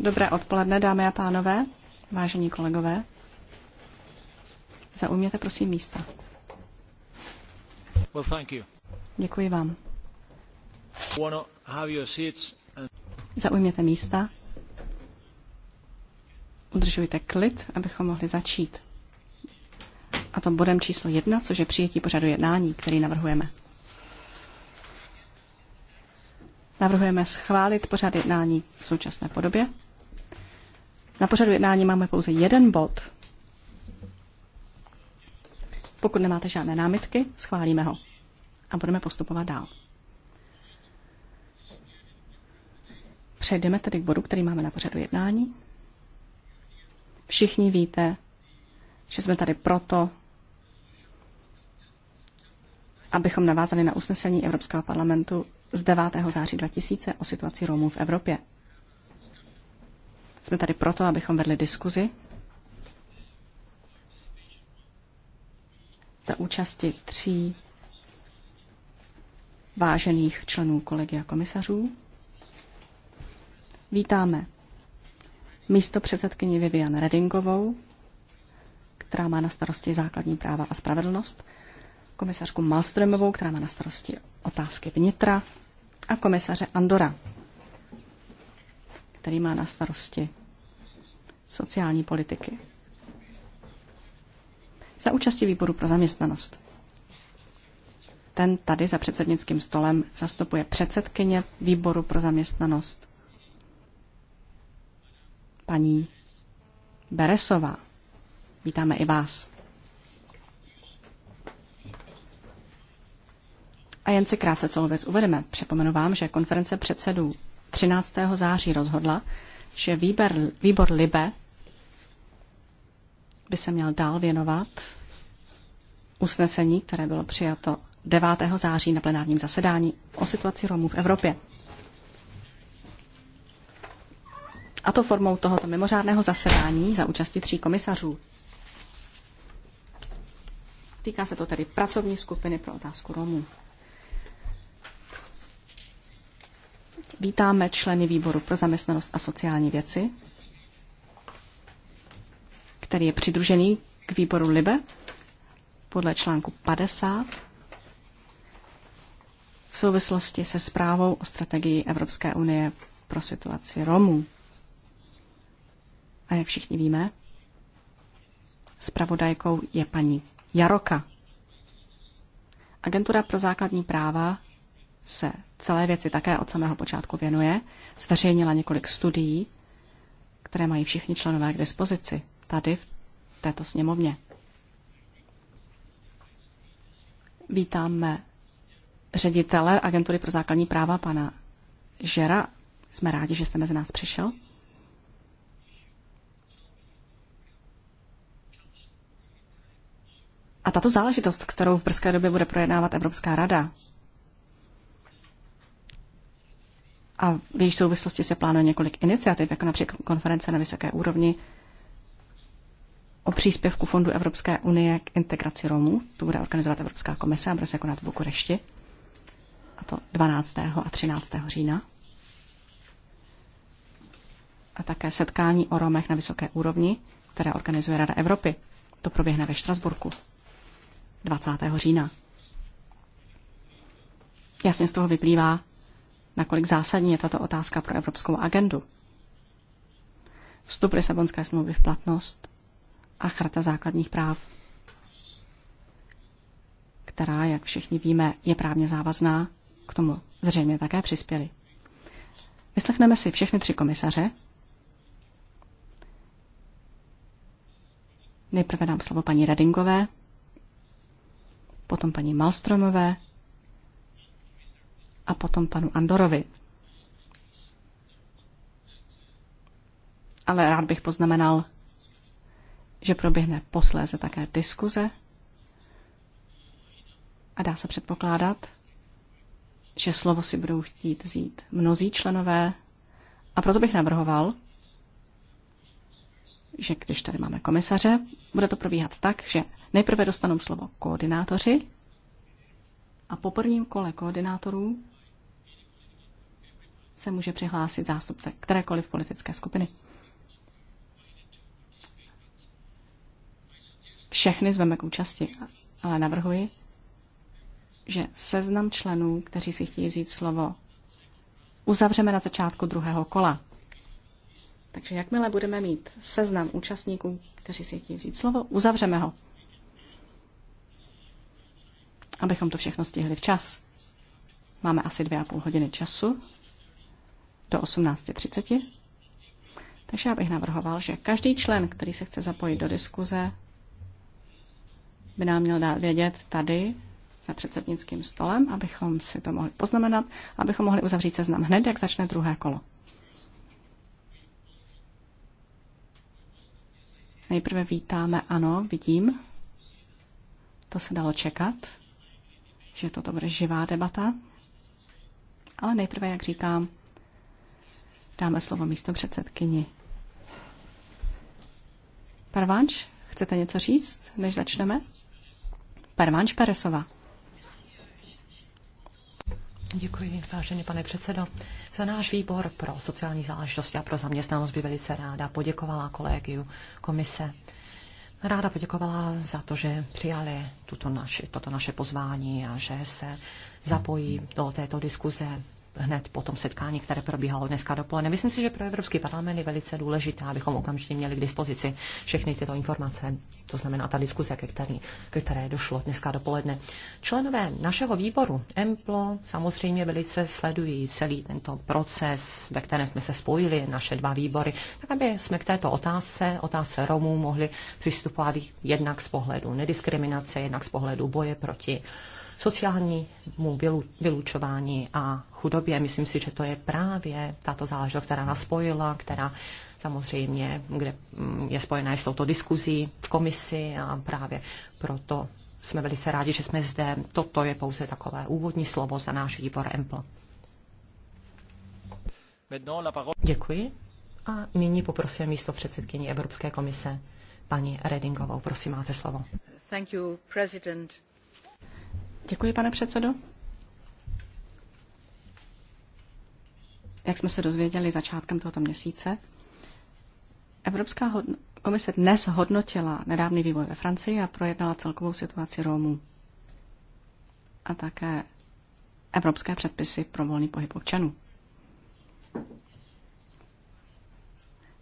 Dobré odpoledne, dámy a pánové, vážení kolegové. Zaujměte prosím místa. Well, thank you. Děkuji vám. Have your seats and... Zaujměte místa. Udržujte klid, abychom mohli začít. A to bodem číslo jedna, což je přijetí pořadu jednání, který navrhujeme. Navrhujeme schválit pořad jednání v současné podobě. Na pořadu jednání máme pouze jeden bod. Pokud nemáte žádné námitky, schválíme ho a budeme postupovat dál. Přejdeme tedy k bodu, který máme na pořadu jednání. Všichni víte, že jsme tady proto, abychom navázali na usnesení Evropského parlamentu z 9. září 2000 o situaci Romů v Evropě. Jsme tady proto, abychom vedli diskuzi za účasti tří vážených členů a komisařů. Vítáme místo předsedkyni Vivian Redingovou, která má na starosti základní práva a spravedlnost, komisařku Malstromovou, která má na starosti otázky vnitra, a komisaře Andora, který má na starosti sociální politiky. Za účastí výboru pro zaměstnanost. Ten tady za předsednickým stolem zastupuje předsedkyně výboru pro zaměstnanost, paní Beresová. Vítáme i vás. A jen si krátce celou věc uvedeme. Připomenu vám, že konference předsedů 13. září rozhodla, že výber, výbor Libe by se měl dál věnovat usnesení, které bylo přijato 9. září na plenárním zasedání o situaci Romů v Evropě. A to formou tohoto mimořádného zasedání za účasti tří komisařů. Týká se to tedy pracovní skupiny pro otázku Romů. Vítáme členy výboru pro zaměstnanost a sociální věci, který je přidružený k výboru LIBE podle článku 50 v souvislosti se zprávou o strategii Evropské unie pro situaci Romů. A jak všichni víme, zpravodajkou je paní Jaroka. Agentura pro základní práva se celé věci také od samého počátku věnuje, zveřejnila několik studií, které mají všichni členové k dispozici tady v této sněmovně. Vítáme ředitele Agentury pro základní práva, pana Žera. Jsme rádi, že jste mezi nás přišel. A tato záležitost, kterou v brzké době bude projednávat Evropská rada, A v jejich souvislosti se plánuje několik iniciativ, jako například konference na vysoké úrovni o příspěvku Fondu Evropské unie k integraci Romů. Tu bude organizovat Evropská komise a bude se konat v Bukurešti. A to 12. a 13. října. A také setkání o Romech na vysoké úrovni, které organizuje Rada Evropy. To proběhne ve Štrasburku 20. října. Jasně z toho vyplývá, nakolik zásadní je tato otázka pro evropskou agendu. Vstup Lisabonské smlouvy v platnost a Charta základních práv, která, jak všichni víme, je právně závazná, k tomu zřejmě také přispěli. Vyslechneme si všechny tři komisaře. Nejprve dám slovo paní Radingové, potom paní Malstromové a potom panu Andorovi. Ale rád bych poznamenal, že proběhne posléze také diskuze a dá se předpokládat, že slovo si budou chtít vzít mnozí členové a proto bych navrhoval, že když tady máme komisaře, bude to probíhat tak, že nejprve dostanou slovo koordinátoři a po prvním kole koordinátorů se může přihlásit zástupce kterékoliv politické skupiny. Všechny zveme k účasti, ale navrhuji, že seznam členů, kteří si chtějí vzít slovo, uzavřeme na začátku druhého kola. Takže jakmile budeme mít seznam účastníků, kteří si chtějí vzít slovo, uzavřeme ho. Abychom to všechno stihli včas. Máme asi dvě a půl hodiny času, do 18.30. Takže já bych navrhoval, že každý člen, který se chce zapojit do diskuze, by nám měl dát vědět tady za předsednickým stolem, abychom si to mohli poznamenat, abychom mohli uzavřít seznam hned, jak začne druhé kolo. Nejprve vítáme, ano, vidím, to se dalo čekat, že toto bude živá debata. Ale nejprve, jak říkám, Dáme slovo místo předsedkyni. Parvanč, chcete něco říct, než začneme? Parvanč Peresova. Děkuji, vážený pane předsedo. Za náš výbor pro sociální záležitosti a pro zaměstnanost by velice ráda poděkovala kolegiu komise. Ráda poděkovala za to, že přijali tuto naši, toto naše pozvání a že se zapojí do této diskuze hned po tom setkání, které probíhalo dneska dopoledne. Myslím si, že pro Evropský parlament je velice důležité, abychom okamžitě měli k dispozici všechny tyto informace, to znamená ta diskuze, ke, které, ke které došlo dneska dopoledne. Členové našeho výboru EMPLO samozřejmě velice sledují celý tento proces, ve kterém jsme se spojili, naše dva výbory, tak aby jsme k této otázce, otázce Romů, mohli přistupovat jednak z pohledu nediskriminace, jednak z pohledu boje proti sociálnímu vylučování a chudobě. Myslím si, že to je právě tato záležitost, která nás spojila, která samozřejmě kde mm, je spojená s touto diskuzí v komisi a právě proto jsme velice rádi, že jsme zde. Toto je pouze takové úvodní slovo za náš výbor EMPL. Děkuji. A nyní poprosím místo předsedkyní Evropské komise, paní Redingovou. Prosím, máte slovo. Thank you, president. Děkuji, pane předsedo. jak jsme se dozvěděli začátkem tohoto měsíce, Evropská komise dnes hodnotila nedávný vývoj ve Francii a projednala celkovou situaci romů a také evropské předpisy pro volný pohyb občanů.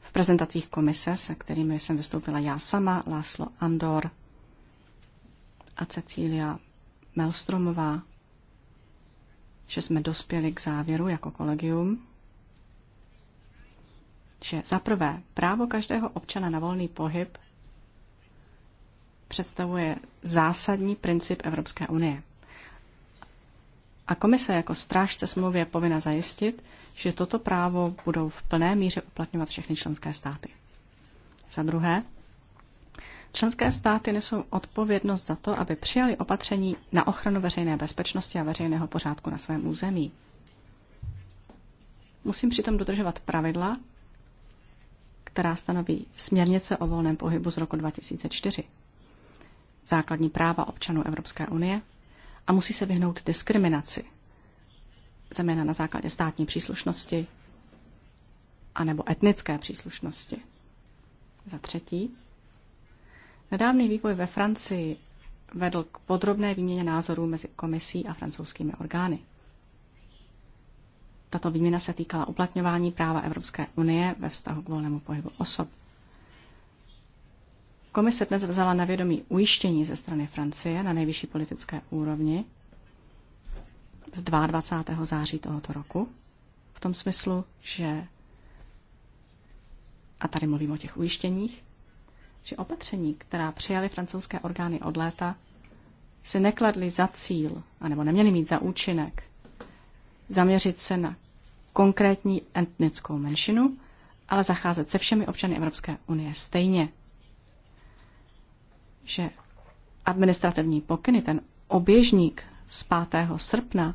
V prezentacích komise, se kterými jsem vystoupila já sama, Láslo Andor a Cecília Melstromová, že jsme dospěli k závěru jako kolegium, že za prvé právo každého občana na volný pohyb představuje zásadní princip Evropské unie. A komise jako strážce smlouvy je povinna zajistit, že toto právo budou v plné míře uplatňovat všechny členské státy. Za druhé, členské státy nesou odpovědnost za to, aby přijali opatření na ochranu veřejné bezpečnosti a veřejného pořádku na svém území. Musím přitom dodržovat pravidla, která stanoví směrnice o volném pohybu z roku 2004, základní práva občanů Evropské unie a musí se vyhnout diskriminaci, zejména na základě státní příslušnosti anebo etnické příslušnosti. Za třetí, nedávný vývoj ve Francii vedl k podrobné výměně názorů mezi komisí a francouzskými orgány. Tato výměna se týkala uplatňování práva Evropské unie ve vztahu k volnému pohybu osob. Komise dnes vzala na vědomí ujištění ze strany Francie na nejvyšší politické úrovni z 22. září tohoto roku v tom smyslu, že a tady mluvím o těch ujištěních, že opatření, která přijaly francouzské orgány od léta, si nekladly za cíl, anebo neměly mít za účinek zaměřit se na konkrétní etnickou menšinu, ale zacházet se všemi občany Evropské unie stejně. Že administrativní pokyny, ten oběžník z 5. srpna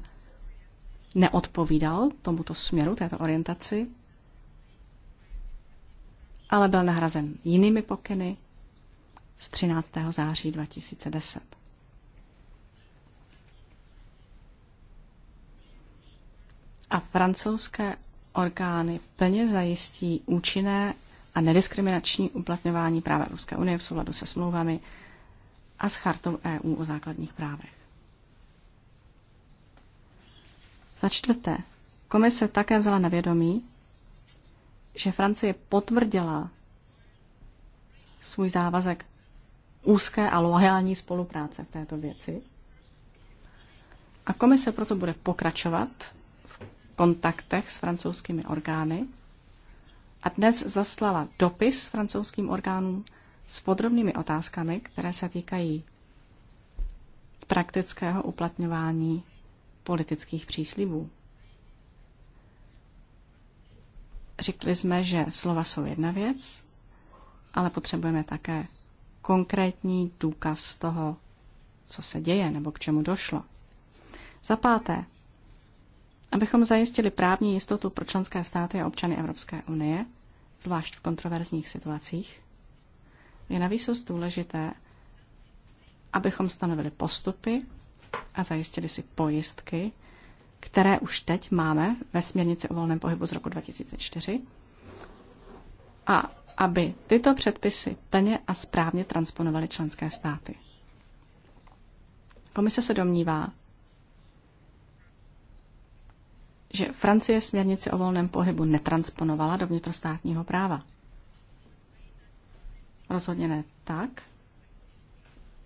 neodpovídal tomuto směru, této orientaci, ale byl nahrazen jinými pokyny z 13. září 2010. a francouzské orgány plně zajistí účinné a nediskriminační uplatňování práva Evropské unie v souladu se smlouvami a s chartou EU o základních právech. Za čtvrté, komise také vzala na vědomí, že Francie potvrdila svůj závazek úzké a loajální spolupráce v této věci. A komise proto bude pokračovat kontaktech s francouzskými orgány a dnes zaslala dopis francouzským orgánům s podrobnými otázkami, které se týkají praktického uplatňování politických příslibů. Řekli jsme, že slova jsou jedna věc, ale potřebujeme také konkrétní důkaz toho, co se děje nebo k čemu došlo. Za páté, abychom zajistili právní jistotu pro členské státy a občany Evropské unie, zvlášť v kontroverzních situacích, je navíc důležité, abychom stanovili postupy a zajistili si pojistky, které už teď máme ve směrnici o volném pohybu z roku 2004, a aby tyto předpisy plně a správně transponovaly členské státy. Komise se domnívá, že Francie směrnici o volném pohybu netransponovala do vnitrostátního práva. Rozhodně ne tak,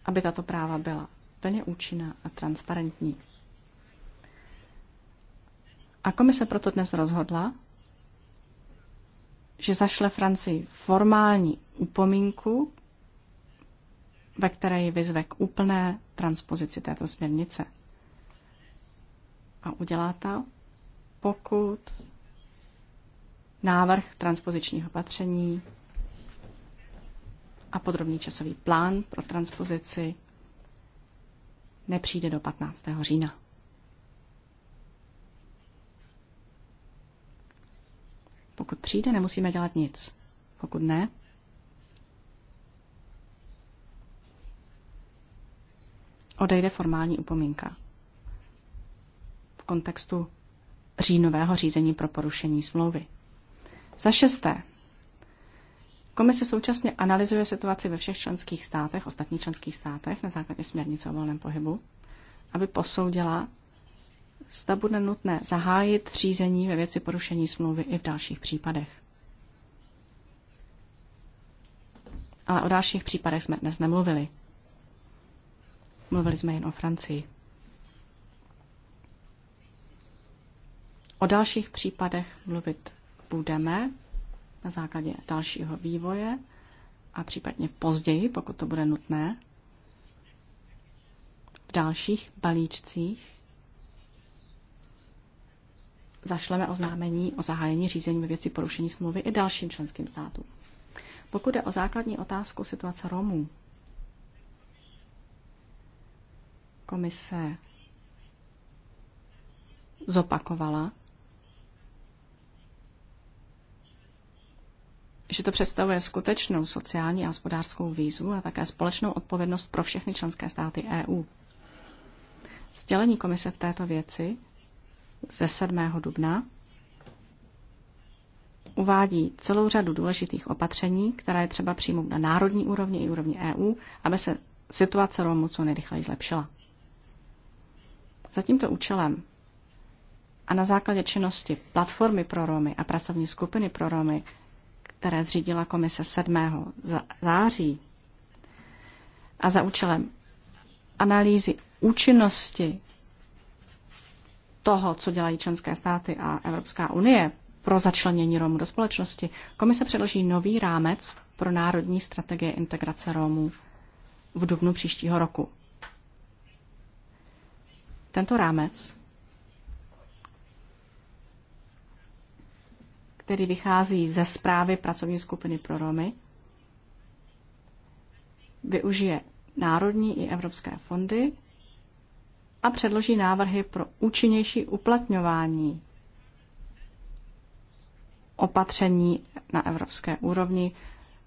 aby tato práva byla plně účinná a transparentní. A komise proto dnes rozhodla, že zašle Francii formální upomínku, ve které ji vyzve k úplné transpozici této směrnice. A udělá to, pokud návrh transpozičního opatření a podrobný časový plán pro transpozici nepřijde do 15. října. Pokud přijde, nemusíme dělat nic. Pokud ne, odejde formální upomínka. V kontextu říjnového řízení pro porušení smlouvy. Za šesté. Komise současně analyzuje situaci ve všech členských státech, ostatních členských státech na základě směrnice o volném pohybu, aby posoudila, zda bude nutné zahájit řízení ve věci porušení smlouvy i v dalších případech. Ale o dalších případech jsme dnes nemluvili. Mluvili jsme jen o Francii. O dalších případech mluvit budeme na základě dalšího vývoje a případně později, pokud to bude nutné, v dalších balíčcích zašleme oznámení o zahájení řízení ve věci porušení smlouvy i dalším členským státům. Pokud je o základní otázku situace Romů, komise zopakovala, že to představuje skutečnou sociální a hospodářskou výzvu a také společnou odpovědnost pro všechny členské státy EU. Sdělení komise v této věci ze 7. dubna uvádí celou řadu důležitých opatření, která je třeba přijmout na národní úrovni i úrovni EU, aby se situace Romů co nejrychleji zlepšila. Za tímto účelem a na základě činnosti Platformy pro Romy a pracovní skupiny pro Romy které zřídila komise 7. září a za účelem analýzy účinnosti toho, co dělají členské státy a Evropská unie pro začlenění Romů do společnosti, komise předloží nový rámec pro národní strategie integrace Romů v dubnu příštího roku. Tento rámec který vychází ze zprávy pracovní skupiny pro Romy, využije národní i evropské fondy a předloží návrhy pro účinnější uplatňování opatření na evropské úrovni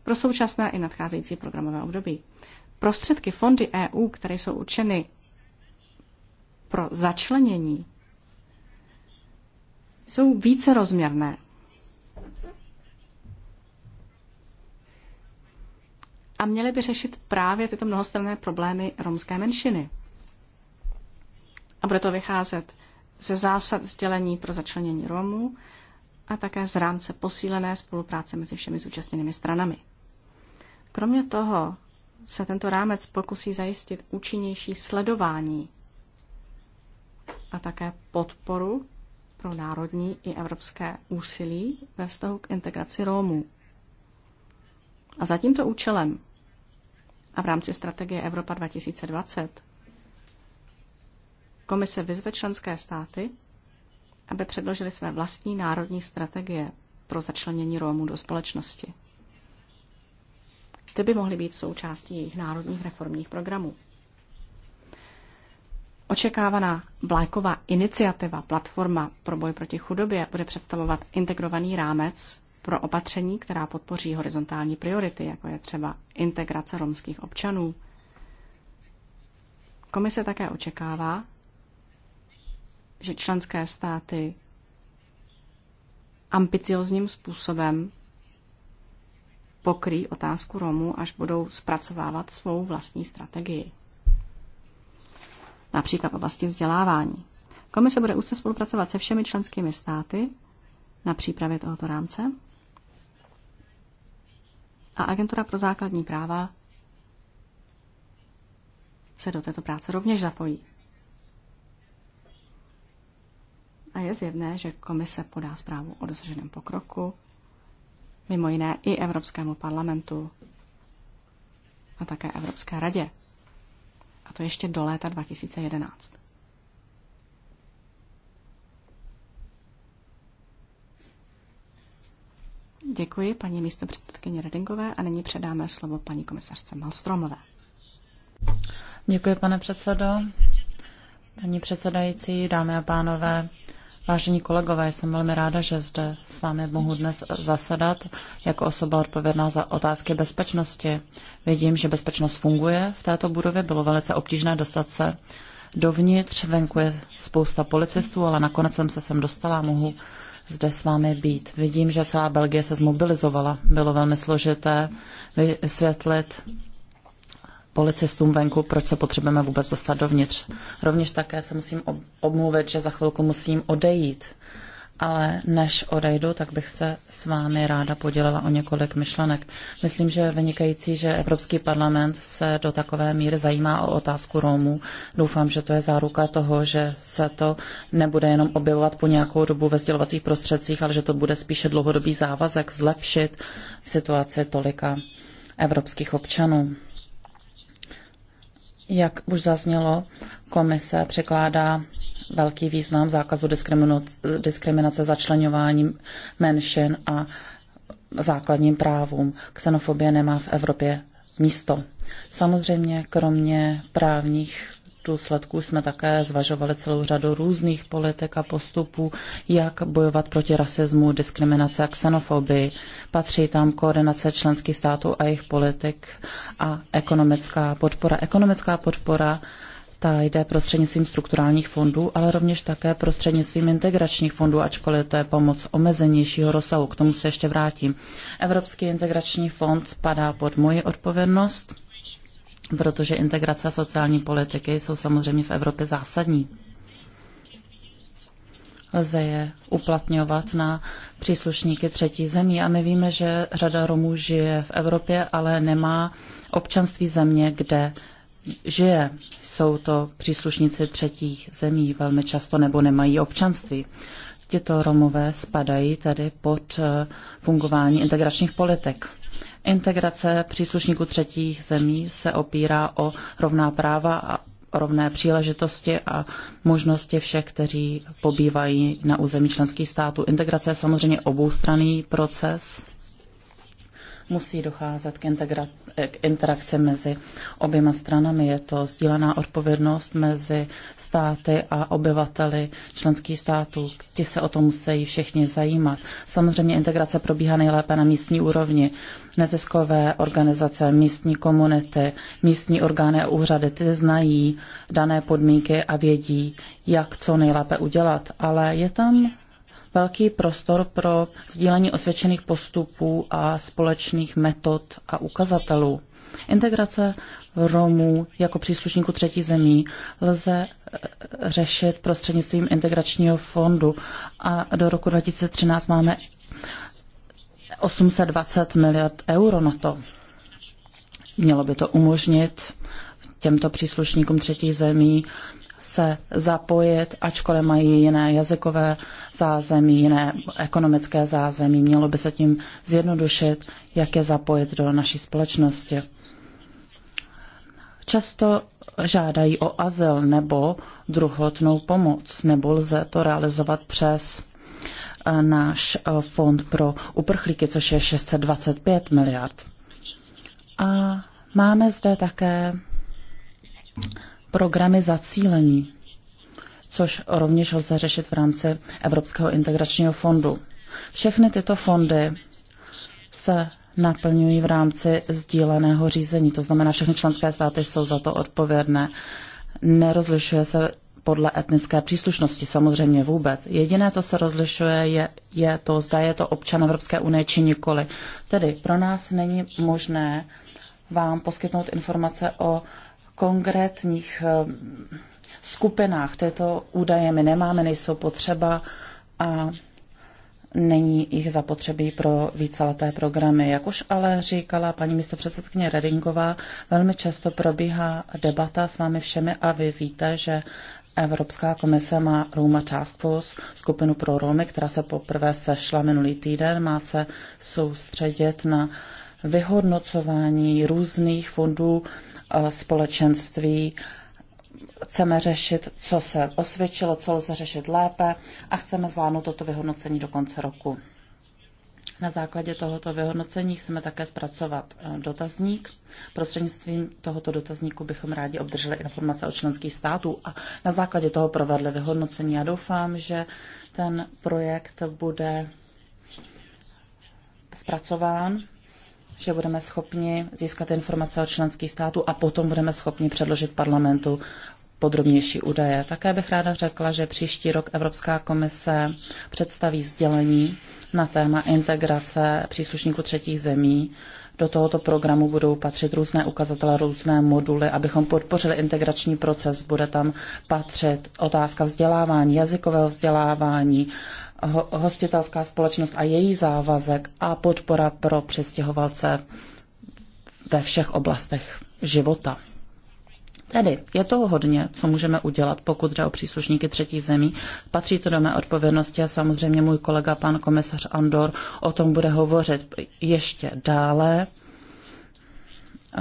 pro současné i nadcházející programové období. Prostředky fondy EU, které jsou určeny pro začlenění, jsou více rozměrné. a měly by řešit právě tyto mnohostranné problémy romské menšiny. A bude to vycházet ze zásad sdělení pro začlenění Romů a také z rámce posílené spolupráce mezi všemi zúčastněnými stranami. Kromě toho se tento rámec pokusí zajistit účinnější sledování a také podporu pro národní i evropské úsilí ve vztahu k integraci romů. A za tímto účelem a v rámci strategie Evropa 2020 komise vyzve členské státy, aby předložili své vlastní národní strategie pro začlenění Romů do společnosti. Ty by mohly být součástí jejich národních reformních programů. Očekávaná vláková iniciativa Platforma pro boj proti chudobě bude představovat integrovaný rámec pro opatření, která podpoří horizontální priority, jako je třeba integrace romských občanů. Komise také očekává, že členské státy ambiciozním způsobem pokryjí otázku Romů, až budou zpracovávat svou vlastní strategii. Například oblasti vzdělávání. Komise bude úzce spolupracovat se všemi členskými státy na přípravě tohoto rámce a Agentura pro základní práva se do této práce rovněž zapojí. A je zjevné, že komise podá zprávu o dosaženém pokroku, mimo jiné i Evropskému parlamentu a také Evropské radě. A to ještě do léta 2011. Děkuji paní místo předsedkyně Redingové a nyní předáme slovo paní komisařce Malstromové. Děkuji, pane předsedo. Paní předsedající, dámy a pánové, vážení kolegové, jsem velmi ráda, že zde s vámi mohu dnes zasedat jako osoba odpovědná za otázky bezpečnosti. Vidím, že bezpečnost funguje v této budově, bylo velice obtížné dostat se dovnitř, venku je spousta policistů, ale nakonec jsem se sem dostala a mohu zde s vámi být. Vidím, že celá Belgie se zmobilizovala. Bylo velmi složité vysvětlit policistům venku, proč se potřebujeme vůbec dostat dovnitř. Rovněž také se musím omluvit, že za chvilku musím odejít ale než odejdu, tak bych se s vámi ráda podělila o několik myšlenek. Myslím, že je vynikající, že Evropský parlament se do takové míry zajímá o otázku Romů. Doufám, že to je záruka toho, že se to nebude jenom objevovat po nějakou dobu ve sdělovacích prostředcích, ale že to bude spíše dlouhodobý závazek zlepšit situaci tolika evropských občanů. Jak už zaznělo, komise překládá velký význam zákazu diskriminace začlenováním menšin a základním právům. Xenofobie nemá v Evropě místo. Samozřejmě kromě právních důsledků jsme také zvažovali celou řadu různých politik a postupů, jak bojovat proti rasismu, diskriminaci a xenofobii. Patří tam koordinace členských států a jejich politik a ekonomická podpora. Ekonomická podpora ta jde prostřednictvím strukturálních fondů, ale rovněž také prostřednictvím integračních fondů, ačkoliv to je pomoc omezenějšího rozsahu. K tomu se ještě vrátím. Evropský integrační fond spadá pod moji odpovědnost, protože integrace a sociální politiky jsou samozřejmě v Evropě zásadní lze je uplatňovat na příslušníky třetí zemí. A my víme, že řada Romů žije v Evropě, ale nemá občanství země, kde žije. Jsou to příslušníci třetích zemí velmi často nebo nemají občanství. Tito Romové spadají tedy pod eh, fungování integračních politik. Integrace příslušníků třetích zemí se opírá o rovná práva a rovné příležitosti a možnosti všech, kteří pobývají na území členských států. Integrace je samozřejmě oboustranný proces musí docházet k, integra- eh, k interakci mezi oběma stranami. Je to sdílená odpovědnost mezi státy a obyvateli členských států. Ti se o to musí všichni zajímat. Samozřejmě integrace probíhá nejlépe na místní úrovni. Neziskové organizace, místní komunity, místní orgány a úřady, ty znají dané podmínky a vědí, jak co nejlépe udělat. Ale je tam velký prostor pro sdílení osvědčených postupů a společných metod a ukazatelů. Integrace Romů jako příslušníků třetí zemí lze eh, řešit prostřednictvím integračního fondu a do roku 2013 máme 820 miliard euro na to. Mělo by to umožnit těmto příslušníkům třetí zemí se zapojit, ačkoliv mají jiné jazykové zázemí, jiné ekonomické zázemí. Mělo by se tím zjednodušit, jak je zapojit do naší společnosti. Často žádají o azyl nebo druhotnou pomoc, nebo lze to realizovat přes eh, náš eh, fond pro uprchlíky, což je 625 miliard. A máme zde také programy zacílení, což rovněž lze řešit v rámci Evropského integračního fondu. Všechny tyto fondy se naplňují v rámci sdíleného řízení, to znamená, všechny členské státy jsou za to odpovědné. Nerozlišuje se podle etnické příslušnosti, samozřejmě vůbec. Jediné, co se rozlišuje, je, je to, zda je to občan Evropské unie či nikoli. Tedy pro nás není možné vám poskytnout informace o konkrétních eh, skupinách tyto údaje my nemáme, nejsou potřeba a není jich zapotřebí pro víceleté programy. Jak už ale říkala paní místopředsedkyně Redingová, velmi často probíhá debata s vámi všemi a vy víte, že Evropská komise má Roma Task Force, skupinu pro Romy, která se poprvé sešla minulý týden, má se soustředit na vyhodnocování různých fondů Eh, společenství. Chceme řešit, co se osvědčilo, co lze řešit lépe a chceme zvládnout toto vyhodnocení do konce roku. Na základě tohoto vyhodnocení chceme také zpracovat eh, dotazník. Prostřednictvím tohoto dotazníku bychom rádi obdrželi informace o členských států a na základě toho provedli vyhodnocení. Já doufám, že ten projekt bude zpracován že budeme schopni získat informace od členských států a potom budeme schopni předložit parlamentu podrobnější údaje. Také bych ráda řekla, že příští rok Evropská komise představí sdělení na téma integrace příslušníků třetích zemí. Do tohoto programu budou patřit různé ukazatele, různé moduly, abychom podpořili integrační proces. Bude tam patřit otázka vzdělávání, jazykového vzdělávání, hostitelská společnost a její závazek a podpora pro přestěhovalce ve všech oblastech života. Tedy je toho hodně, co můžeme udělat, pokud jde o příslušníky třetí zemí. Patří to do mé odpovědnosti a samozřejmě můj kolega pan komisař Andor o tom bude hovořit ještě dále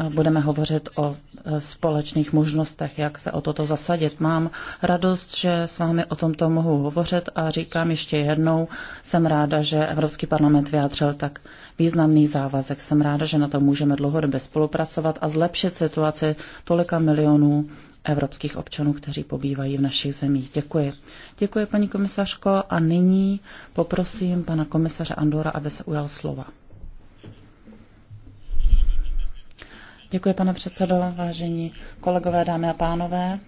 budeme hovořit o e, společných možnostech, jak se o toto zasadit. Mám radost, že s vámi o tomto mohu hovořit a říkám ještě jednou, jsem ráda, že Evropský parlament vyjádřil tak významný závazek. Jsem ráda, že na to můžeme dlouhodobě spolupracovat a zlepšit situaci tolika milionů evropských občanů, kteří pobývají v našich zemích. Děkuji. Děkuji, paní komisařko, a nyní poprosím pana komisaře Andora, aby se ujal slova. Děkuji, pane předsedo, vážení kolegové, dámy a pánové.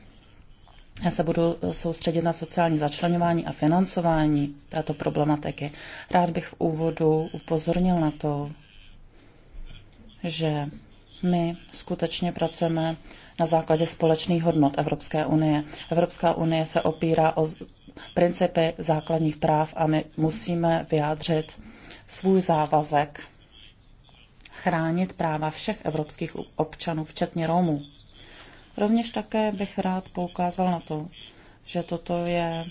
Já se budu soustředit na sociální začlenování a financování této problematiky. Rád bych v úvodu upozornil na to, že my skutečně pracujeme na základě společných hodnot Evropské unie. Evropská unie se opírá o principy základních práv a my musíme vyjádřit svůj závazek chránit práva všech evropských občanů, včetně Romů. Rovněž také bych rád poukázal na to, že toto je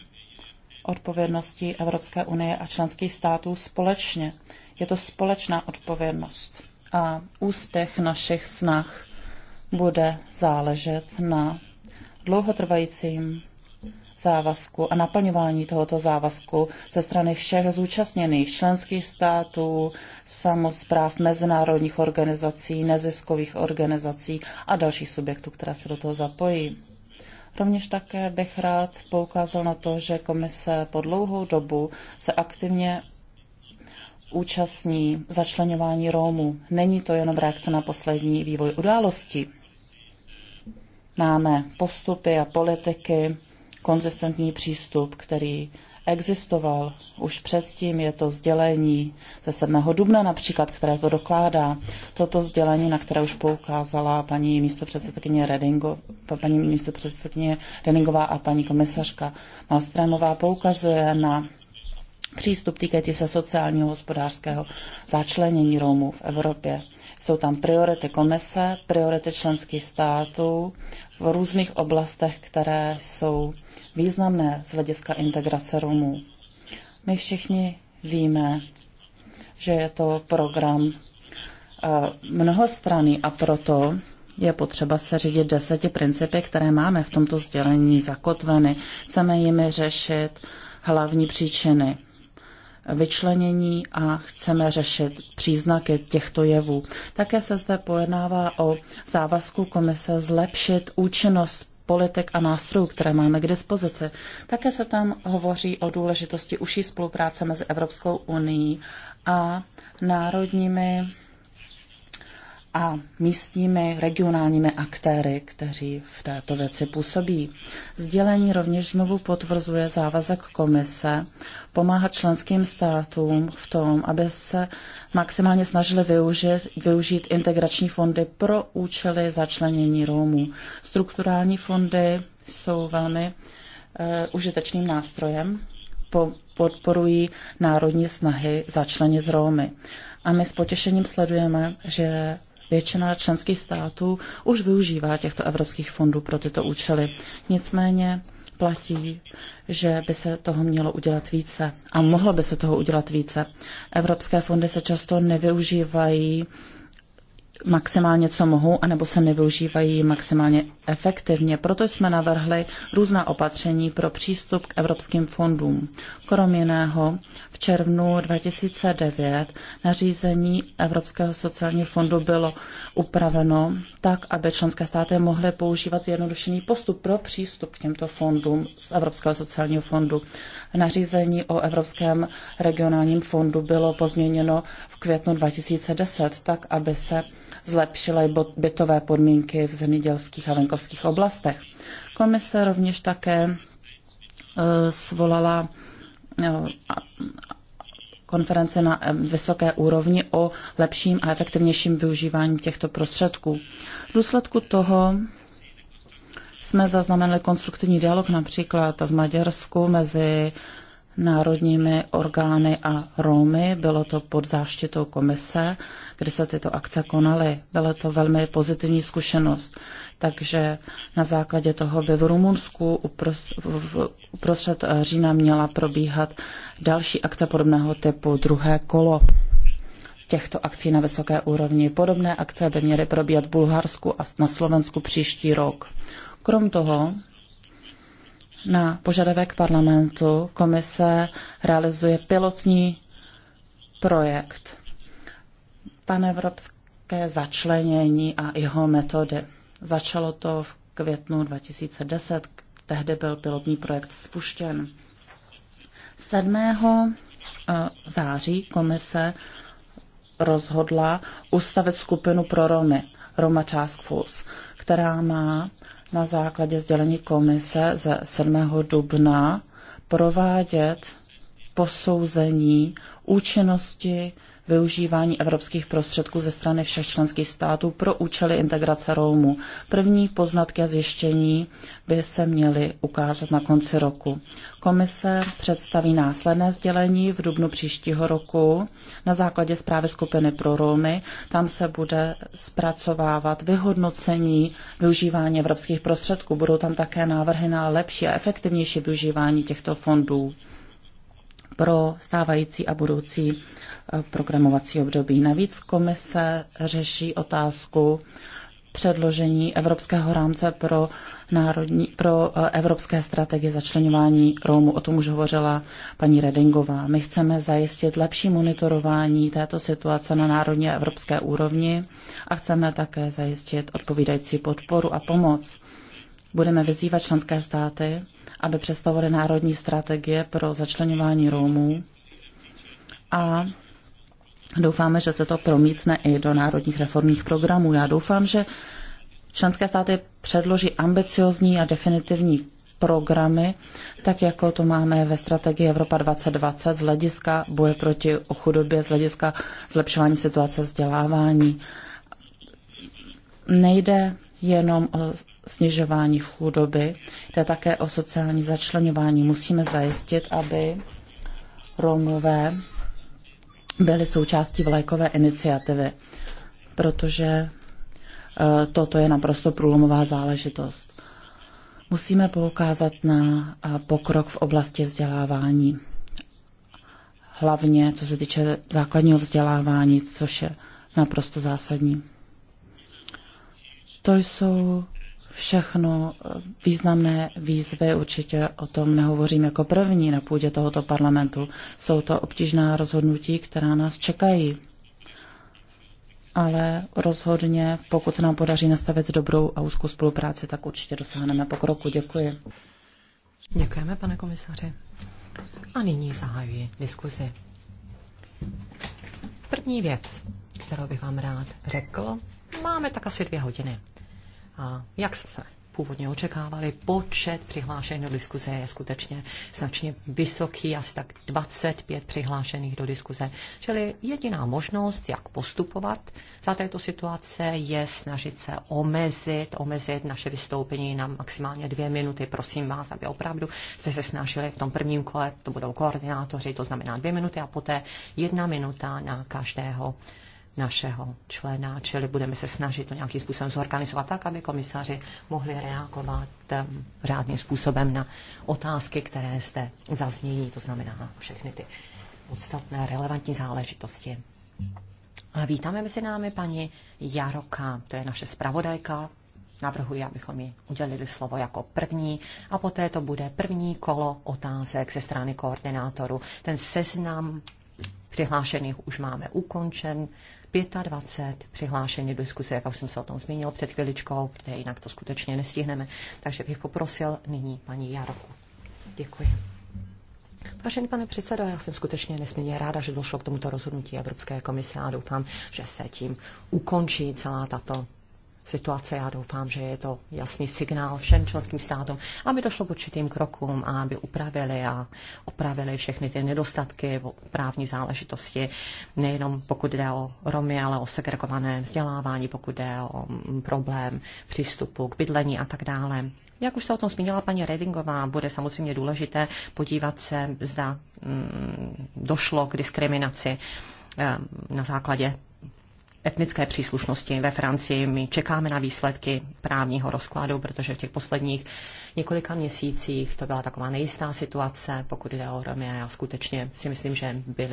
odpovědností Evropské unie a členských států společně. Je to společná odpovědnost a úspěch našich snah bude záležet na dlouhotrvajícím závazku a naplňování tohoto závazku ze strany všech zúčastněných členských států, samozpráv, mezinárodních organizací, neziskových organizací a dalších subjektů, které se do toho zapojí. Rovněž také bych rád poukázal na to, že komise po dlouhou dobu se aktivně účastní začlenování Rómů. Není to jenom reakce na poslední vývoj událostí. Máme postupy a politiky, konzistentní přístup, který existoval už předtím, je to sdělení ze 7. dubna například, které to dokládá. Toto sdělení, na které už poukázala paní místopředsedkyně, Redingo, paní místopředsedkyně Redingová a paní komisařka Malstrémová, poukazuje na přístup týkající se sociálního hospodářského začlenění Romů v Evropě. Jsou tam priority komise, priority členských států v různých oblastech, které jsou významné z hlediska integrace Romů. My všichni víme, že je to program eh, mnohostraný a proto je potřeba se řídit deseti principy, které máme v tomto sdělení zakotveny. Chceme jimi řešit hlavní příčiny vyčlenění a chceme řešit příznaky těchto jevů. Také se zde pojednává o závazku komise zlepšit účinnost politik a nástrojů, které máme k dispozici. Také se tam hovoří o důležitosti užší spolupráce mezi Evropskou unii a národními a místními regionálními aktéry, kteří v této věci působí. Sdělení rovněž znovu potvrzuje závazek komise pomáhat členským státům v tom, aby se maximálně snažili využít, využít integrační fondy pro účely začlenění Romů. Strukturální fondy jsou velmi e, užitečným nástrojem, po, podporují národní snahy začlenit Romy. A my s potěšením sledujeme, že Většina členských států už využívá těchto evropských fondů pro tyto účely. Nicméně platí, že by se toho mělo udělat více. A mohlo by se toho udělat více. Evropské fondy se často nevyužívají maximálně, co mohou, anebo se nevyužívají maximálně efektivně. Proto jsme navrhli různá opatření pro přístup k evropským fondům. Krom jiného, v červnu 2009 nařízení Evropského sociálního fondu bylo upraveno tak, aby členské státy mohly používat zjednodušený postup pro přístup k těmto fondům z Evropského sociálního fondu nařízení o Evropském regionálním fondu bylo pozměněno v květnu 2010 tak, aby se zlepšily bytové podmínky v zemědělských a venkovských oblastech. Komise rovněž také e, svolala e, konference na e, vysoké úrovni o lepším a efektivnějším využívání těchto prostředků. V důsledku toho jsme zaznamenali konstruktivní dialog například v Maďarsku mezi národními orgány a Romy. Bylo to pod záštitou komise, kde se tyto akce konaly. Byla to velmi pozitivní zkušenost. Takže na základě toho by v Rumunsku uprostřed eh, října měla probíhat další akce podobného typu, druhé kolo těchto akcí na vysoké úrovni. Podobné akce by měly probíhat v Bulharsku a na Slovensku příští rok. Krom toho, na požadavek parlamentu komise realizuje pilotní projekt panevropské začlenění a jeho metody. Začalo to v květnu 2010, tehdy byl pilotní projekt spuštěn. 7. Eh, září komise rozhodla ustavit skupinu pro Romy, Roma Task Force, která má na základě sdělení komise ze 7. dubna provádět posouzení účinnosti využívání evropských prostředků ze strany všech členských států pro účely integrace Romů. První poznatky a zjištění by se měly ukázat na konci roku. Komise představí následné sdělení v dubnu příštího roku na základě zprávy skupiny pro Romy. Tam se bude zpracovávat vyhodnocení využívání evropských prostředků. Budou tam také návrhy na lepší a efektivnější využívání těchto fondů pro stávající a budoucí eh, programovací období. Navíc komise řeší otázku předložení evropského rámce pro, národní, pro eh, evropské strategie začlenování Romů. O tom už hovořila paní Redingová. My chceme zajistit lepší monitorování této situace na národní a evropské úrovni a chceme také zajistit odpovídající podporu a pomoc. Budeme vyzývat členské státy, aby představovali národní strategie pro začlenování Romů a doufáme, že se to promítne i do národních reformních programů. Já doufám, že členské státy předloží ambiciozní a definitivní programy, tak jako to máme ve strategii Evropa 2020 z hlediska boje proti ochudobě z hlediska zlepšování situace vzdělávání. Nejde jenom o snižování chudoby, jde také o sociální začlenování. Musíme zajistit, aby Romové byli součástí vlajkové iniciativy, protože e, toto je naprosto průlomová záležitost. Musíme poukázat na e, pokrok v oblasti vzdělávání. Hlavně co se týče základního vzdělávání, což je naprosto zásadní. To jsou všechno eh, významné výzvy, určitě o tom nehovořím jako první na půdě tohoto parlamentu. Jsou to obtížná rozhodnutí, která nás čekají. Ale rozhodně, pokud nám podaří nastavit dobrou a úzkou spolupráci, tak určitě dosáhneme pokroku. Děkuji. Děkujeme, pane komisaři. A nyní zahajuji diskuzi. První věc, kterou bych vám rád řekl, máme tak asi dvě hodiny. A jak se původně očekávali, počet přihlášených do diskuze je skutečně značně vysoký, asi tak 25 přihlášených do diskuze. Čili jediná možnost, jak postupovat za této situace, je snažit se omezit, omezit naše vystoupení na maximálně dvě minuty. Prosím vás, aby opravdu jste se snažili v tom prvním kole, to budou koordinátoři, to znamená dvě minuty a poté jedna minuta na každého našeho člena, čili budeme se snažit to nějakým způsobem zorganizovat tak, aby komisaři mohli reagovat ehm, řádným způsobem na otázky, které zde zaznějí, to znamená všechny ty podstatné relevantní záležitosti. A vítáme mezi námi paní Jaroka, to je naše zpravodajka. Navrhuji, abychom ji udělili slovo jako první a poté to bude první kolo otázek ze strany koordinátoru. Ten seznam přihlášených už máme ukončen 25 přihlášení do diskuse, jak už jsem se o tom zmínil před chviličkou, protože jinak to skutečně nestihneme. Takže bych poprosil nyní paní Jaroku. Děkuji. Vážený pane předsedo, já jsem skutečně nesmírně ráda, že došlo k tomuto rozhodnutí Evropské komise a doufám, že se tím ukončí celá tato situace. Já doufám, že je to jasný signál všem členským státům, aby došlo k určitým krokům a aby upravili a opravili všechny ty nedostatky právní záležitosti, nejenom pokud jde o Romy, ale o segregované vzdělávání, pokud jde o mm, problém přístupu k bydlení a tak dále. Jak už se o tom zmínila paní Redingová, bude samozřejmě důležité podívat se, zda mm, došlo k diskriminaci eh, na základě etnické příslušnosti ve Francii. My čekáme na výsledky právního rozkladu, protože v těch posledních několika měsících to byla taková nejistá situace, pokud jde o Romy. a Já skutečně si myslím, že byl,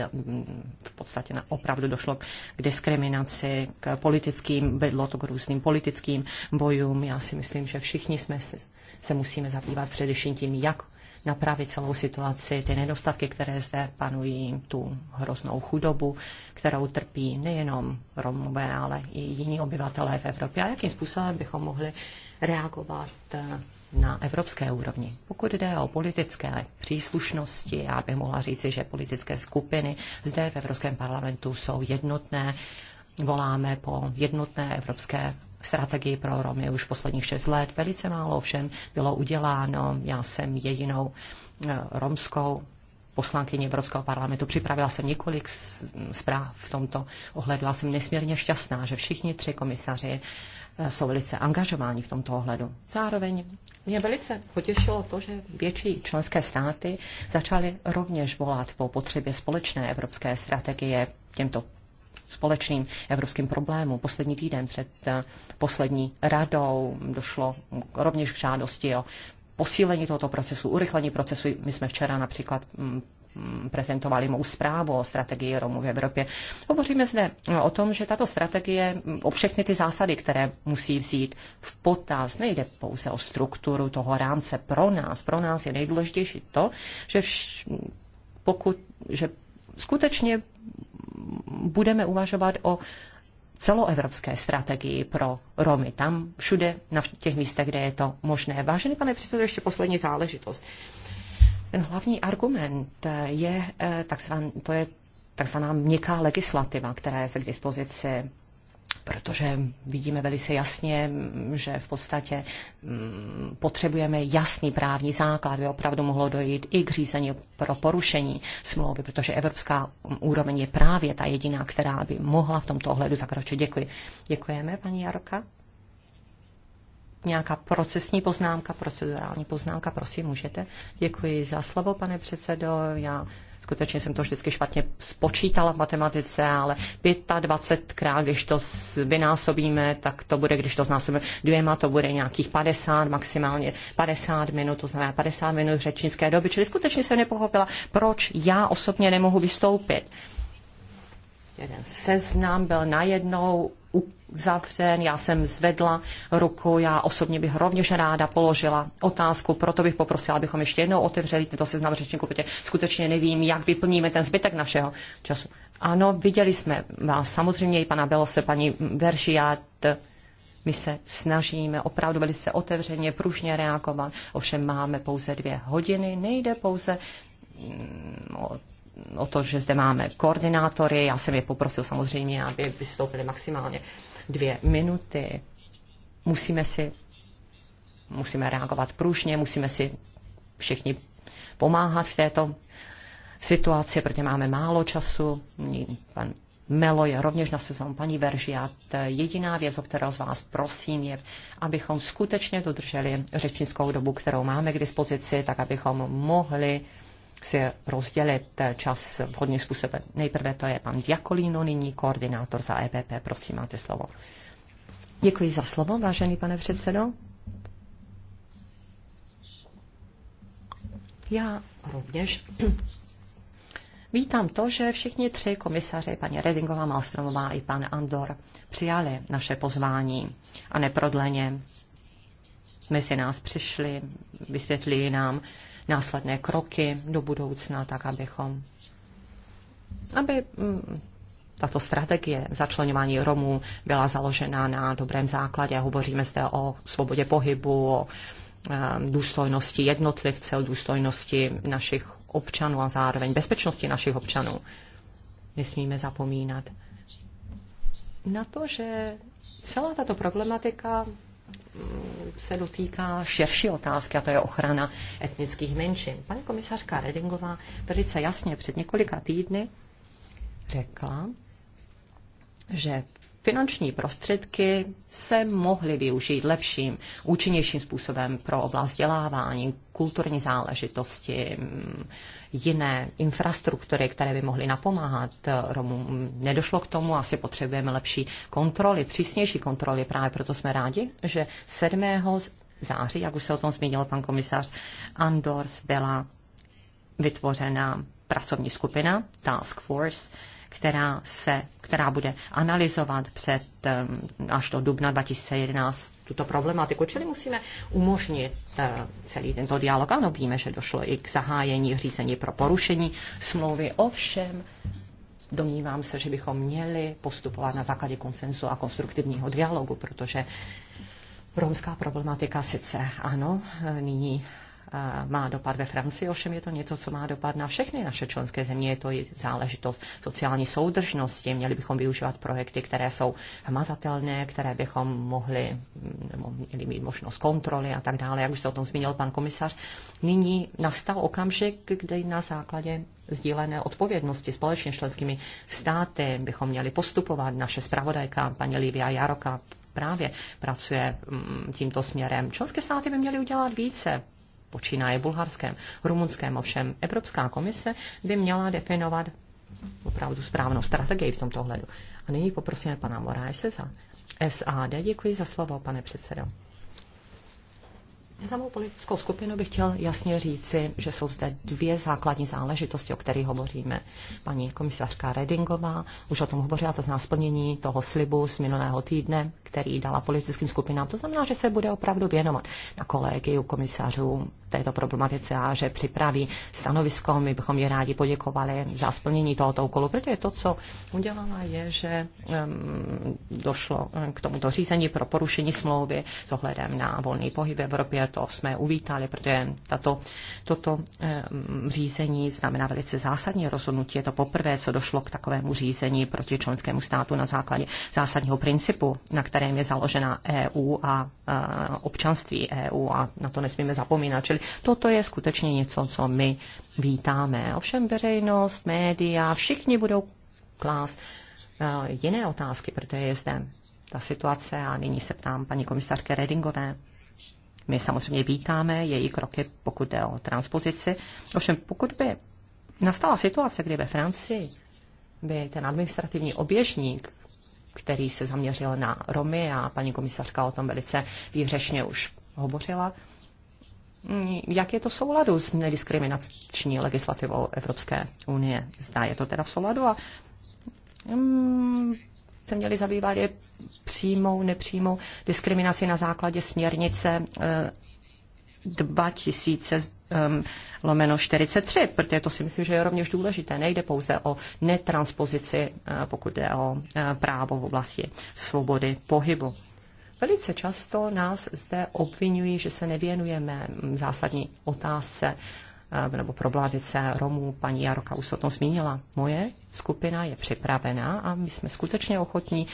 v podstatě na, opravdu došlo k diskriminaci, k politickým, vedlo to k různým politickým bojům. Já si myslím, že všichni jsme se, se musíme zabývat především tím, jak napravit celou situaci, ty nedostatky, které zde panují, tu hroznou chudobu, kterou trpí nejenom Romové, ale i jiní obyvatelé v Evropě. A jakým způsobem bychom mohli reagovat eh, na evropské úrovni. Pokud jde o politické příslušnosti, já bych mohla říci, že politické skupiny zde v Evropském parlamentu jsou jednotné, voláme po jednotné evropské strategii pro Romy už posledních šest let. Velice málo ovšem bylo uděláno. Já jsem jedinou eh, romskou poslankyně Evropského parlamentu. Připravila jsem několik zpráv v tomto ohledu a jsem nesmírně šťastná, že všichni tři komisaři eh, jsou velice angažováni v tomto ohledu. Zároveň mě velice potěšilo to, že větší členské státy začaly rovněž volat po potřebě společné evropské strategie těmto společným evropským problémům. Poslední týden před eh, poslední radou došlo rovněž k žádosti o posílení tohoto procesu, urychlení procesu. My jsme včera například mm, mm, prezentovali mou zprávu o strategii Romů v Evropě. Hovoříme zde o tom, že tato strategie, mm, o všechny ty zásady, které musí vzít v potaz, nejde pouze o strukturu toho rámce pro nás. Pro nás je nejdůležitější to, že vš, pokud, že skutečně budeme uvažovat o celoevropské strategii pro Romy. Tam všude, na těch místech, kde je to možné. Vážený pane předsedo, ještě poslední záležitost. Ten hlavní argument je eh, takzvaná, to je takzvaná měkká legislativa, která je k dispozici protože vidíme velice jasně, že v podstatě mm, potřebujeme jasný právní základ, by opravdu mohlo dojít i k řízení pro porušení smlouvy, protože evropská úroveň je právě ta jediná, která by mohla v tomto ohledu zakročit. Děkuji. Děkujeme, paní Jaroka. Nějaká procesní poznámka, procedurální poznámka, prosím, můžete. Děkuji za slovo, pane předsedo. Já skutečně jsem to vždycky špatně spočítala v matematice, ale 25 krát, když to vynásobíme, tak to bude, když to znásobíme dvěma, to bude nějakých 50, maximálně 50 minut, to znamená 50 minut řečnické doby, čili skutečně jsem nepochopila, proč já osobně nemohu vystoupit jeden seznam byl najednou uzavřen, já jsem zvedla ruku, já osobně bych rovněž ráda položila otázku, proto bych poprosila, abychom ještě jednou otevřeli tento seznam řečníků, protože skutečně nevím, jak vyplníme ten zbytek našeho času. Ano, viděli jsme vás, samozřejmě i pana Belose, paní Veržiat, my se snažíme opravdu velice otevřeně, pružně reagovat, ovšem máme pouze dvě hodiny, nejde pouze mm, o o to, že zde máme koordinátory. Já jsem je poprosil samozřejmě, aby vystoupili maximálně dvě minuty. Musíme si musíme reagovat pružně, musíme si všichni pomáhat v této situaci, protože máme málo času. Pan Melo je rovněž na seznamu paní Veržiat. Jediná věc, o kterou z vás prosím, je, abychom skutečně dodrželi řečnickou dobu, kterou máme k dispozici, tak abychom mohli si rozdělit čas vhodným způsobem. Nejprve to je pan Diakolino, nyní koordinátor za EPP. Prosím, máte slovo. Děkuji za slovo, vážený pane předsedo. Já rovněž vítám to, že všichni tři komisaři, paní Redingová, Malstromová i pan Andor, přijali naše pozvání a neprodleně mezi nás přišli, vysvětlili nám, následné kroky do budoucna, tak abychom aby mm, tato strategie začlenování Romů byla založena na dobrém základě. Hovoříme zde o svobodě pohybu, o důstojnosti jednotlivce, o důstojnosti našich občanů a zároveň bezpečnosti našich občanů. Nesmíme zapomínat na to, že celá tato problematika se dotýká širší otázky, a to je ochrana etnických menšin. Paní komisařka Redingová velice jasně před několika týdny řekla, že finanční prostředky se mohly využít lepším, účinnějším způsobem pro oblast vzdělávání, kulturní záležitosti, jiné infrastruktury, které by mohly napomáhat eh, Romům. Nedošlo k tomu, asi potřebujeme lepší kontroly, přísnější kontroly. Právě proto jsme rádi, že 7. září, jak už se o tom zmínil pan komisař Andors, byla vytvořena pracovní skupina Task Force, která, se, která bude analyzovat před až do dubna 2011 tuto problematiku. Čili musíme umožnit eh, celý tento dialog. Ano, víme, že došlo i k zahájení řízení pro porušení smlouvy. Ovšem, domnívám se, že bychom měli postupovat na základě konsenzu a konstruktivního dialogu, protože romská problematika sice ano, nyní má dopad ve Francii, ovšem je to něco, co má dopad na všechny naše členské země. Je to i záležitost sociální soudržnosti. Měli bychom využívat projekty, které jsou hmatatelné, které bychom mohli, nebo měli mít možnost kontroly a tak dále, jak už se o tom zmínil pan komisař. Nyní nastal okamžik, kdy na základě sdílené odpovědnosti společně členskými státy bychom měli postupovat. Naše zpravodajka, paní Livia Jaroka, právě pracuje mm, tímto směrem. Členské státy by měly udělat více počínaje Bulharském, Rumunském. Ovšem Evropská komise by měla definovat opravdu správnou strategii v tomto ohledu. A nyní poprosíme pana Moráše za SAD. Děkuji za slovo, pane předsedo. Za mou politickou skupinu bych chtěl jasně říci, že jsou zde dvě základní záležitosti, o kterých hovoříme. Paní komisařka Redingová už o tom hovořila, to zná splnění toho slibu z minulého týdne, který dala politickým skupinám. To znamená, že se bude opravdu věnovat na kolegiu komisařů této problematice a že připraví stanovisko. My bychom je rádi poděkovali za splnění tohoto úkolu, protože to, co udělala, je, že um, došlo eh, k tomuto řízení pro porušení smlouvy s ohledem na volný pohyb v Evropě. To jsme uvítali, protože tato, toto um, řízení znamená velice zásadní rozhodnutí. Je to poprvé, co došlo k takovému řízení proti členskému státu na základě zásadního principu, na kterém je založena EU a uh, občanství EU a na to nesmíme zapomínat. Čili Čili toto je skutečně něco, co my vítáme. Ovšem veřejnost, média, všichni budou klást eh, jiné otázky, protože je zde ta situace a nyní se ptám paní komisařky Redingové. My samozřejmě vítáme její kroky, pokud jde o transpozici. Ovšem, pokud by nastala situace, kdy ve Francii by ten administrativní oběžník, který se zaměřil na Romy a paní komisařka o tom velice výhřešně už hovořila, jak je to v souladu s nediskriminační legislativou Evropské unie. Zdá je to teda v souladu a um, se měli zabývat je přímou, nepřímou diskriminaci na základě směrnice 2000 eh, um, ehm, lomeno 43, protože to si myslím, že je rovněž důležité. Nejde pouze o netranspozici, eh, pokud jde o eh, právo v oblasti svobody pohybu. Velice často nás zde obvinují, že se nevěnujeme zásadní otázce eh, nebo problematice Romů. Paní Jaroka už se o tom zmínila. Moje skupina je připravená a my jsme skutečně ochotní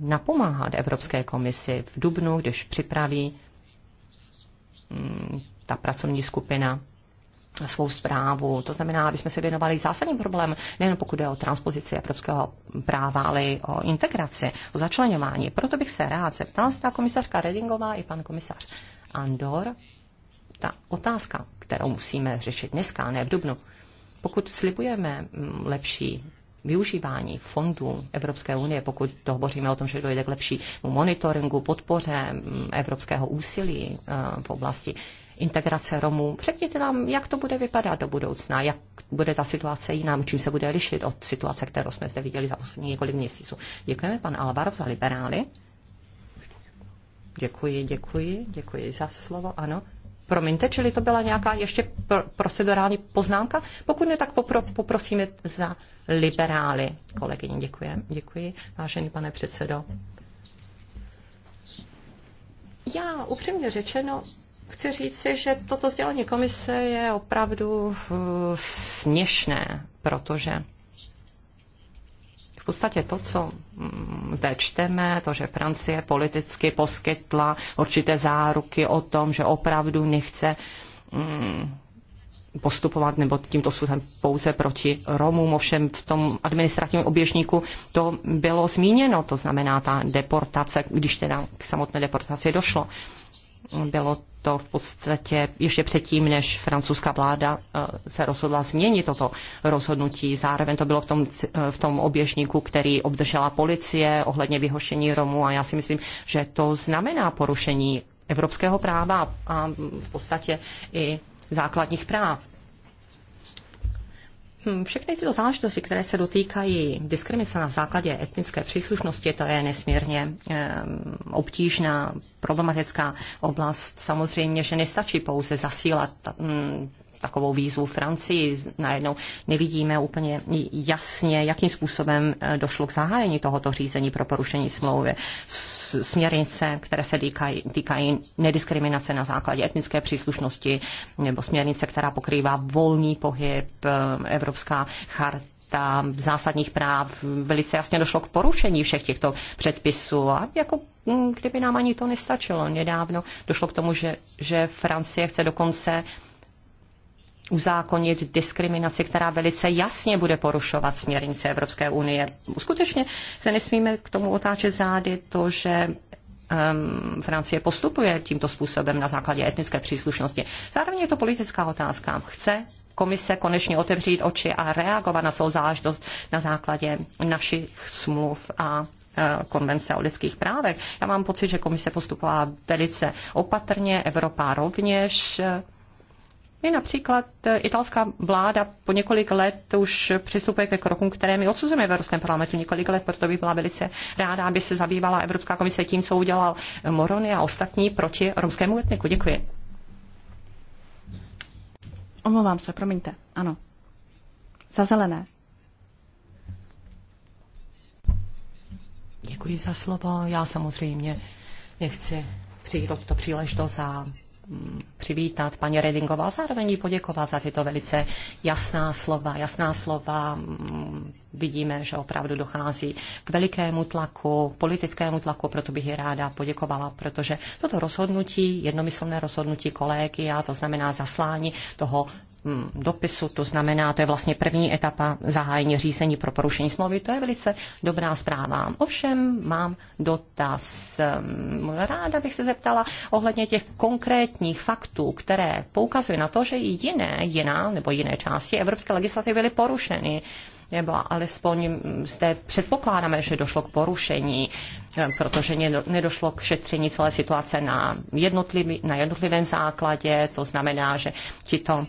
napomáhat Evropské komisi v Dubnu, když připraví mm, ta pracovní skupina svou zprávu. To znamená, aby jsme se věnovali zásadním problém, nejen pokud jde o transpozici evropského práva, ale i o integraci, o začlenování. Proto bych se rád zeptal, zda komisařka Redingová i pan komisař Andor, ta otázka, kterou musíme řešit dneska, ne v Dubnu, pokud slibujeme mm, lepší využívání fondů Evropské unie, pokud to hovoříme o tom, že dojde k lepšímu monitoringu, podpoře mm, evropského úsilí eh, v oblasti integrace Romů. Řekněte nám, jak to bude vypadat do budoucna, jak bude ta situace jiná, čím se bude lišit od situace, kterou jsme zde viděli za poslední několik měsíců. Děkujeme, pan Alvaro, za liberály. Děkuji, děkuji, děkuji za slovo, ano. Promiňte, čili to byla nějaká ještě procedurální poznámka? Pokud ne, tak popro, poprosíme za liberály. Kolegyně, děkuji. Děkuji, vážený pane předsedo. Já upřímně řečeno Chci říci, že toto sdělení komise je opravdu eh, směšné, protože v podstatě to, co mm, zde čteme, to, že Francie politicky poskytla určité záruky o tom, že opravdu nechce mm, postupovat nebo tímto způsobem pouze proti Romům. Ovšem v tom administrativním oběžníku to bylo zmíněno, to znamená ta deportace, když teda k samotné deportaci došlo. Bylo to v podstatě ještě předtím, než francouzská vláda eh, se rozhodla změnit toto rozhodnutí. Zároveň to bylo v tom, eh, v tom oběžníku, který obdržela policie ohledně vyhošení Romů a já si myslím, že to znamená porušení evropského práva a v podstatě i základních práv. Hm, všechny tyto záležitosti, které se dotýkají diskriminace na základě etnické příslušnosti, to je nesmírně ehm, obtížná, problematická oblast. Samozřejmě, že nestačí pouze zasílat hm, takovou výzvu Francii. Najednou nevidíme úplně jasně, jakým způsobem eh, došlo k zahájení tohoto řízení pro porušení smlouvy. Směrnice, které se týkají, týkají nediskriminace na základě etnické příslušnosti, nebo směrnice, která pokrývá volný pohyb, eh, Evropská charta ta zásadních práv velice jasně došlo k porušení všech těchto předpisů a jako mm, kdyby nám ani to nestačilo. Nedávno došlo k tomu, že, že Francie chce dokonce uzákonit diskriminaci, která velice jasně bude porušovat směrnice Evropské unie. Skutečně se nesmíme k tomu otáčet zády, to, že um, Francie postupuje tímto způsobem na základě etnické příslušnosti. Zároveň je to politická otázka. Chce komise konečně otevřít oči a reagovat na celou záležitost na základě našich smluv a e, konvence o lidských právech. Já mám pocit, že komise postupovala velice opatrně, Evropa rovněž. I například e, italská vláda po několik let už přistupuje ke krokům, které my odsuzujeme v Evropském parlamentu několik let, proto by byla velice ráda, aby se zabývala Evropská komise tím, co udělal Morony a ostatní proti romskému etniku. Děkuji. Omlouvám se, promiňte. Ano. Za zelené. Děkuji za slovo. Já samozřejmě nechci přijít o tuto příležitost a přivítat paní Redingová a zároveň jí poděkovat za tyto velice jasná slova. Jasná slova mm, vidíme, že opravdu dochází k velikému tlaku, politickému tlaku, proto bych ji ráda poděkovala, protože toto rozhodnutí, jednomyslné rozhodnutí kolegy, a to znamená zaslání toho Mm, dopisu, to znamená, to je vlastně první etapa zahájení řízení pro porušení smlouvy, to je velice dobrá zpráva. Ovšem mám dotaz. Mm, ráda bych se zeptala ohledně těch konkrétních faktů, které poukazují na to, že i jiné, jiná nebo jiné části evropské legislativy byly porušeny nebo alespoň zde předpokládáme, že došlo k porušení, eh, protože nedošlo k šetření celé situace na, jednotlivý, na jednotlivém základě, to znamená, že tito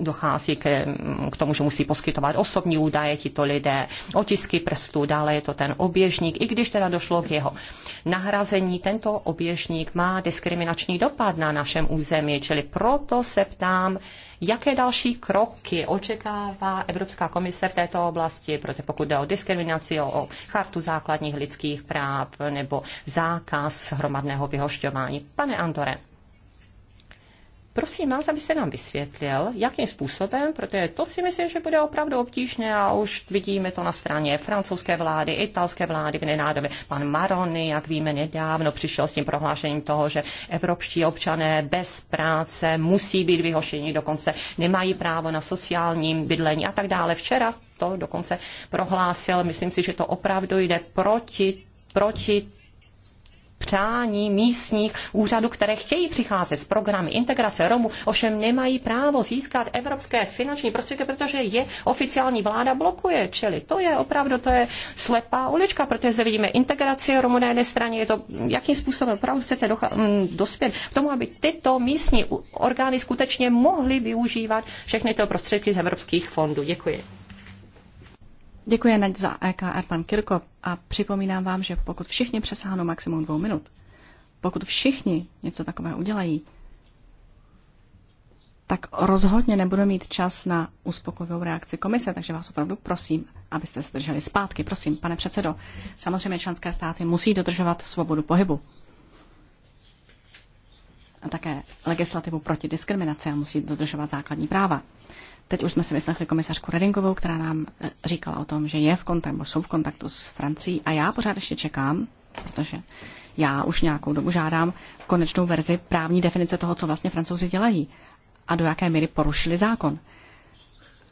dochází k, k tomu, že musí poskytovat osobní údaje tito lidé, otisky prstů, dále je to ten oběžník. I když teda došlo k jeho nahrazení, tento oběžník má diskriminační dopad na našem území, čili proto se ptám, Jaké další kroky očekává Evropská komise v této oblasti, protože pokud jde o diskriminaci, o chartu základních lidských práv nebo zákaz hromadného vyhošťování? Pane Andore. Prosím vás, abyste nám vysvětlil, jakým způsobem, protože to si myslím, že bude opravdu obtížné a už vidíme to na straně francouzské vlády, italské vlády v nenádobě. Pan Marony, jak víme, nedávno přišel s tím prohlášením toho, že evropští občané bez práce musí být vyhošeni, dokonce nemají právo na sociálním bydlení a tak dále. Včera to dokonce prohlásil. Myslím si, že to opravdu jde proti proti přání místních úřadů, které chtějí přicházet s programy integrace Romů, ovšem nemají právo získat evropské finanční prostředky, protože je oficiální vláda blokuje. Čili to je opravdu to je slepá ulička, protože zde vidíme integraci Romů na jedné straně, je to, jakým způsobem opravdu chcete mm, dospět k tomu, aby tyto místní orgány skutečně mohly využívat všechny ty prostředky z evropských fondů. Děkuji. Děkuji Naď za EKR pan Kirko, a připomínám vám, že pokud všichni přesáhnou maximum dvou minut, pokud všichni něco takového udělají, tak rozhodně nebudu mít čas na uspokojivou reakci komise, takže vás opravdu prosím, abyste se drželi zpátky. Prosím, pane předsedo, samozřejmě členské státy musí dodržovat svobodu pohybu a také legislativu proti diskriminaci a musí dodržovat základní práva. Teď už jsme si vyslechli komisařku Redinkovou, která nám eh, říkala o tom, že je v kontaktu, jsou v kontaktu s Francií a já pořád ještě čekám, protože já už nějakou dobu žádám konečnou verzi právní definice toho, co vlastně francouzi dělají a do jaké míry porušili zákon.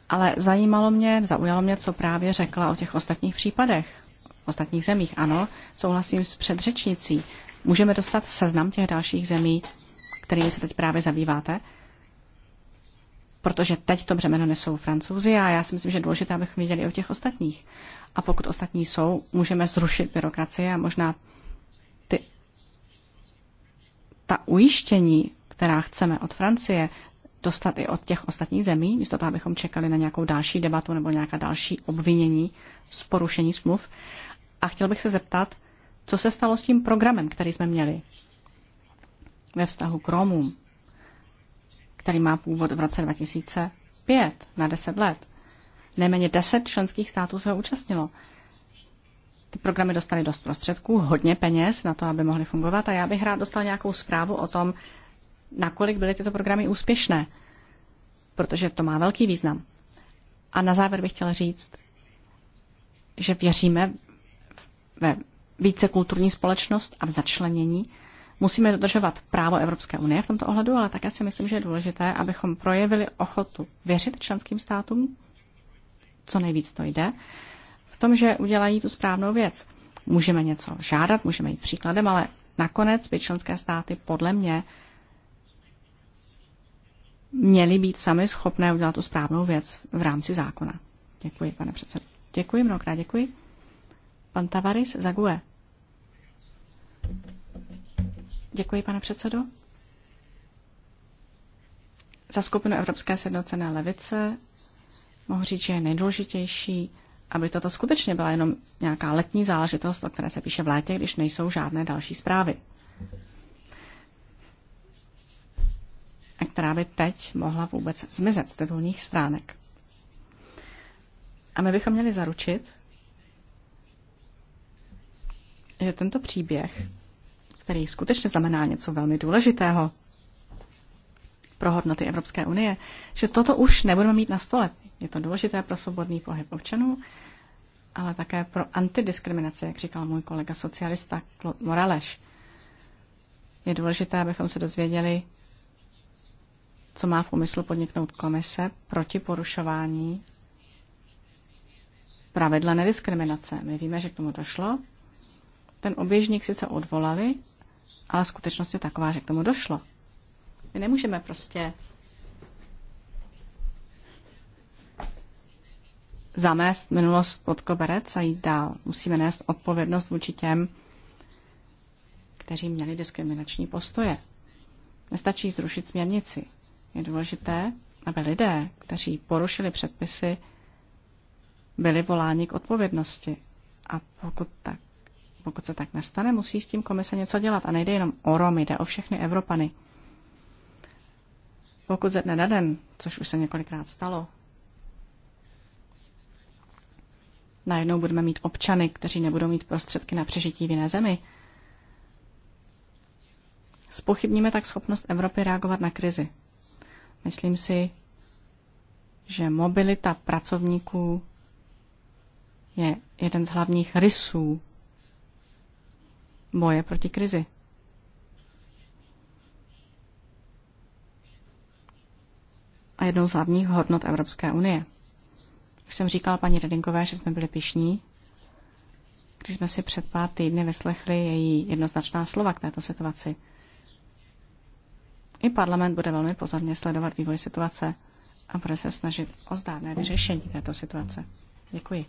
Ale zajímalo mě, zaujalo mě, co právě řekla o těch ostatních případech, ostatních zemích. Ano, souhlasím s předřečnicí. Můžeme dostat seznam těch dalších zemí, kterými se teď právě zabýváte? protože teď to břemeno nesou francouzi a já si myslím, že je důležité, abychom věděli o těch ostatních. A pokud ostatní jsou, můžeme zrušit byrokracie a možná ty, ta ujištění, která chceme od Francie, dostat i od těch ostatních zemí, místo toho, abychom čekali na nějakou další debatu nebo nějaká další obvinění z porušení smluv. A chtěl bych se zeptat, co se stalo s tím programem, který jsme měli ve vztahu k Romům který má původ v roce 2005 na 10 let. Nejméně 10 členských států se ho účastnilo. Ty programy dostaly dost prostředků, hodně peněz na to, aby mohly fungovat a já bych rád dostal nějakou zprávu o tom, nakolik byly tyto programy úspěšné, protože to má velký význam. A na závěr bych chtěla říct, že věříme ve kulturní společnost a v začlenění Musíme dodržovat právo Evropské unie v tomto ohledu, ale také si myslím, že je důležité, abychom projevili ochotu věřit členským státům, co nejvíc to jde, v tom, že udělají tu správnou věc. Můžeme něco žádat, můžeme jít příkladem, ale nakonec by členské státy podle mě měly být sami schopné udělat tu správnou věc v rámci zákona. Děkuji, pane předsedo. Děkuji, mnohokrát děkuji. Pan Tavares Zague. Děkuji, pane předsedo. Za skupinu Evropské sjednocené levice mohu říct, že je nejdůležitější, aby toto skutečně byla jenom nějaká letní záležitost, o které se píše v létě, když nejsou žádné další zprávy. A která by teď mohla vůbec zmizet z titulních stránek. A my bychom měli zaručit, že tento příběh který skutečně znamená něco velmi důležitého pro hodnoty Evropské unie, že toto už nebudeme mít na stole. Je to důležité pro svobodný pohyb občanů, ale také pro antidiskriminaci, jak říkal můj kolega socialista Claude Moraleš. Je důležité, abychom se dozvěděli, co má v úmyslu podniknout komise proti porušování pravidla nediskriminace. My víme, že k tomu došlo. Ten oběžník sice odvolali, ale skutečnost je taková, že k tomu došlo. My nemůžeme prostě zamést minulost pod koberec a jít dál. Musíme nést odpovědnost vůči těm, kteří měli diskriminační postoje. Nestačí zrušit směrnici. Je důležité, aby lidé, kteří porušili předpisy, byli voláni k odpovědnosti. A pokud tak pokud se tak nestane, musí s tím komise něco dělat. A nejde jenom o Romy, jde o všechny Evropany. Pokud ze dne na den, což už se několikrát stalo, najednou budeme mít občany, kteří nebudou mít prostředky na přežití v jiné zemi, spochybníme tak schopnost Evropy reagovat na krizi. Myslím si, že mobilita pracovníků je jeden z hlavních rysů boje proti krizi. A jednou z hlavních hodnot Evropské unie. Už jsem říkal paní Redinkové, že jsme byli pišní, když jsme si před pár týdny vyslechli její jednoznačná slova k této situaci. I parlament bude velmi pozorně sledovat vývoj situace a bude se snažit o zdárné vyřešení této situace. Děkuji.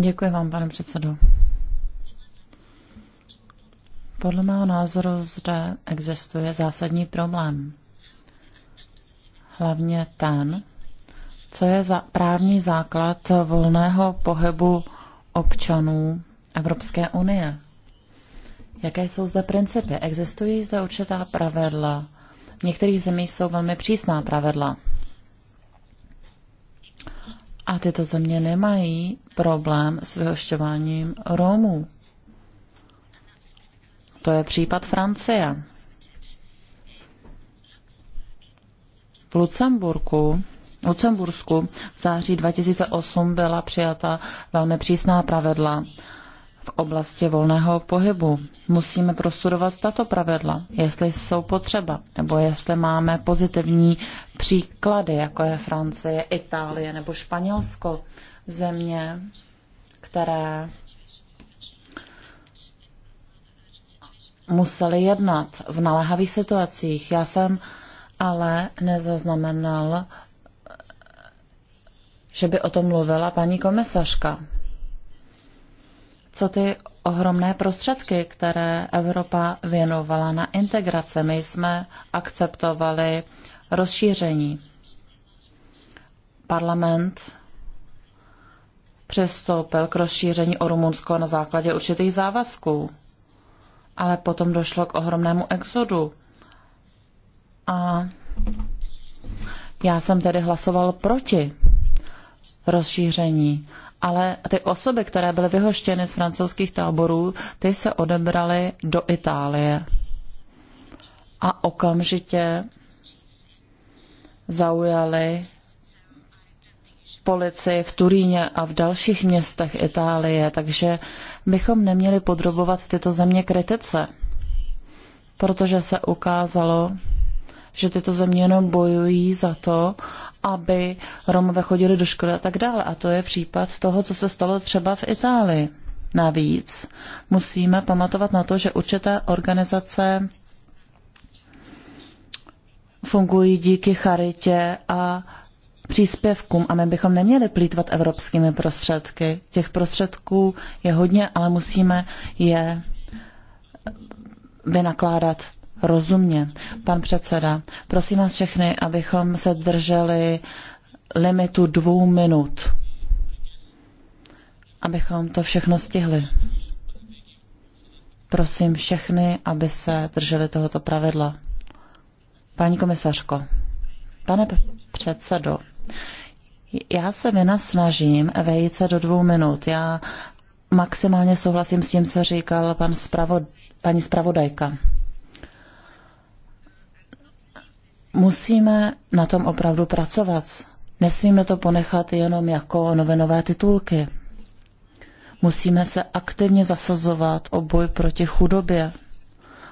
Děkuji vám, pane předsedo. Podle mého názoru zde existuje zásadní problém. Hlavně ten, co je za právní základ volného pohybu občanů Evropské unie. Jaké jsou zde principy? Existují zde určitá pravidla. V některých zemích jsou velmi přísná pravidla. A tyto země nemají problém s vyhošťováním Romů. To je případ Francie. V Lucemburku v Lucembursku v září 2008 byla přijata velmi přísná pravidla v oblasti volného pohybu. Musíme prostudovat tato pravidla, jestli jsou potřeba, nebo jestli máme pozitivní příklady, jako je Francie, Itálie nebo Španělsko, země, které museli jednat v naléhavých situacích. Já jsem ale nezaznamenal, že by o tom mluvila paní komisařka co ty ohromné prostředky, které Evropa věnovala na integraci. My jsme akceptovali rozšíření. Parlament přistoupil k rozšíření o Rumunsko na základě určitých závazků. Ale potom došlo k ohromnému exodu. A já jsem tedy hlasoval proti rozšíření ale ty osoby, které byly vyhoštěny z francouzských táborů, ty se odebraly do Itálie. A okamžitě zaujali policii v Turíně a v dalších městech Itálie, takže bychom neměli podrobovat tyto země kritice, protože se ukázalo, že tyto země jenom bojují za to, aby Romové chodili do školy a tak dále. A to je případ toho, co se stalo třeba v Itálii. Navíc musíme pamatovat na to, že určité organizace fungují díky charitě a příspěvkům a my bychom neměli plítvat evropskými prostředky. Těch prostředků je hodně, ale musíme je vynakládat rozumně. Pan předseda, prosím vás všechny, abychom se drželi limitu dvou minut, abychom to všechno stihli. Prosím všechny, aby se drželi tohoto pravidla. Paní komisařko, pane předsedo, já se vina snažím vejít se do dvou minut. Já maximálně souhlasím s tím, co říkal pan spravo, paní zpravodajka. Musíme na tom opravdu pracovat. Nesmíme to ponechat jenom jako novinové titulky. Musíme se aktivně zasazovat o boj proti chudobě.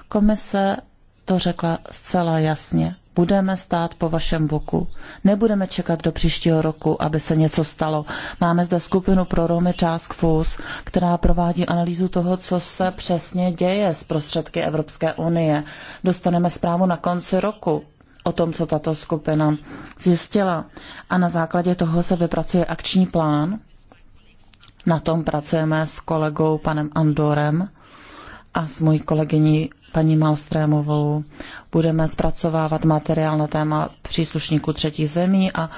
Komise to řekla zcela jasně. Budeme stát po vašem boku. Nebudeme čekat do příštího roku, aby se něco stalo. Máme zde skupinu pro Romy Task Force, která provádí analýzu toho, co se přesně děje s prostředky Evropské unie. Dostaneme zprávu na konci roku o tom, co tato skupina zjistila. A na základě toho se vypracuje akční plán. Na tom pracujeme s kolegou panem Andorem a s mojí kolegyní paní Malstrémovou. Budeme zpracovávat materiál na téma příslušníků třetích zemí a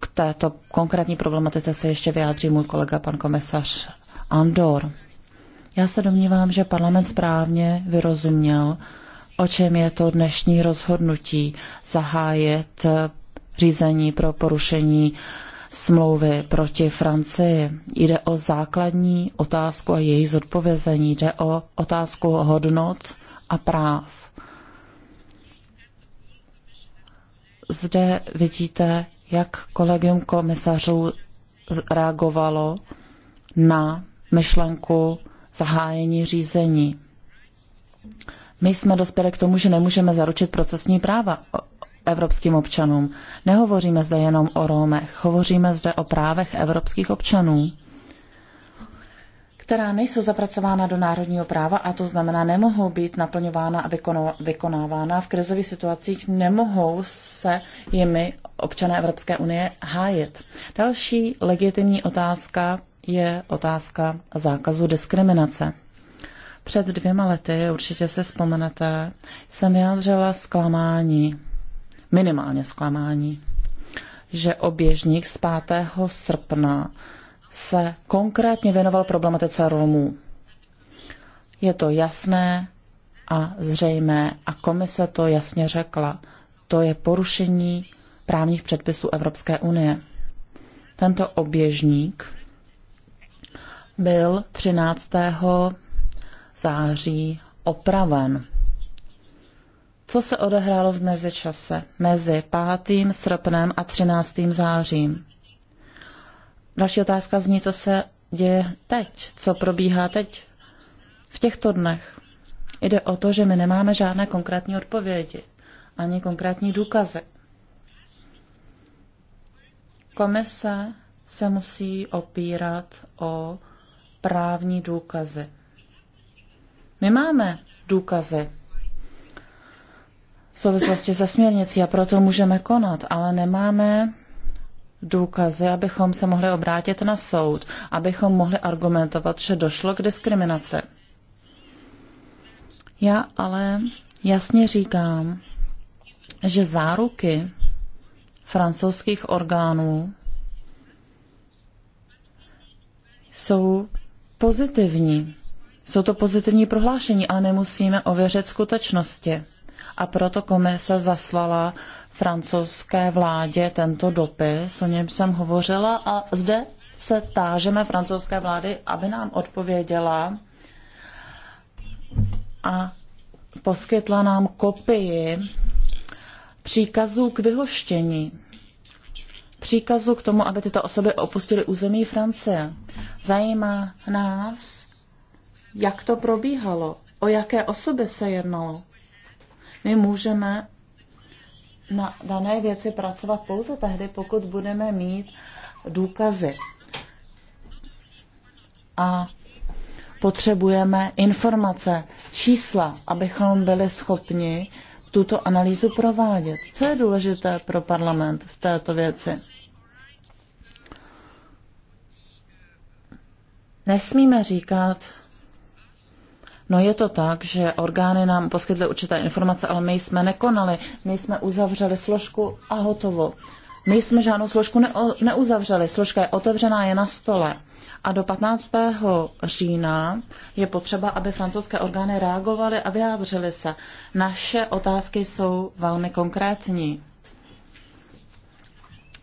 k této konkrétní problematice se ještě vyjádří můj kolega pan komisař Andor. Já se domnívám, že parlament správně vyrozuměl, o čem je to dnešní rozhodnutí zahájet řízení pro porušení smlouvy proti Francii. Jde o základní otázku a její zodpovězení. Jde o otázku hodnot a práv. Zde vidíte, jak kolegium komisařů reagovalo na myšlenku zahájení řízení. My jsme dospěli k tomu, že nemůžeme zaručit procesní práva evropským občanům. Nehovoříme zde jenom o Rómech, hovoříme zde o právech evropských občanů která nejsou zapracována do národního práva a to znamená nemohou být naplňována a vykonávána. V krizových situacích nemohou se jimi občané Evropské unie hájit. Další legitimní otázka je otázka zákazu diskriminace. Před dvěma lety, určitě se vzpomenete, jsem vyjádřila zklamání, minimálně zklamání, že oběžník z 5. srpna se konkrétně věnoval problematice Romů. Je to jasné a zřejmé a komise to jasně řekla. To je porušení právních předpisů Evropské unie. Tento oběžník byl 13 září opraven. Co se odehrálo v mezičase mezi 5. srpnem a 13. zářím? Další otázka zní, co se děje teď, co probíhá teď, v těchto dnech. Jde o to, že my nemáme žádné konkrétní odpovědi, ani konkrétní důkazy. Komise se musí opírat o právní důkazy. My máme důkazy v souvislosti se směrnicí a proto můžeme konat, ale nemáme důkazy, abychom se mohli obrátit na soud, abychom mohli argumentovat, že došlo k diskriminaci. Já ale jasně říkám, že záruky francouzských orgánů jsou pozitivní. Jsou to pozitivní prohlášení, ale my musíme ověřit skutečnosti. A proto komise zaslala francouzské vládě tento dopis, o něm jsem hovořila a zde se tážeme francouzské vlády, aby nám odpověděla a poskytla nám kopii příkazů k vyhoštění příkazu k tomu, aby tyto osoby opustily území Francie. Zajímá nás, jak to probíhalo, o jaké osoby se jednalo. My můžeme na dané věci pracovat pouze tehdy, pokud budeme mít důkazy. A potřebujeme informace, čísla, abychom byli schopni tuto analýzu provádět. Co je důležité pro parlament v této věci? Nesmíme říkat, No je to tak, že orgány nám poskytly určité informace, ale my jsme nekonali. My jsme uzavřeli složku a hotovo. My jsme žádnou složku ne- neuzavřeli. Složka je otevřená, je na stole. A do 15. října je potřeba, aby francouzské orgány reagovaly a vyjádřily se. Naše otázky jsou velmi konkrétní,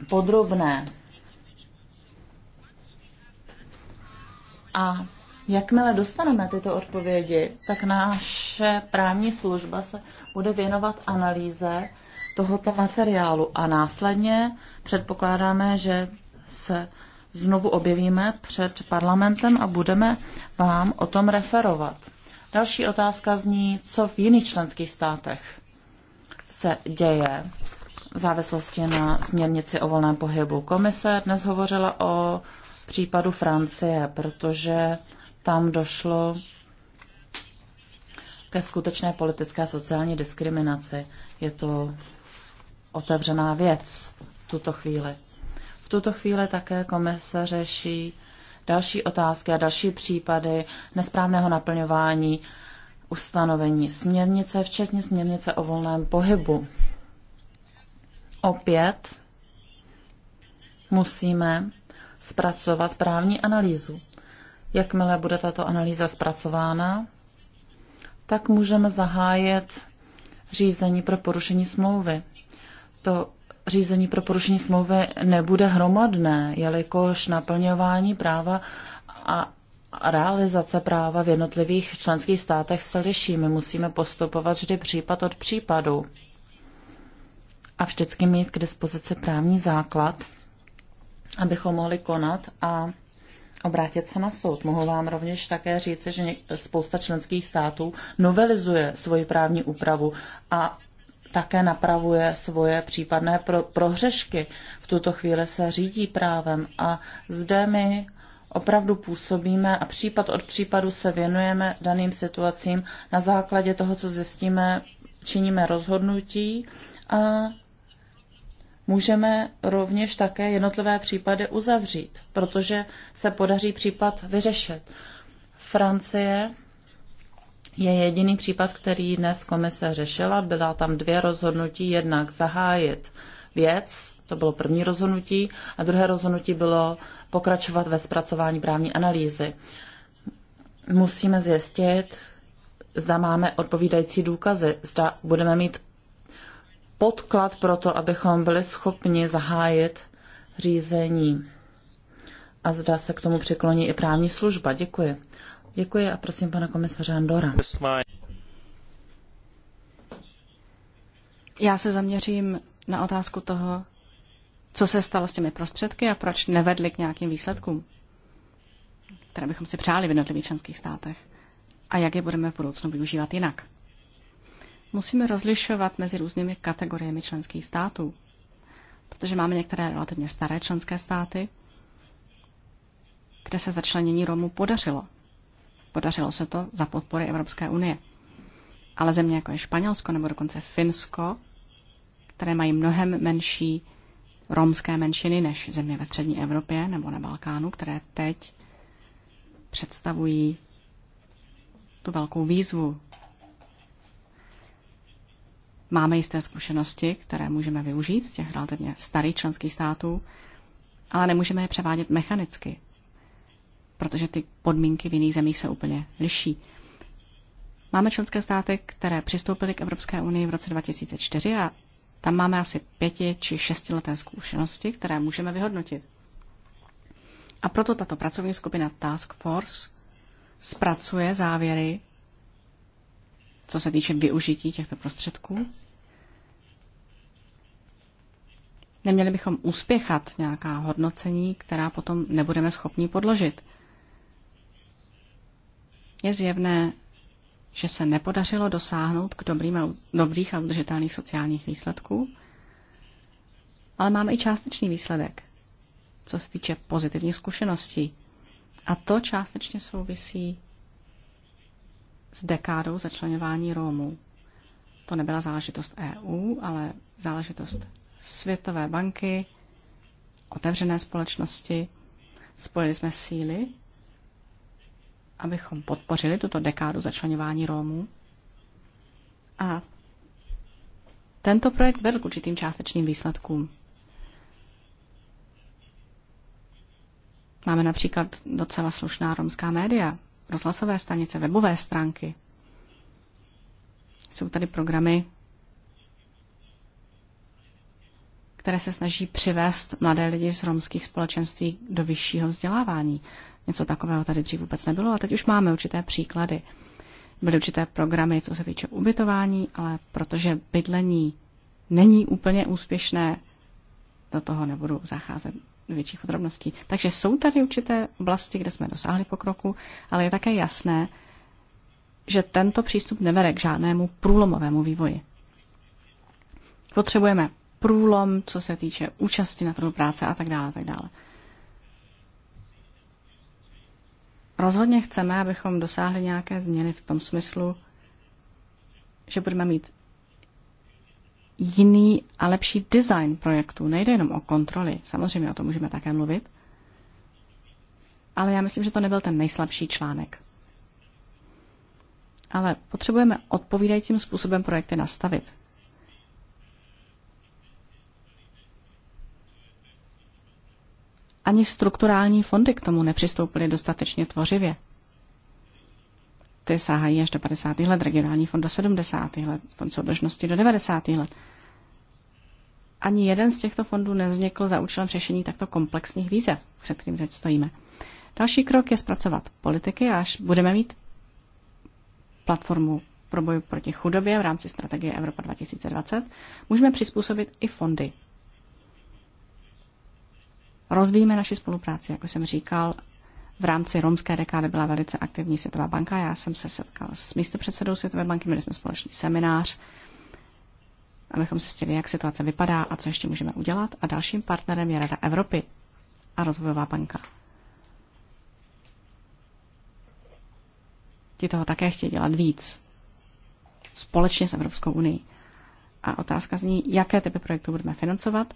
podrobné. A Jakmile dostaneme tyto odpovědi, tak naše právní služba se bude věnovat analýze tohoto materiálu a následně předpokládáme, že se znovu objevíme před parlamentem a budeme vám o tom referovat. Další otázka zní, co v jiných členských státech se děje v závislosti na směrnici o volném pohybu. Komise dnes hovořila o případu Francie, protože tam došlo ke skutečné politické a sociální diskriminaci. Je to otevřená věc v tuto chvíli. V tuto chvíli také komise řeší další otázky a další případy nesprávného naplňování ustanovení směrnice, včetně směrnice o volném pohybu. Opět musíme zpracovat právní analýzu. Jakmile bude tato analýza zpracována, tak můžeme zahájit řízení pro porušení smlouvy. To řízení pro porušení smlouvy nebude hromadné, jelikož naplňování práva a realizace práva v jednotlivých členských státech se liší. My musíme postupovat vždy případ od případu a vždycky mít k dispozici právní základ, abychom mohli konat a obrátit se na soud. Mohu vám rovněž také říci, že spousta členských států novelizuje svoji právní úpravu a také napravuje svoje případné pro, prohřešky. V tuto chvíli se řídí právem a zde my opravdu působíme a případ od případu se věnujeme daným situacím. Na základě toho, co zjistíme, činíme rozhodnutí a můžeme rovněž také jednotlivé případy uzavřít, protože se podaří případ vyřešit. Francie je jediný případ, který dnes komise řešila. Byla tam dvě rozhodnutí, jednak zahájit věc, to bylo první rozhodnutí, a druhé rozhodnutí bylo pokračovat ve zpracování právní analýzy. Musíme zjistit, zda máme odpovídající důkazy, zda budeme mít podklad pro to, abychom byli schopni zahájit řízení. A zda se k tomu přikloní i právní služba. Děkuji. Děkuji a prosím pana komisaře Andora. Já se zaměřím na otázku toho, co se stalo s těmi prostředky a proč nevedli k nějakým výsledkům, které bychom si přáli v jednotlivých členských státech a jak je budeme v budoucnu využívat jinak. Musíme rozlišovat mezi různými kategoriemi členských států, protože máme některé relativně staré členské státy, kde se začlenění Romů podařilo. Podařilo se to za podpory Evropské unie. Ale země jako je Španělsko nebo dokonce Finsko, které mají mnohem menší romské menšiny než země ve střední Evropě nebo na Balkánu, které teď představují tu velkou výzvu Máme jisté zkušenosti, které můžeme využít z těch relativně starých členských států, ale nemůžeme je převádět mechanicky, protože ty podmínky v jiných zemích se úplně liší. Máme členské státy, které přistoupily k Evropské unii v roce 2004 a tam máme asi pěti či šestileté zkušenosti, které můžeme vyhodnotit. A proto tato pracovní skupina Task Force zpracuje závěry co se týče využití těchto prostředků? Neměli bychom úspěchat nějaká hodnocení, která potom nebudeme schopni podložit. Je zjevné, že se nepodařilo dosáhnout k dobrým a, dobrých a udržitelných sociálních výsledků, ale máme i částečný výsledek, co se týče pozitivních zkušeností. A to částečně souvisí s dekádou začlenování Rómů. To nebyla záležitost EU, ale záležitost Světové banky, otevřené společnosti. Spojili jsme síly, abychom podpořili tuto dekádu začlenování Rómů. A tento projekt vedl k určitým částečným výsledkům. Máme například docela slušná romská média, rozhlasové stanice, webové stránky. Jsou tady programy, které se snaží přivést mladé lidi z romských společenství do vyššího vzdělávání. Něco takového tady dřív vůbec nebylo a teď už máme určité příklady. Byly určité programy, co se týče ubytování, ale protože bydlení není úplně úspěšné, do toho nebudu zacházet větších podrobností. Takže jsou tady určité oblasti, kde jsme dosáhli pokroku, ale je také jasné, že tento přístup nevede k žádnému průlomovému vývoji. Potřebujeme průlom, co se týče účasti na trhu práce a tak dále, tak dále. Rozhodně chceme, abychom dosáhli nějaké změny v tom smyslu, že budeme mít jiný a lepší design projektu. Nejde jenom o kontroly, samozřejmě o tom můžeme také mluvit, ale já myslím, že to nebyl ten nejslabší článek. Ale potřebujeme odpovídajícím způsobem projekty nastavit. Ani strukturální fondy k tomu nepřistoupily dostatečně tvořivě. Ty sáhají až do 50. let, regionální fond do 70. let, fond soudržnosti do 90. let. Ani jeden z těchto fondů nevznikl za účelem řešení takto komplexních výzev, před kterým teď stojíme. Další krok je zpracovat politiky, až budeme mít platformu pro boj proti chudobě v rámci strategie Evropa 2020, můžeme přizpůsobit i fondy. Rozvíjíme naši spolupráci, jako jsem říkal, v rámci romské dekády byla velice aktivní Světová banka. Já jsem se setkal s místopředsedou Světové banky, měli jsme společný seminář abychom zjistili, jak situace vypadá a co ještě můžeme udělat. A dalším partnerem je Rada Evropy a Rozvojová banka. Ti toho také chtějí dělat víc. Společně s Evropskou unii. A otázka zní, jaké typy projektů budeme financovat.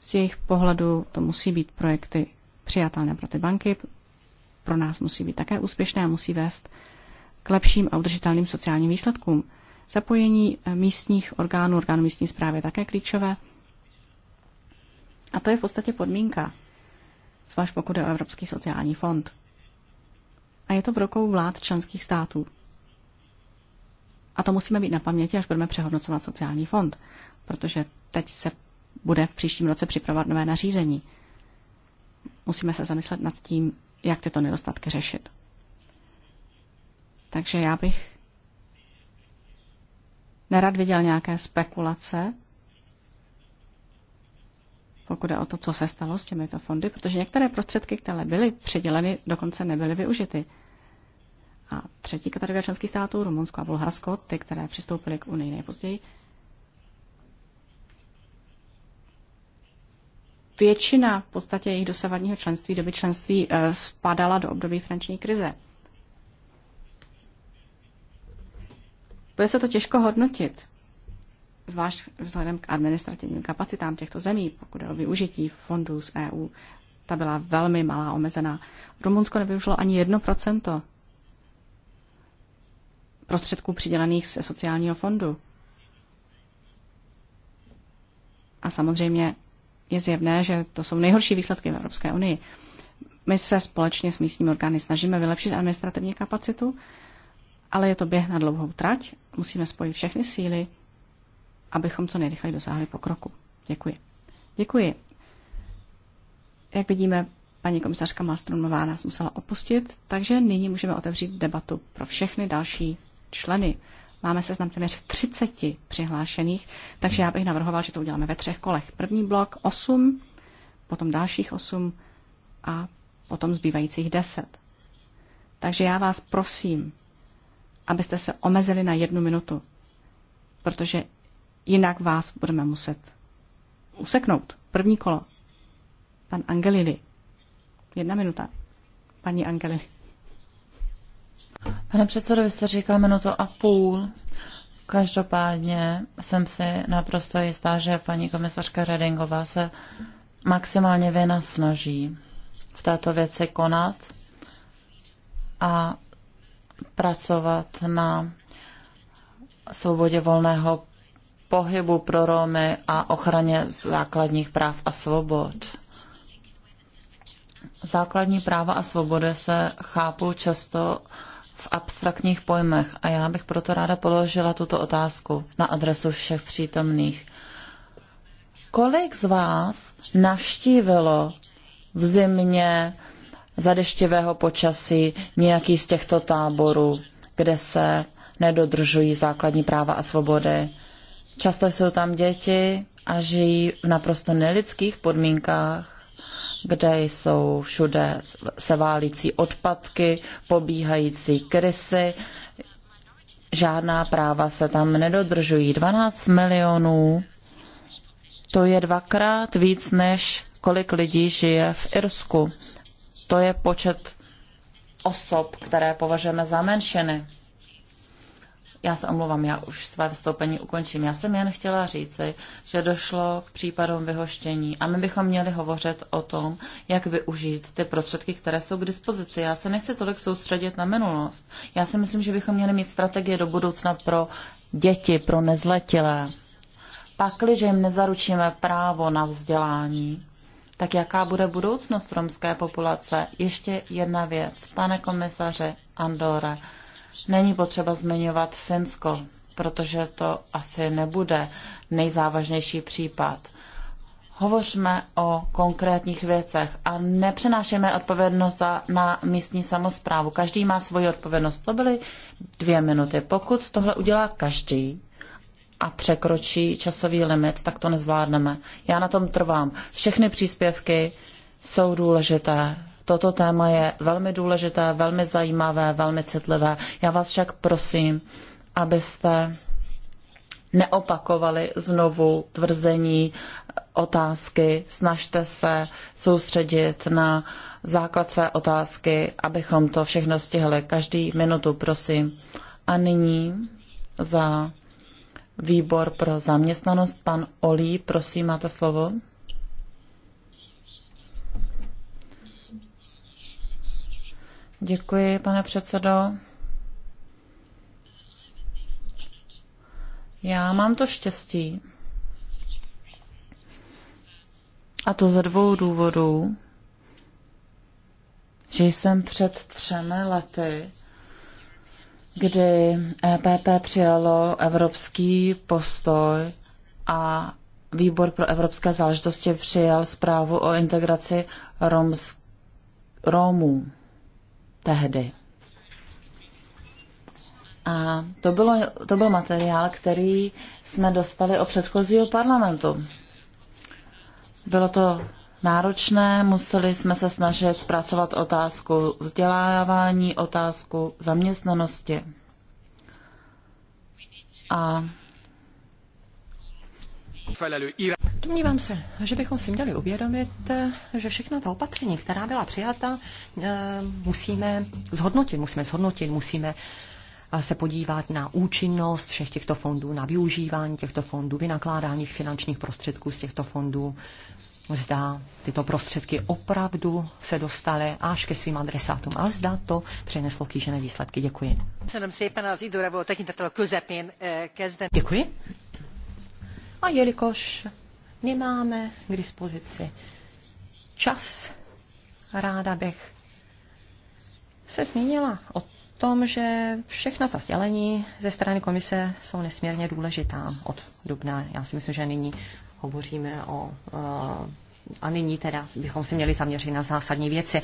Z jejich pohledu to musí být projekty přijatelné pro ty banky, pro nás musí být také úspěšné a musí vést k lepším a udržitelným sociálním výsledkům. Zapojení eh, místních orgánů, orgánů místní zprávy je také klíčové. A to je v podstatě podmínka, zvlášť pokud je o Evropský sociální fond. A je to v rukou vlád členských států. A to musíme být na paměti, až budeme přehodnocovat sociální fond, protože teď se bude v příštím roce připravovat nové nařízení. Musíme se zamyslet nad tím, jak tyto nedostatky řešit. Takže já bych nerad viděl nějaké spekulace, pokud je o to, co se stalo s těmito fondy, protože některé prostředky, které byly přiděleny, dokonce nebyly využity. A třetí kategorie členských států, Rumunsko a Bulharsko, ty, které přistoupily k Unii nejpozději, většina v podstatě jejich dosavadního členství, doby členství, eh, spadala do období finanční krize. Bude se to těžko hodnotit, zvlášť vzhledem k administrativním kapacitám těchto zemí, pokud je o využití fondů z EU. Ta byla velmi malá, omezená. Rumunsko nevyužilo ani 1% prostředků přidělených ze sociálního fondu. A samozřejmě je zjevné, že to jsou nejhorší výsledky v Evropské unii. My se společně s místními orgány snažíme vylepšit administrativní kapacitu ale je to běh na dlouhou trať. Musíme spojit všechny síly, abychom co nejrychleji dosáhli pokroku. Děkuji. Děkuji. Jak vidíme, paní komisařka Malstromová nás musela opustit, takže nyní můžeme otevřít debatu pro všechny další členy. Máme seznam téměř 30 přihlášených, takže já bych navrhoval, že to uděláme ve třech kolech. První blok 8, potom dalších 8 a potom zbývajících 10. Takže já vás prosím, abyste se omezili na jednu minutu, protože jinak vás budeme muset useknout. První kolo. Pan Angelili. Jedna minuta. Paní Angelili. Pane předsedo, vy jste říkal minutu a půl. Každopádně jsem si naprosto jistá, že paní komisařka Redingová se maximálně vynasnaží v této věci konat a pracovat na svobodě volného pohybu pro Romy a ochraně základních práv a svobod. Základní práva a svobody se chápou často v abstraktních pojmech a já bych proto ráda položila tuto otázku na adresu všech přítomných. Kolik z vás navštívilo v zimě deštivého počasí, nějaký z těchto táborů, kde se nedodržují základní práva a svobody. Často jsou tam děti a žijí v naprosto nelidských podmínkách, kde jsou všude se válící odpadky, pobíhající krysy. Žádná práva se tam nedodržují. 12 milionů, to je dvakrát víc, než kolik lidí žije v Irsku to je počet osob, které považujeme za menšiny. Já se omluvám, já už své vystoupení ukončím. Já jsem jen chtěla říci, že došlo k případům vyhoštění a my bychom měli hovořit o tom, jak využít ty prostředky, které jsou k dispozici. Já se nechci tolik soustředit na minulost. Já si myslím, že bychom měli mít strategie do budoucna pro děti, pro nezletilé. Pakliže jim nezaručíme právo na vzdělání, tak jaká bude budoucnost romské populace? Ještě jedna věc, pane komisaře Andore, není potřeba zmiňovat Finsko, protože to asi nebude nejzávažnější případ. Hovořme o konkrétních věcech a nepřenášejme odpovědnost za, na místní samozprávu. Každý má svoji odpovědnost. To byly dvě minuty. Pokud tohle udělá každý, a překročí časový limit, tak to nezvládneme. Já na tom trvám. Všechny příspěvky jsou důležité. Toto téma je velmi důležité, velmi zajímavé, velmi citlivé. Já vás však prosím, abyste neopakovali znovu tvrzení, otázky, snažte se soustředit na základ své otázky, abychom to všechno stihli. Každý minutu, prosím. A nyní za výbor pro zaměstnanost. Pan Olí, prosím, máte slovo. Děkuji, pane předsedo. Já mám to štěstí. A to ze dvou důvodů, že jsem před třemi lety kdy EPP eh, přijalo evropský postoj a výbor pro evropské záležitosti přijal zprávu o integraci Romů tehdy. A to, bylo, to byl materiál, který jsme dostali od předchozího parlamentu. Bylo to náročné. Museli jsme se snažit zpracovat otázku vzdělávání, otázku zaměstnanosti. A Domnívám se, že bychom si měli uvědomit, že všechna ta opatření, která byla přijata, eh, musíme zhodnotit, musíme zhodnotit, musíme eh, se podívat na účinnost všech těchto fondů, na využívání těchto fondů, vynakládání finančních prostředků z těchto fondů, zda tyto prostředky opravdu se dostaly až ke svým adresátům a zda to přineslo kýžené výsledky. Děkuji. Eh, Děkuji. A jelikož nemáme k dispozici čas, ráda bych se zmínila o tom, že všechna ta sdělení ze strany komise jsou nesmírně důležitá od dubna. Já si myslím, že nyní hovoříme o eh, a nyní teda bychom se měli zaměřit na zásadní věci.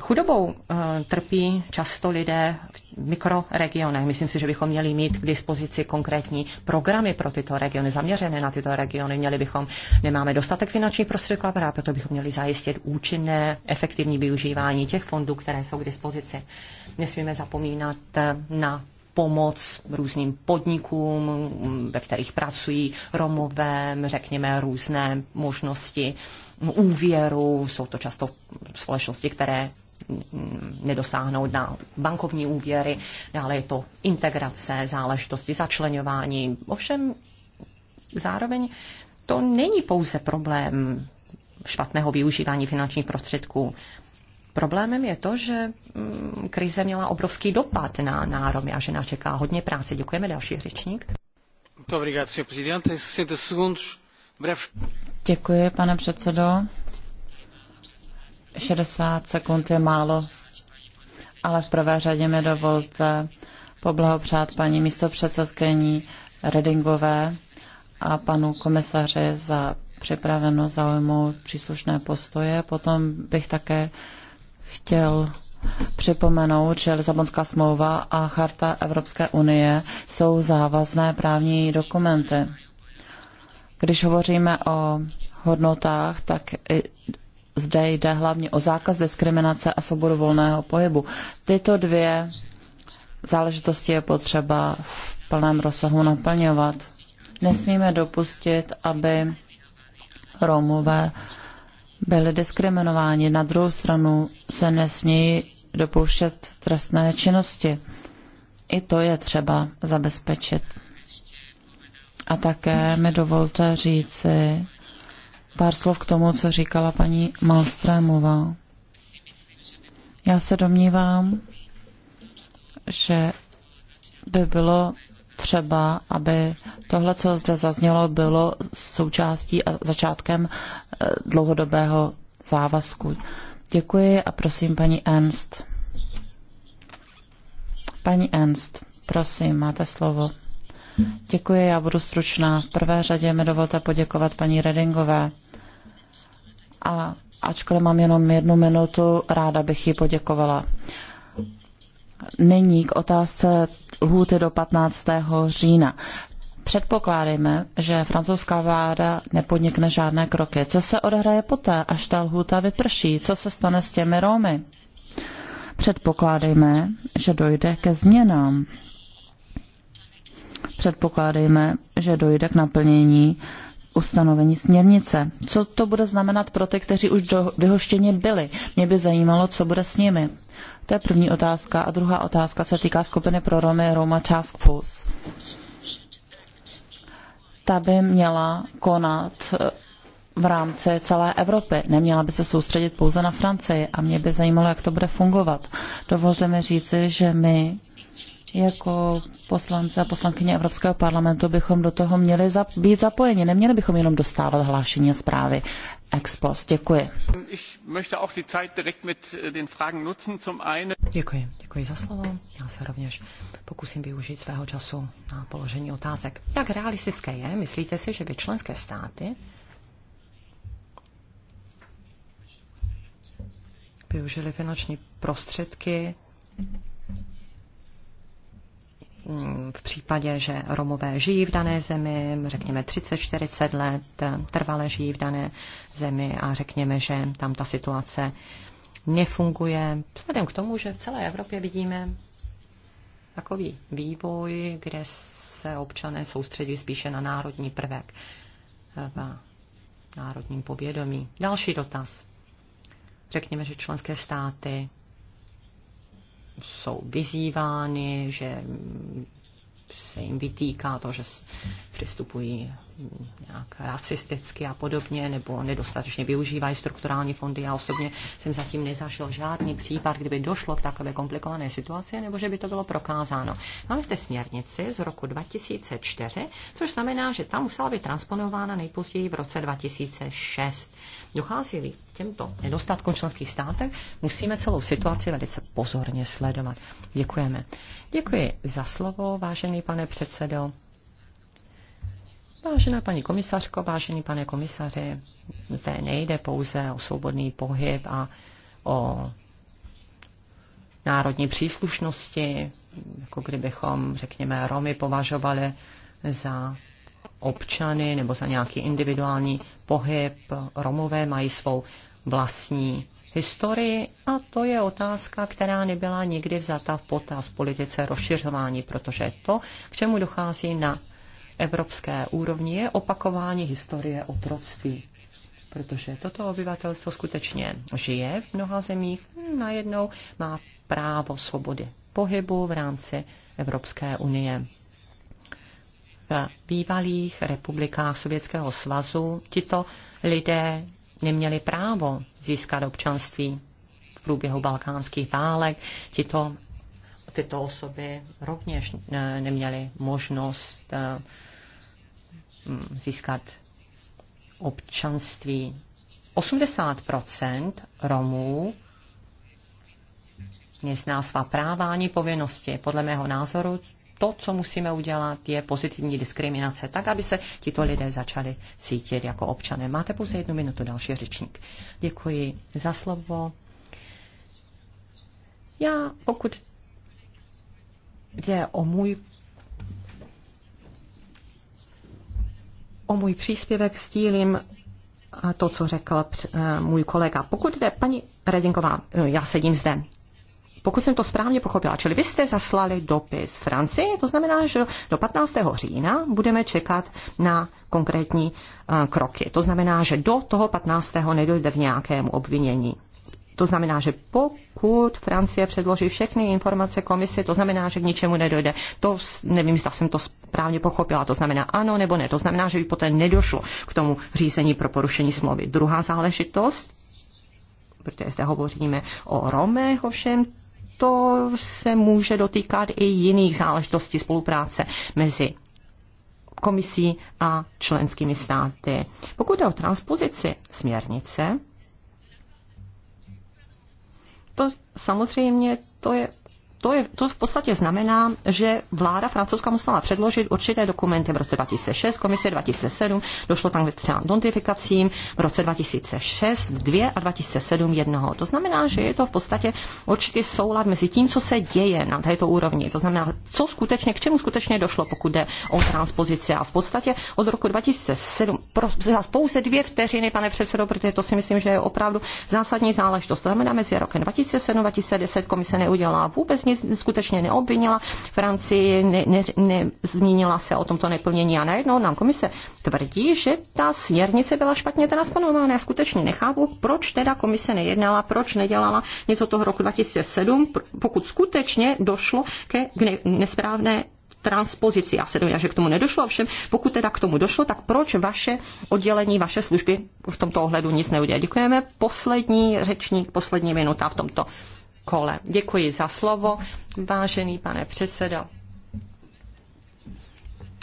Chudobou eh, trpí často lidé v mikroregionech. Myslím si, že bychom měli mít k dispozici konkrétní programy pro tyto regiony, zaměřené na tyto regiony. Měli bychom, nemáme dostatek finančních prostředků a právě proto bychom měli zajistit účinné, efektivní využívání těch fondů, které jsou k dispozici. Nesmíme zapomínat eh, na pomoc různým podnikům, ve kterých pracují Romové, řekněme různé možnosti úvěru, jsou to často společnosti, které nedosáhnout na bankovní úvěry, dále je to integrace, záležitosti začlenování. Ovšem zároveň to není pouze problém špatného využívání finančních prostředků. Problémem je to, že mm, krize měla obrovský dopad na náromy a že nás čeká hodně práce. Děkujeme, další řečník. Děkuji, pane předsedo. 60 sekund je málo, ale v prvé řadě mi dovolte poblahopřát paní místopředsedkyní Redingové a panu komisaři za připraveno zaujmout příslušné postoje. Potom bych také chtěl připomenout, že Lisabonská smlouva a Charta Evropské unie jsou závazné právní dokumenty. Když hovoříme o hodnotách, tak zde jde hlavně o zákaz diskriminace a svobodu volného pohybu. Tyto dvě záležitosti je potřeba v plném rozsahu naplňovat. Nesmíme dopustit, aby Romové byli diskriminováni. Na druhou stranu se nesmějí dopouštět trestné činnosti. I to je třeba zabezpečit. A také mi dovolte říci pár slov k tomu, co říkala paní Malstrémová. Já se domnívám, že by bylo třeba, aby tohle, co zde zaznělo, bylo součástí a začátkem eh, dlouhodobého závazku. Děkuji a prosím paní Ernst. Paní Ernst, prosím, máte slovo. Děkuji, já budu stručná. V prvé řadě mi dovolte poděkovat paní Redingové. A ačkoliv mám jenom jednu minutu, ráda bych jí poděkovala nyní k otázce lhůty do 15. října. Předpokládejme, že francouzská vláda nepodnikne žádné kroky. Co se odehraje poté, až ta lhůta vyprší? Co se stane s těmi Romy? Předpokládejme, že dojde ke změnám. Předpokládejme, že dojde k naplnění ustanovení směrnice. Co to bude znamenat pro ty, kteří už do, vyhoštěni byli? Mě by zajímalo, co bude s nimi. To je první otázka. A druhá otázka se týká skupiny pro Romy Roma Task Force. Ta by měla konat eh, v rámci celé Evropy. Neměla by se soustředit pouze na Francii a mě by zajímalo, jak to bude fungovat. Dovolte mi říci, že my jako poslance a poslankyně Evropského parlamentu bychom do toho měli za, být zapojeni. Neměli bychom jenom dostávat hlášení a zprávy ex post. Děkuji. Äh, děkuji, děkuji za slovo. Já se rovněž pokusím využít svého času na položení otázek. Jak realistické je, myslíte si, že by členské státy využili finanční prostředky Mm, v případě, že Romové žijí v dané zemi, řekněme 30-40 let, trvale žijí v dané zemi a řekněme, že tam ta situace nefunguje. Vzhledem k tomu, že v celé Evropě vidíme takový vývoj, kde se občané soustředí spíše na národní prvek v národním povědomí. Další dotaz. Řekněme, že členské státy jsou vyzývány, že se jim vytýká to, že přistupují nějak rasisticky a podobně, nebo nedostatečně využívají strukturální fondy. Já osobně jsem zatím nezašel žádný případ, kdyby došlo k takové komplikované situaci, nebo že by to bylo prokázáno. Máme zde směrnici z roku 2004, což znamená, že ta musela být transponována nejpozději v roce 2006. Dochází k těmto nedostatkům členských státech, musíme celou situaci velice pozorně sledovat. Děkujeme. Děkuji za slovo, vážený pane předsedo. Vážená paní komisařko, vážený pane komisaři, zde nejde pouze o svobodný pohyb a o národní příslušnosti, jako kdybychom, řekněme, Romy považovali za občany nebo za nějaký individuální pohyb. Romové mají svou vlastní historii a to je otázka, která nebyla nikdy vzata v potaz politice rozšiřování, protože to, k čemu dochází na evropské úrovni je opakování historie otroctví. Protože toto obyvatelstvo skutečně žije v mnoha zemích, najednou má právo svobody pohybu v rámci Evropské unie. V bývalých republikách Sovětského svazu tito lidé neměli právo získat občanství v průběhu balkánských válek. Tito, tyto osoby rovněž neměly možnost eh, Mm, získat občanství. 80 Romů nezná svá práva ani povinnosti. Podle mého názoru to, co musíme udělat, je pozitivní diskriminace, tak, aby se tito lidé začali cítit jako občané. Máte pouze jednu minutu, další řečník. Děkuji za slovo. Já, pokud jde o můj o můj příspěvek stílím to, co řekl eh, můj kolega. Pokud jde, paní Redinková, eh, já sedím zde. Pokud jsem to správně pochopila, čili vy jste zaslali dopis Francii, to znamená, že do 15. října budeme čekat na konkrétní eh, kroky. To znamená, že do toho 15. nedojde k nějakému obvinění. To znamená, že pokud Francie předloží všechny informace komisi, to znamená, že k ničemu nedojde. To nevím, zda jsem to správně pochopila. To znamená ano nebo ne. To znamená, že by poté nedošlo k tomu řízení pro porušení smlouvy. Druhá záležitost, protože zde hovoříme o Romech, ovšem to se může dotýkat i jiných záležitostí spolupráce mezi komisí a členskými státy. Pokud jde o transpozici směrnice, to samozřejmě to je to, je, to v podstatě znamená, že vláda francouzská musela předložit určité dokumenty v roce 2006, komise 2007, došlo tam k třeba notifikacím v roce 2006 dvě a 2007 jednoho. To znamená, že je to v podstatě určitý soulad mezi tím, co se děje na této úrovni. To znamená, co skutečně, k čemu skutečně došlo, pokud jde o transpozici. A v podstatě od roku 2007, pro, pouze dvě vteřiny, pane předsedo, protože to si myslím, že je opravdu zásadní záležitost. To znamená, mezi rokem 2007 a 2010 komise neudělala vůbec skutečně, skutečně neobvinila Francii, ne, ne, ne, zmínila se o tomto neplnění a najednou nám komise tvrdí, že ta směrnice byla špatně transponována. Já skutečně nechápu, proč teda komise nejednala, proč nedělala něco toho roku 2007, pokud skutečně došlo ke k nesprávné transpozici. Já se domnívám, že k tomu nedošlo, ovšem pokud teda k tomu došlo, tak proč vaše oddělení, vaše služby v tomto ohledu nic neudělá? Děkujeme. Poslední řečník, poslední minuta v tomto kole. Děkuji za slovo, vážený pane předsedo.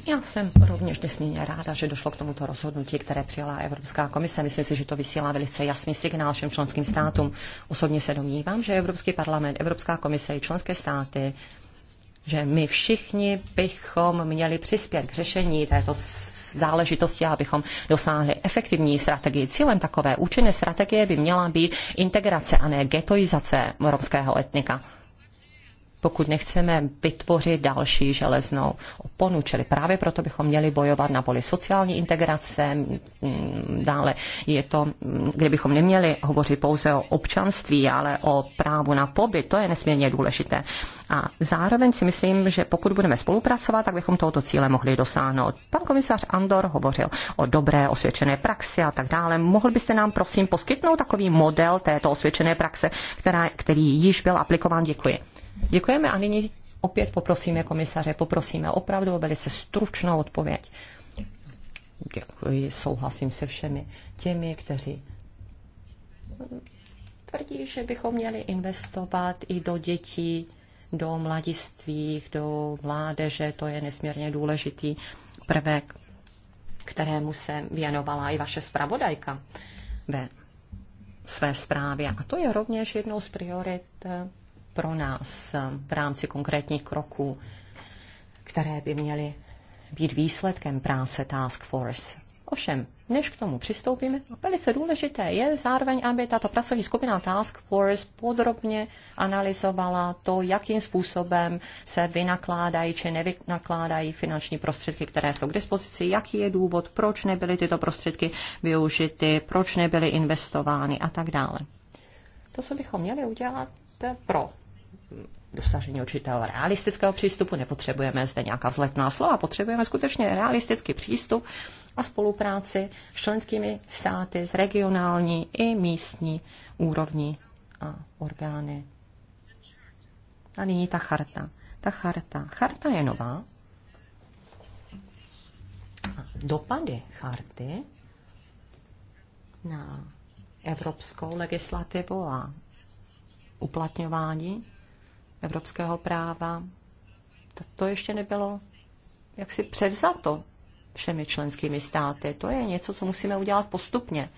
Já jsem rovněž nesmírně ráda, že došlo k tomuto rozhodnutí, které přijala Evropská komise. Myslím si, že to vysílá velice jasný signál všem členským státům. Osobně se domnívám, že Evropský parlament, Evropská komise i členské státy že my všichni bychom měli přispět k řešení této záležitosti, abychom dosáhli efektivní strategii. Cílem takové účinné strategie by měla být integrace a ne getoizace romského etnika pokud nechceme vytvořit další železnou oponu. Čili právě proto bychom měli bojovat na poli sociální integrace. Dále je to, kdybychom neměli hovořit pouze o občanství, ale o právu na pobyt, to je nesmírně důležité. A zároveň si myslím, že pokud budeme spolupracovat, tak bychom tohoto cíle mohli dosáhnout. Pan komisař Andor hovořil o dobré osvědčené praxi a tak dále. Mohl byste nám prosím poskytnout takový model této osvědčené praxe, která, který již byl aplikován? Děkuji. Děkujeme a nyní opět poprosíme komisaře, poprosíme opravdu o velice stručnou odpověď. Děkuji, souhlasím se všemi těmi, kteří tvrdí, že bychom měli investovat i do dětí, do mladistvých, do mládeže, to je nesmírně důležitý prvek, kterému se věnovala i vaše zpravodajka ve své zprávě. A to je rovněž jednou z priorit pro nás v rámci konkrétních kroků, které by měly být výsledkem práce Task Force. Ovšem, než k tomu přistoupíme, velice důležité je zároveň, aby tato pracovní skupina Task Force podrobně analyzovala to, jakým způsobem se vynakládají či nevynakládají finanční prostředky, které jsou k dispozici, jaký je důvod, proč nebyly tyto prostředky využity, proč nebyly investovány a tak dále. To, co bychom měli udělat pro dosažení určitého realistického přístupu, nepotřebujeme zde nějaká vzletná slova, potřebujeme skutečně realistický přístup a spolupráci s členskými státy, s regionální i místní úrovní a orgány. A nyní ta charta. Ta charta. Charta je nová. A dopady charty na evropskou legislativu a uplatňování evropského práva. To ještě nebylo jaksi převzato všemi členskými státy. To je něco, co musíme udělat postupně.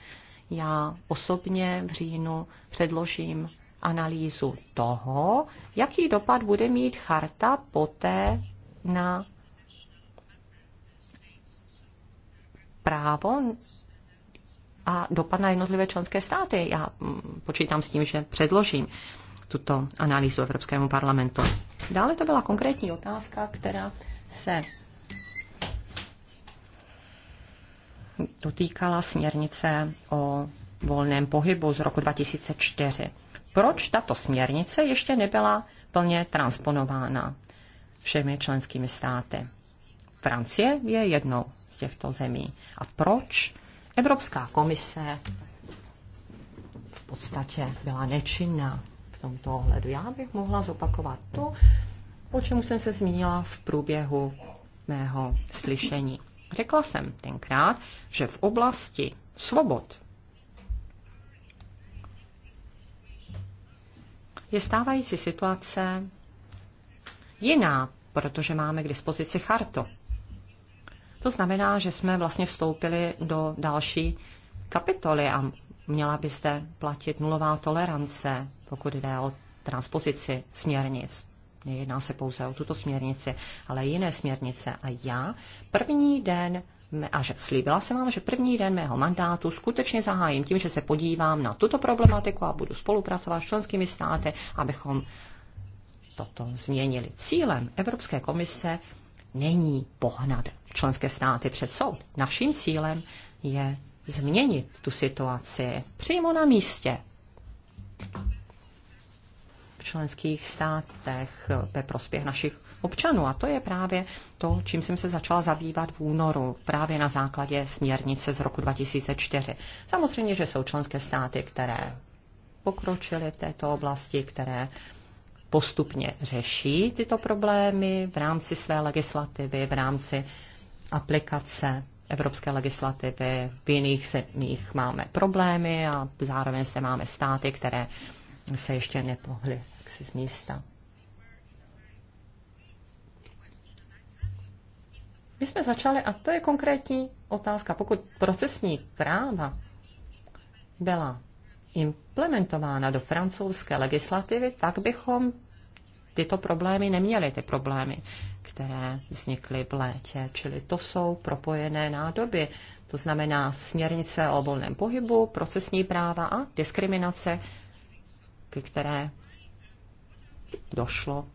Já osobně v říjnu předložím analýzu toho, jaký dopad bude mít charta poté na právo a dopad na jednotlivé členské státy. Já mm, počítám s tím, že předložím tuto analýzu Evropskému parlamentu. Dále to byla konkrétní otázka, která se dotýkala směrnice o volném pohybu z roku 2004. Proč tato směrnice ještě nebyla plně transponována všemi členskými státy? Francie je jednou z těchto zemí. A proč Evropská komise v podstatě byla nečinná tomto ohledu. Já bych mohla zopakovat to, o čem jsem se zmínila v průběhu mého slyšení. Řekla jsem tenkrát, že v oblasti svobod je stávající situace jiná, protože máme k dispozici chartu. To znamená, že jsme vlastně vstoupili do další kapitoly a měla by zde platit nulová tolerance, pokud jde o transpozici směrnic. Nejedná se pouze o tuto směrnici, ale jiné směrnice. A já první den a že slíbila jsem vám, že první den mého mandátu skutečně zahájím tím, že se podívám na tuto problematiku a budu spolupracovat s členskými státy, abychom toto změnili. Cílem Evropské komise není pohnat členské státy před soud. Naším cílem je změnit tu situaci přímo na místě v členských státech ve prospěch našich občanů. A to je právě to, čím jsem se začala zabývat v únoru, právě na základě směrnice z roku 2004. Samozřejmě, že jsou členské státy, které pokročily v této oblasti, které postupně řeší tyto problémy v rámci své legislativy, v rámci aplikace evropské legislativy, v jiných zemích máme problémy a zároveň zde máme státy, které se ještě nepohly si z místa. My jsme začali, a to je konkrétní otázka, pokud procesní práva byla implementována do francouzské legislativy, tak bychom tyto problémy neměli, ty problémy které vznikly v létě. Čili to jsou propojené nádoby. To znamená směrnice o volném pohybu, procesní práva a diskriminace, které došlo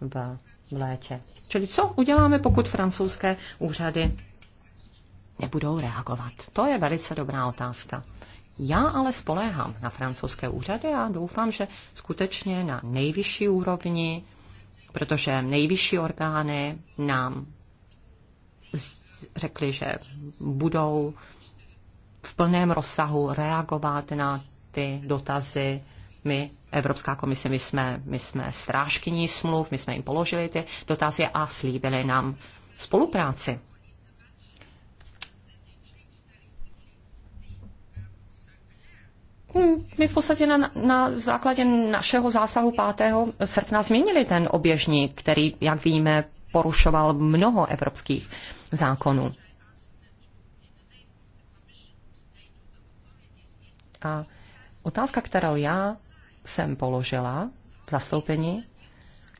v létě. Čili co uděláme, pokud francouzské úřady nebudou reagovat? To je velice dobrá otázka. Já ale spoléhám na francouzské úřady a doufám, že skutečně na nejvyšší úrovni protože nejvyšší orgány nám řekli, že budou v plném rozsahu reagovat na ty dotazy. My, Evropská komise, my jsme, my jsme strážkyní smluv, my jsme jim položili ty dotazy a slíbili nám spolupráci. Hmm, my v podstatě na, na základě našeho zásahu 5. srpna změnili ten oběžník, který, jak víme, porušoval mnoho evropských zákonů. A otázka, kterou já jsem položila v zastoupení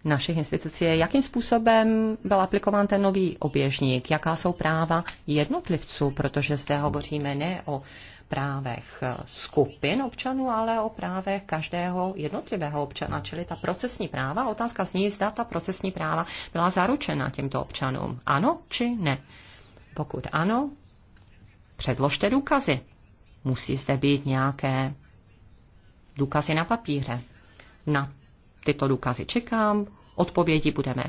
našich institucí, je, jakým způsobem byl aplikován ten nový oběžník, jaká jsou práva jednotlivců, protože zde hovoříme ne o právech skupin občanů, ale o právech každého jednotlivého občana, čili ta procesní práva. Otázka zní, zda ta procesní práva byla zaručena těmto občanům. Ano či ne? Pokud ano, předložte důkazy. Musí zde být nějaké důkazy na papíře. Na tyto důkazy čekám, odpovědi budeme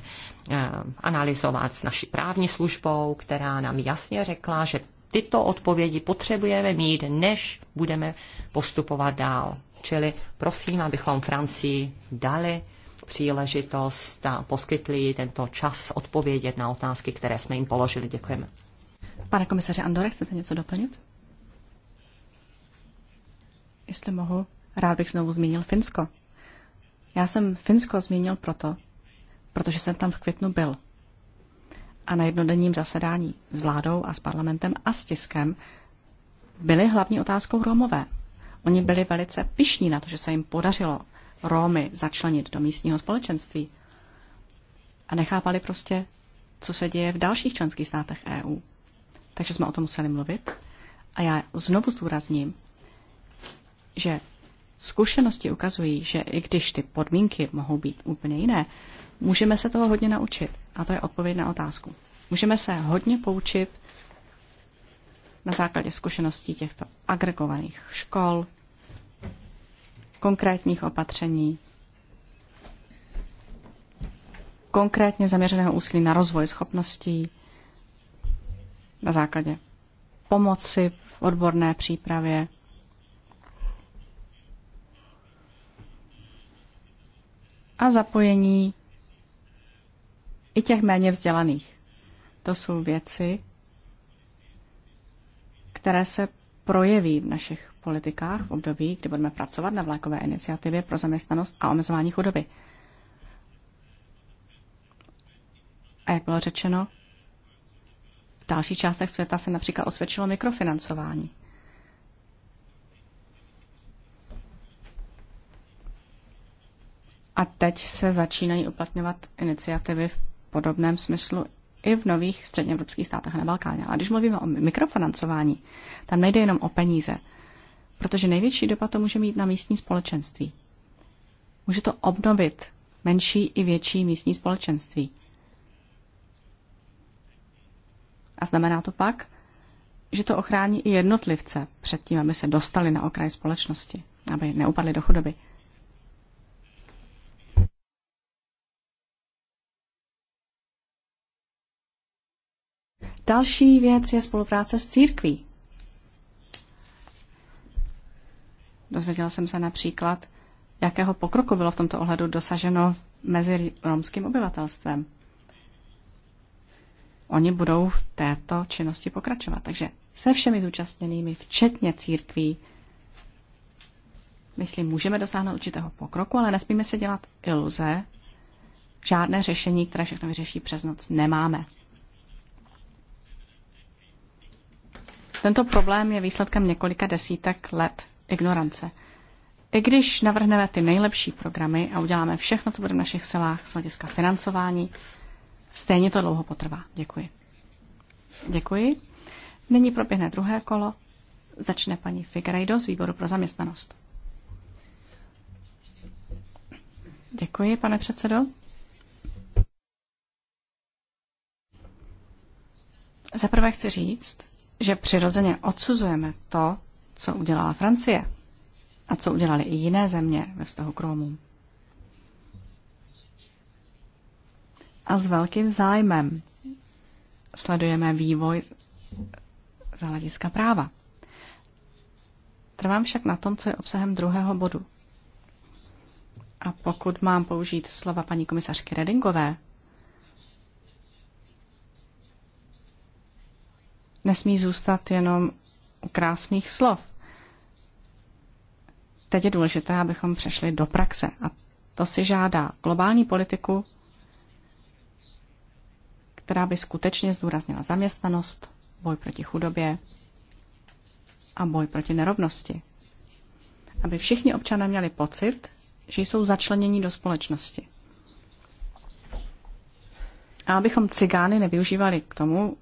eh, analyzovat s naší právní službou, která nám jasně řekla, že tyto odpovědi potřebujeme mít, než budeme postupovat dál. Čili prosím, abychom Francii dali příležitost a poskytli jí tento čas odpovědět na otázky, které jsme jim položili. Děkujeme. Pane komisaře Andore, chcete něco doplnit? Jestli mohu, rád bych znovu zmínil Finsko. Já jsem Finsko zmínil proto, protože jsem tam v květnu byl a na jednodenním zasedání s vládou a s parlamentem a s tiskem byly hlavní otázkou Romové. Oni byli velice pišní na to, že se jim podařilo Rómy začlenit do místního společenství a nechápali prostě, co se děje v dalších členských státech EU. Takže jsme o tom museli mluvit. A já znovu zdůrazním, že zkušenosti ukazují, že i když ty podmínky mohou být úplně jiné, Můžeme se toho hodně naučit. A to je odpověď na otázku. Můžeme se hodně poučit na základě zkušeností těchto agregovaných škol, konkrétních opatření, konkrétně zaměřeného úsilí na rozvoj schopností, na základě pomoci v odborné přípravě. A zapojení i těch méně vzdělaných. To jsou věci, které se projeví v našich politikách v období, kdy budeme pracovat na vlákové iniciativě pro zaměstnanost a omezování chudoby. A jak bylo řečeno, v dalších částech světa se například osvědčilo mikrofinancování. A teď se začínají uplatňovat iniciativy v podobném smyslu i v nových středněevropských státech na Balkáně. A když mluvíme o mikrofinancování, tam nejde jenom o peníze, protože největší dopad to může mít na místní společenství. Může to obnovit menší i větší místní společenství. A znamená to pak, že to ochrání i jednotlivce před tím, aby se dostali na okraj společnosti, aby neupadli do chudoby. Další věc je spolupráce s církví. Dozvěděla jsem se například, jakého pokroku bylo v tomto ohledu dosaženo mezi romským obyvatelstvem. Oni budou v této činnosti pokračovat. Takže se všemi zúčastněnými, včetně církví, myslím, můžeme dosáhnout určitého pokroku, ale nesmíme se dělat iluze. Žádné řešení, které všechno vyřeší přes noc, nemáme. Tento problém je výsledkem několika desítek let ignorance. I když navrhneme ty nejlepší programy a uděláme všechno, co bude v našich silách z hlediska financování, stejně to dlouho potrvá. Děkuji. Děkuji. Nyní proběhne druhé kolo. Začne paní Figueiredo z výboru pro zaměstnanost. Děkuji, pane předsedo. Zaprvé chci říct, že přirozeně odsuzujeme to, co udělala Francie a co udělali i jiné země ve vztahu k Rómům. A s velkým zájmem sledujeme vývoj z hlediska práva. Trvám však na tom, co je obsahem druhého bodu. A pokud mám použít slova paní komisařky Redingové, nesmí zůstat jenom u krásných slov. Teď je důležité, abychom přešli do praxe. A to si žádá globální politiku, která by skutečně zdůraznila zaměstnanost, boj proti chudobě a boj proti nerovnosti. Aby všichni občané měli pocit, že jsou začleněni do společnosti. A abychom cigány nevyužívali k tomu,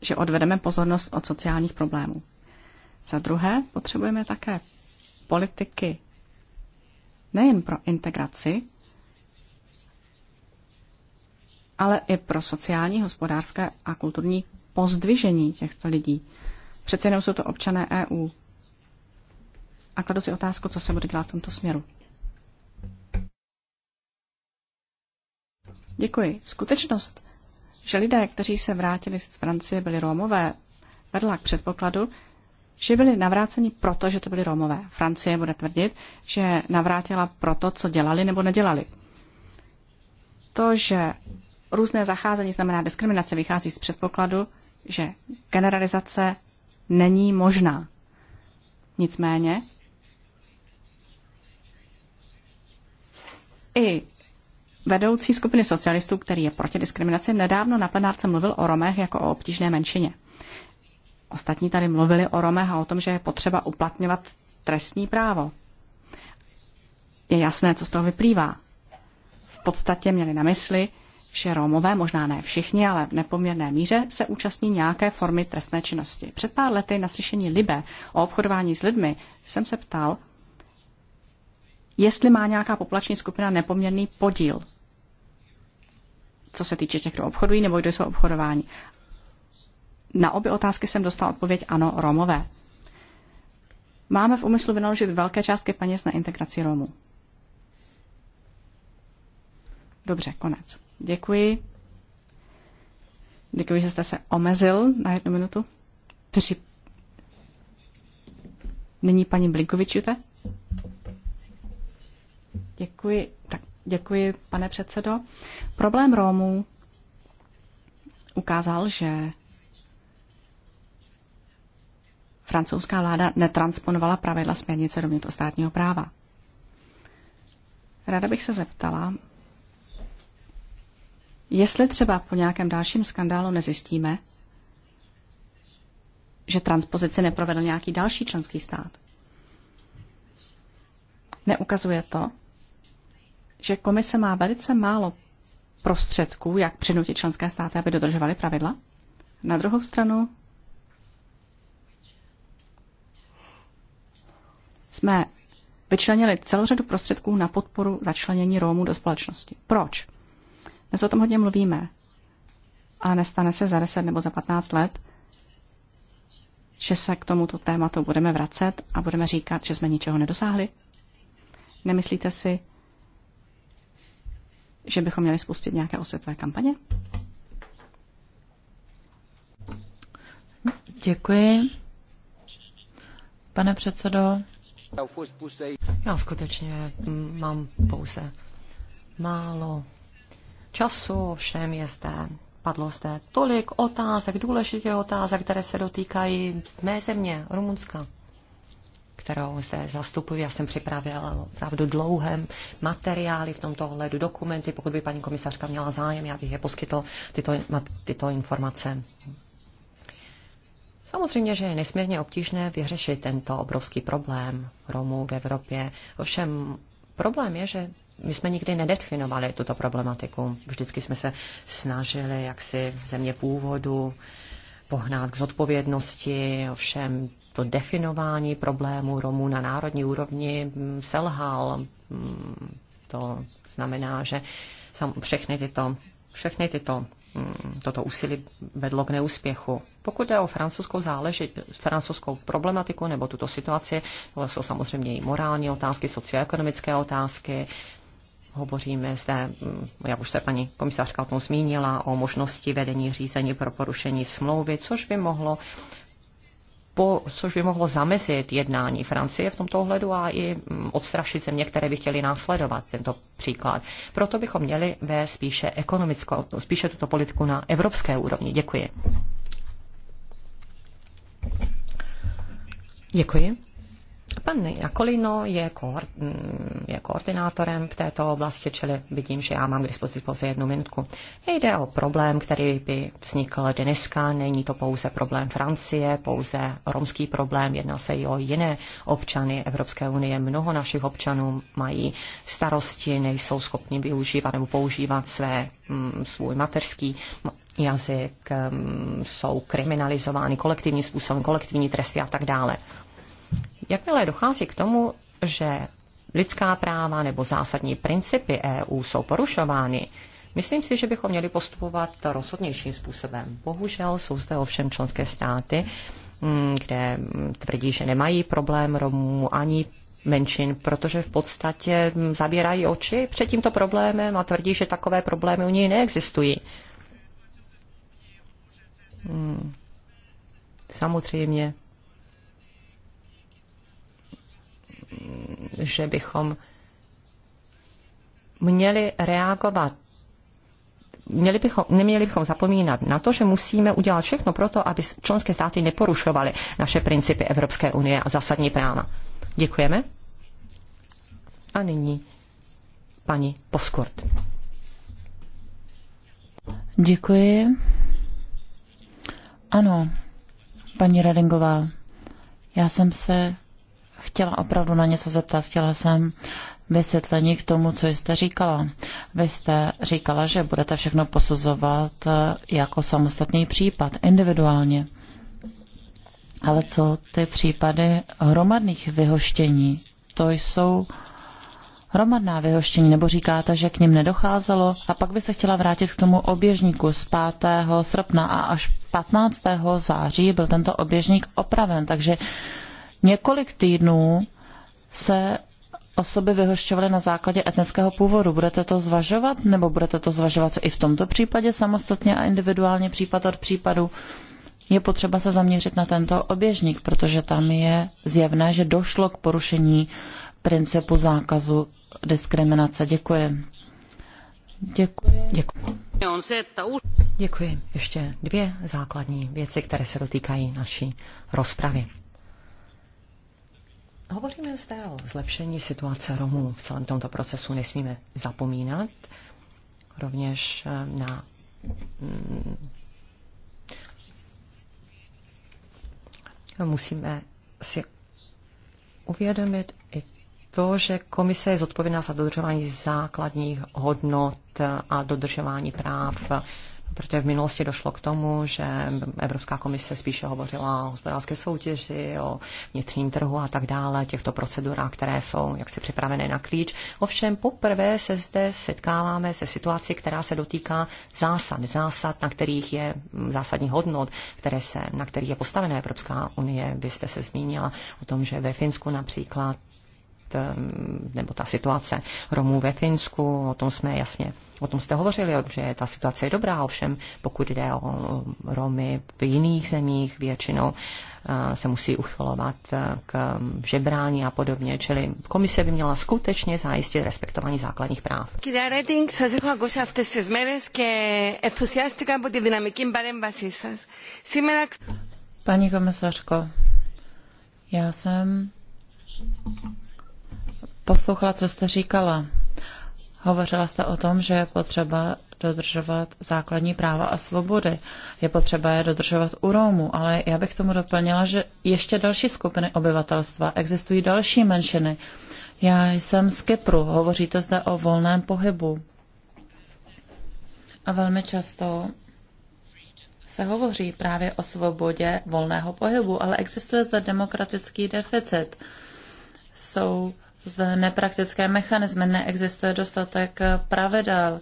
že odvedeme pozornost od sociálních problémů. Za druhé, potřebujeme také politiky nejen pro integraci, ale i pro sociální, hospodářské a kulturní pozdvižení těchto lidí. Přece jenom jsou to občané EU. A kladu si otázku, co se bude dělat v tomto směru. Děkuji. Skutečnost, že lidé, kteří se vrátili z Francie, byli Romové, vedla k předpokladu, že byli navráceni proto, že to byli Romové. Francie bude tvrdit, že navrátila proto, co dělali nebo nedělali. To, že různé zacházení znamená diskriminace, vychází z předpokladu, že generalizace není možná. Nicméně i Vedoucí skupiny socialistů, který je proti diskriminaci, nedávno na plenárce mluvil o Romech jako o obtížné menšině. Ostatní tady mluvili o Romech a o tom, že je potřeba uplatňovat trestní právo. Je jasné, co z toho vyplývá. V podstatě měli na mysli, že Romové, možná ne všichni, ale v nepoměrné míře, se účastní nějaké formy trestné činnosti. Před pár lety na slyšení Libe o obchodování s lidmi jsem se ptal, jestli má nějaká populační skupina nepoměrný podíl co se týče těch, kdo obchodují nebo kdo jsou obchodováni. Na obě otázky jsem dostal odpověď ano, Romové. Máme v úmyslu vynaložit velké částky peněz na integraci Romů. Dobře, konec. Děkuji. Děkuji, že jste se omezil na jednu minutu. Při... Nyní paní Blinkovičute. Děkuji. Tak Děkuji, pane předsedo. Problém Rómů ukázal, že francouzská vláda netransponovala pravidla směrnice do vnitrostátního práva. Ráda bych se zeptala, jestli třeba po nějakém dalším skandálu nezjistíme, že transpozici neprovedl nějaký další členský stát. Neukazuje to, že komise má velice málo prostředků, jak přinutit členské státy, aby dodržovaly pravidla. Na druhou stranu jsme vyčlenili celou řadu prostředků na podporu začlenění Rómů do společnosti. Proč? Dnes o tom hodně mluvíme, ale nestane se za 10 nebo za 15 let, že se k tomuto tématu budeme vracet a budeme říkat, že jsme ničeho nedosáhli? Nemyslíte si, že bychom měli spustit nějaké osvětové kampaně? Děkuji. Pane předsedo, já skutečně mm, mám pouze málo času, ovšem je zde padlo zde tolik otázek, důležitých otázek, které se dotýkají mé země, Rumunska kterou zde zastupuji. Já jsem připravil opravdu dlouhé materiály v tomto ohledu, dokumenty. Pokud by paní komisařka měla zájem, já bych je poskytl tyto, tyto informace. Samozřejmě, že je nesmírně obtížné vyřešit tento obrovský problém Romů v Evropě. Ovšem problém je, že my jsme nikdy nedefinovali tuto problematiku. Vždycky jsme se snažili jaksi země původu pohnát k zodpovědnosti, ovšem to definování problému Romů na národní úrovni mm, selhal. Mm, to znamená, že všechny tyto, všechny tyto mm, toto úsilí vedlo k neúspěchu. Pokud jde o francouzskou, záleži, francouzskou problematiku nebo tuto situaci, to jsou samozřejmě i morální otázky, socioekonomické otázky, hovoříme zde, jak už se paní komisařka o tom zmínila, o možnosti vedení řízení pro porušení smlouvy, což by mohlo po, což by mohlo zamezit jednání Francie v tomto ohledu a i mm, odstrašit země, které by chtěly následovat tento příklad. Proto bychom měli ve spíše ekonomickou, spíše tuto politiku na evropské úrovni. Děkuji. Děkuji. Pan Jakolino je, koor, mm, je koordinátorem v této oblasti, čili vidím, že já mám k dispozici pouze jednu minutku. Nejde o problém, který by vznikl dneska, není to pouze problém Francie, pouze romský problém, jedná se i o jiné občany Evropské unie. Mnoho našich občanů mají starosti, nejsou schopni využívat nebo používat své, mm, svůj mateřský jazyk, mm, jsou kriminalizovány kolektivní způsobem, kolektivní tresty a tak dále. Jakmile dochází k tomu, že lidská práva nebo zásadní principy EU jsou porušovány, myslím si, že bychom měli postupovat rozhodnějším způsobem. Bohužel jsou zde ovšem členské státy, mm, kde tvrdí, že nemají problém Romů ani menšin, protože v podstatě mm, zabírají oči před tímto problémem a tvrdí, že takové problémy u něj neexistují. Mm. Samozřejmě že bychom měli reagovat měli bychom, neměli bychom zapomínat na to, že musíme udělat všechno pro to, aby členské státy neporušovaly naše principy Evropské unie a zásadní práva. Děkujeme. A nyní paní Poskurt. Děkuji. Ano, paní Radingová, já jsem se chtěla opravdu na něco zeptat. Chtěla jsem vysvětlení k tomu, co jste říkala. Vy jste říkala, že budete všechno posuzovat eh, jako samostatný případ, individuálně. Ale co ty případy hromadných vyhoštění? To jsou hromadná vyhoštění, nebo říkáte, že k ním nedocházelo? A pak by se chtěla vrátit k tomu oběžníku z 5. srpna a až 15. září byl tento oběžník opraven. Takže Několik týdnů se osoby vyhošťovaly na základě etnického původu. Budete to zvažovat, nebo budete to zvažovat i v tomto případě samostatně a individuálně případ od případu? Je potřeba se zaměřit na tento oběžník, protože tam je zjevné, že došlo k porušení principu zákazu diskriminace. Děkuji. Děkuji. Děkuji. Děkuji. Ještě dvě základní věci, které se dotýkají naší rozpravy. Hovoříme zde o zlepšení situace Romů. V celém tomto procesu nesmíme zapomínat rovněž eh, na mm, musíme si uvědomit i to, že komise je zodpovědná za dodržování základních hodnot a dodržování práv protože v minulosti došlo k tomu, že Evropská komise spíše hovořila o hospodářské soutěži, o vnitřním trhu a tak dále, těchto procedurách, které jsou jaksi připravené na klíč. Ovšem poprvé se zde setkáváme se situací, která se dotýká zásad, zásad, na kterých je mm, zásadní hodnot, které se, na kterých je postavená Evropská unie. Vy jste se zmínila o tom, že ve Finsku například Eh, nebo ta situace Romů ve Finsku, o tom jsme jasně, o tom jste hovořili, že ta situace je dobrá, ovšem pokud jde o Romy v jiných zemích, většinou eh, se musí uchylovat eh, k žebrání a podobně, čili komise by měla skutečně zajistit respektování základních práv. Paní komisařko, já jsem poslouchala, co jste říkala. Hovořila jste o tom, že je potřeba dodržovat základní práva a svobody. Je potřeba je dodržovat u Rómu, ale já bych tomu doplnila, že ještě další skupiny obyvatelstva, existují další menšiny. Já jsem z Kypru, hovoříte zde o volném pohybu. A velmi často se hovoří právě o svobodě volného pohybu, ale existuje zde demokratický deficit. Jsou zde nepraktické mechanizmy, neexistuje dostatek pravidel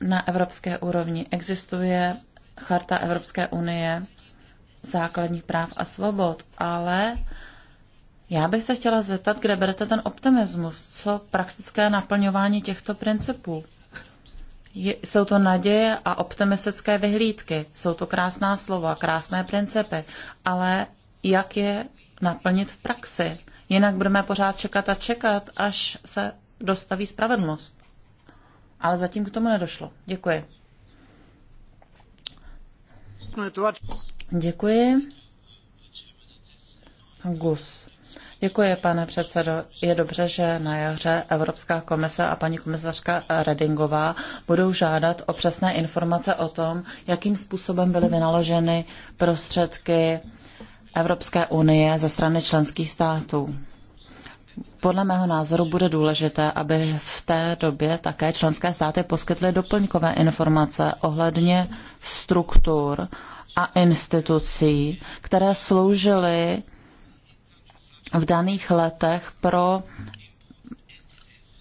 na evropské úrovni. Existuje Charta Evropské unie základních práv a svobod, ale já bych se chtěla zeptat, kde berete ten optimismus, co praktické naplňování těchto principů? Je, jsou to naděje a optimistické vyhlídky, jsou to krásná slova, krásné principy, ale jak je naplnit v praxi? Jinak budeme pořád čekat a čekat, až se dostaví spravedlnost. Ale zatím k tomu nedošlo. Děkuji. Děkuji. Gus. Děkuji, pane předsedo. Je dobře, že na jaře Evropská komise a paní komisařka Redingová budou žádat o přesné informace o tom, jakým způsobem byly vynaloženy prostředky Evropské unie ze strany členských států. Podle mého názoru bude důležité, aby v té době také členské státy poskytly doplňkové informace ohledně struktur a institucí, které sloužily v daných letech pro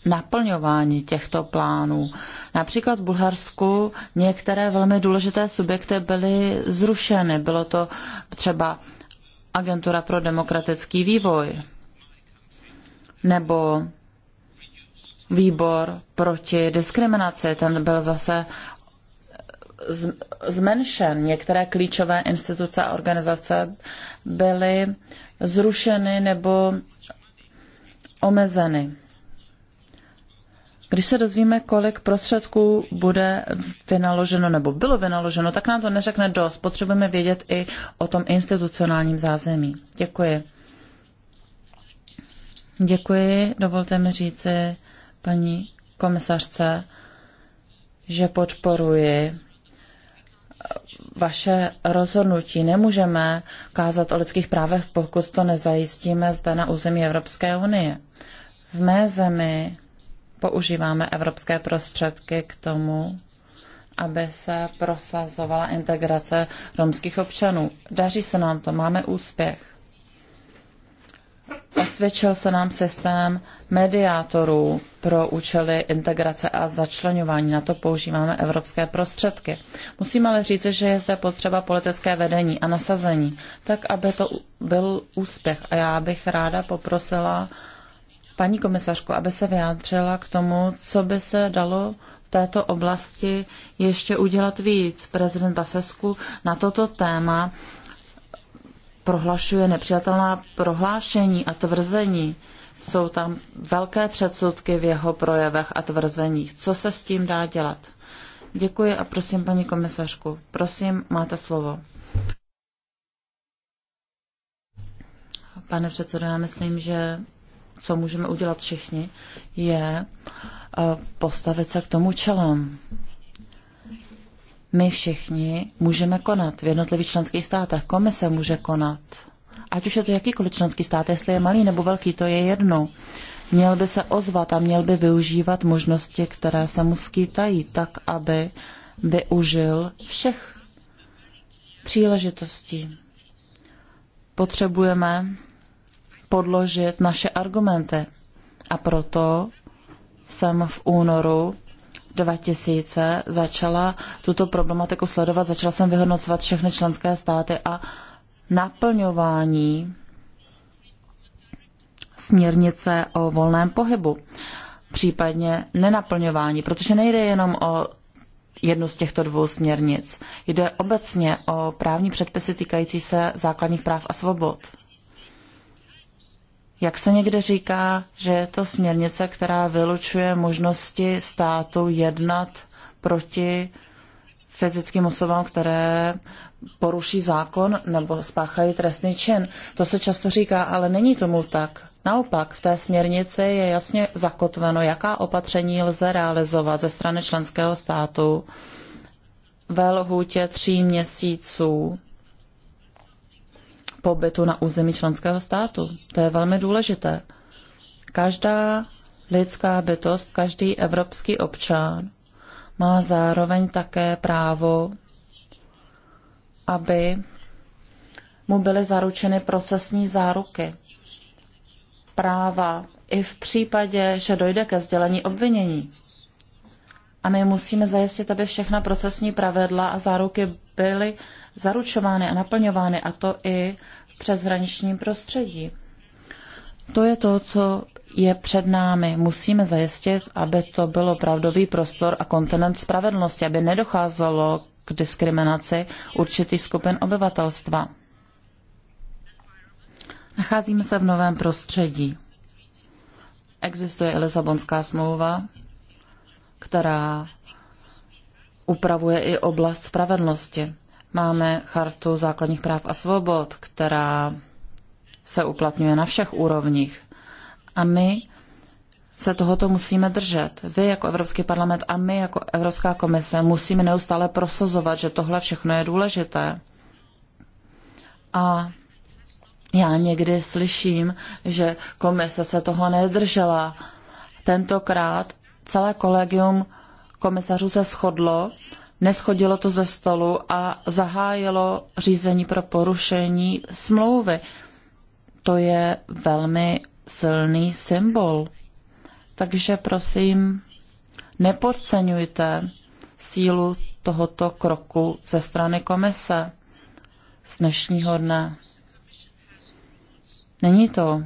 naplňování těchto plánů. Například v Bulharsku některé velmi důležité subjekty byly zrušeny. Bylo to třeba Agentura pro demokratický vývoj nebo výbor proti diskriminaci, ten byl zase zmenšen. Některé klíčové instituce a organizace byly zrušeny nebo omezeny. Když se dozvíme, kolik prostředků bude vynaloženo nebo bylo vynaloženo, tak nám to neřekne dost. Potřebujeme vědět i o tom institucionálním zázemí. Děkuji. Děkuji. Dovolte mi říci paní komisařce, že podporuji vaše rozhodnutí. Nemůžeme kázat o lidských právech, pokud to nezajistíme zde na území Evropské unie. V mé zemi používáme evropské prostředky k tomu, aby se prosazovala integrace romských občanů. Daří se nám to, máme úspěch. Osvědčil se nám systém mediátorů pro účely integrace a začlenování. Na to používáme evropské prostředky. Musím ale říct, že je zde potřeba politické vedení a nasazení, tak aby to byl úspěch. A já bych ráda poprosila uh, paní komisařku, aby se vyjádřila k tomu, co by se dalo v této oblasti ještě udělat víc. Prezident Basesku na toto téma prohlašuje nepřijatelná prohlášení a tvrzení. Jsou tam velké předsudky v jeho projevech a tvrzeních. Co se s tím dá dělat? Děkuji a prosím, paní komisařku. Prosím, máte slovo. Pane předsedo, já myslím, že co můžeme udělat všichni, je eh, postavit se k tomu čelem. My všichni můžeme konat v jednotlivých členských státech. Komise může konat. Ať už je to jakýkoliv členský stát, jestli je malý nebo velký, to je jedno. Měl by se ozvat a měl by využívat možnosti, které se mu skýtají, tak aby využil všech příležitostí. Potřebujeme podložit naše argumenty. A proto jsem v únoru 2000 začala tuto problematiku sledovat, začala jsem vyhodnocovat všechny členské státy a naplňování směrnice o volném pohybu, případně nenaplňování, protože nejde jenom o jednu z těchto dvou směrnic. Jde obecně o právní předpisy týkající se základních práv a svobod. Jak se někde říká, že je to směrnice, která vylučuje možnosti státu jednat proti fyzickým osobám, které poruší zákon nebo spáchají trestný čin. To se často říká, ale není tomu tak. Naopak, v té směrnici je jasně zakotveno, jaká opatření lze realizovat ze strany členského státu ve lhůtě tří měsíců pobytu na území členského státu. To je velmi důležité. Každá lidská bytost, každý evropský občan má zároveň také právo, aby mu byly zaručeny procesní záruky, práva i v případě, že dojde ke sdělení obvinění a my musíme zajistit, aby všechna procesní pravidla a záruky byly zaručovány a naplňovány, a to i v přeshraničním prostředí. To je to, co je před námi. Musíme zajistit, aby to bylo pravdový prostor a kontinent spravedlnosti, aby nedocházelo k diskriminaci určitých skupin obyvatelstva. Nacházíme se v novém prostředí. Existuje Lisabonská smlouva, která upravuje i oblast spravedlnosti. Máme chartu základních práv a svobod, která se uplatňuje na všech úrovních. A my se tohoto musíme držet. Vy jako Evropský parlament a my jako Evropská komise musíme neustále prosazovat, že tohle všechno je důležité. A já někdy slyším, že komise se toho nedržela. Tentokrát celé kolegium komisařů se shodlo, neschodilo to ze stolu a zahájilo řízení pro porušení smlouvy. To je velmi silný symbol. Takže prosím, nepodceňujte sílu tohoto kroku ze strany komise z dnešního dne. Není to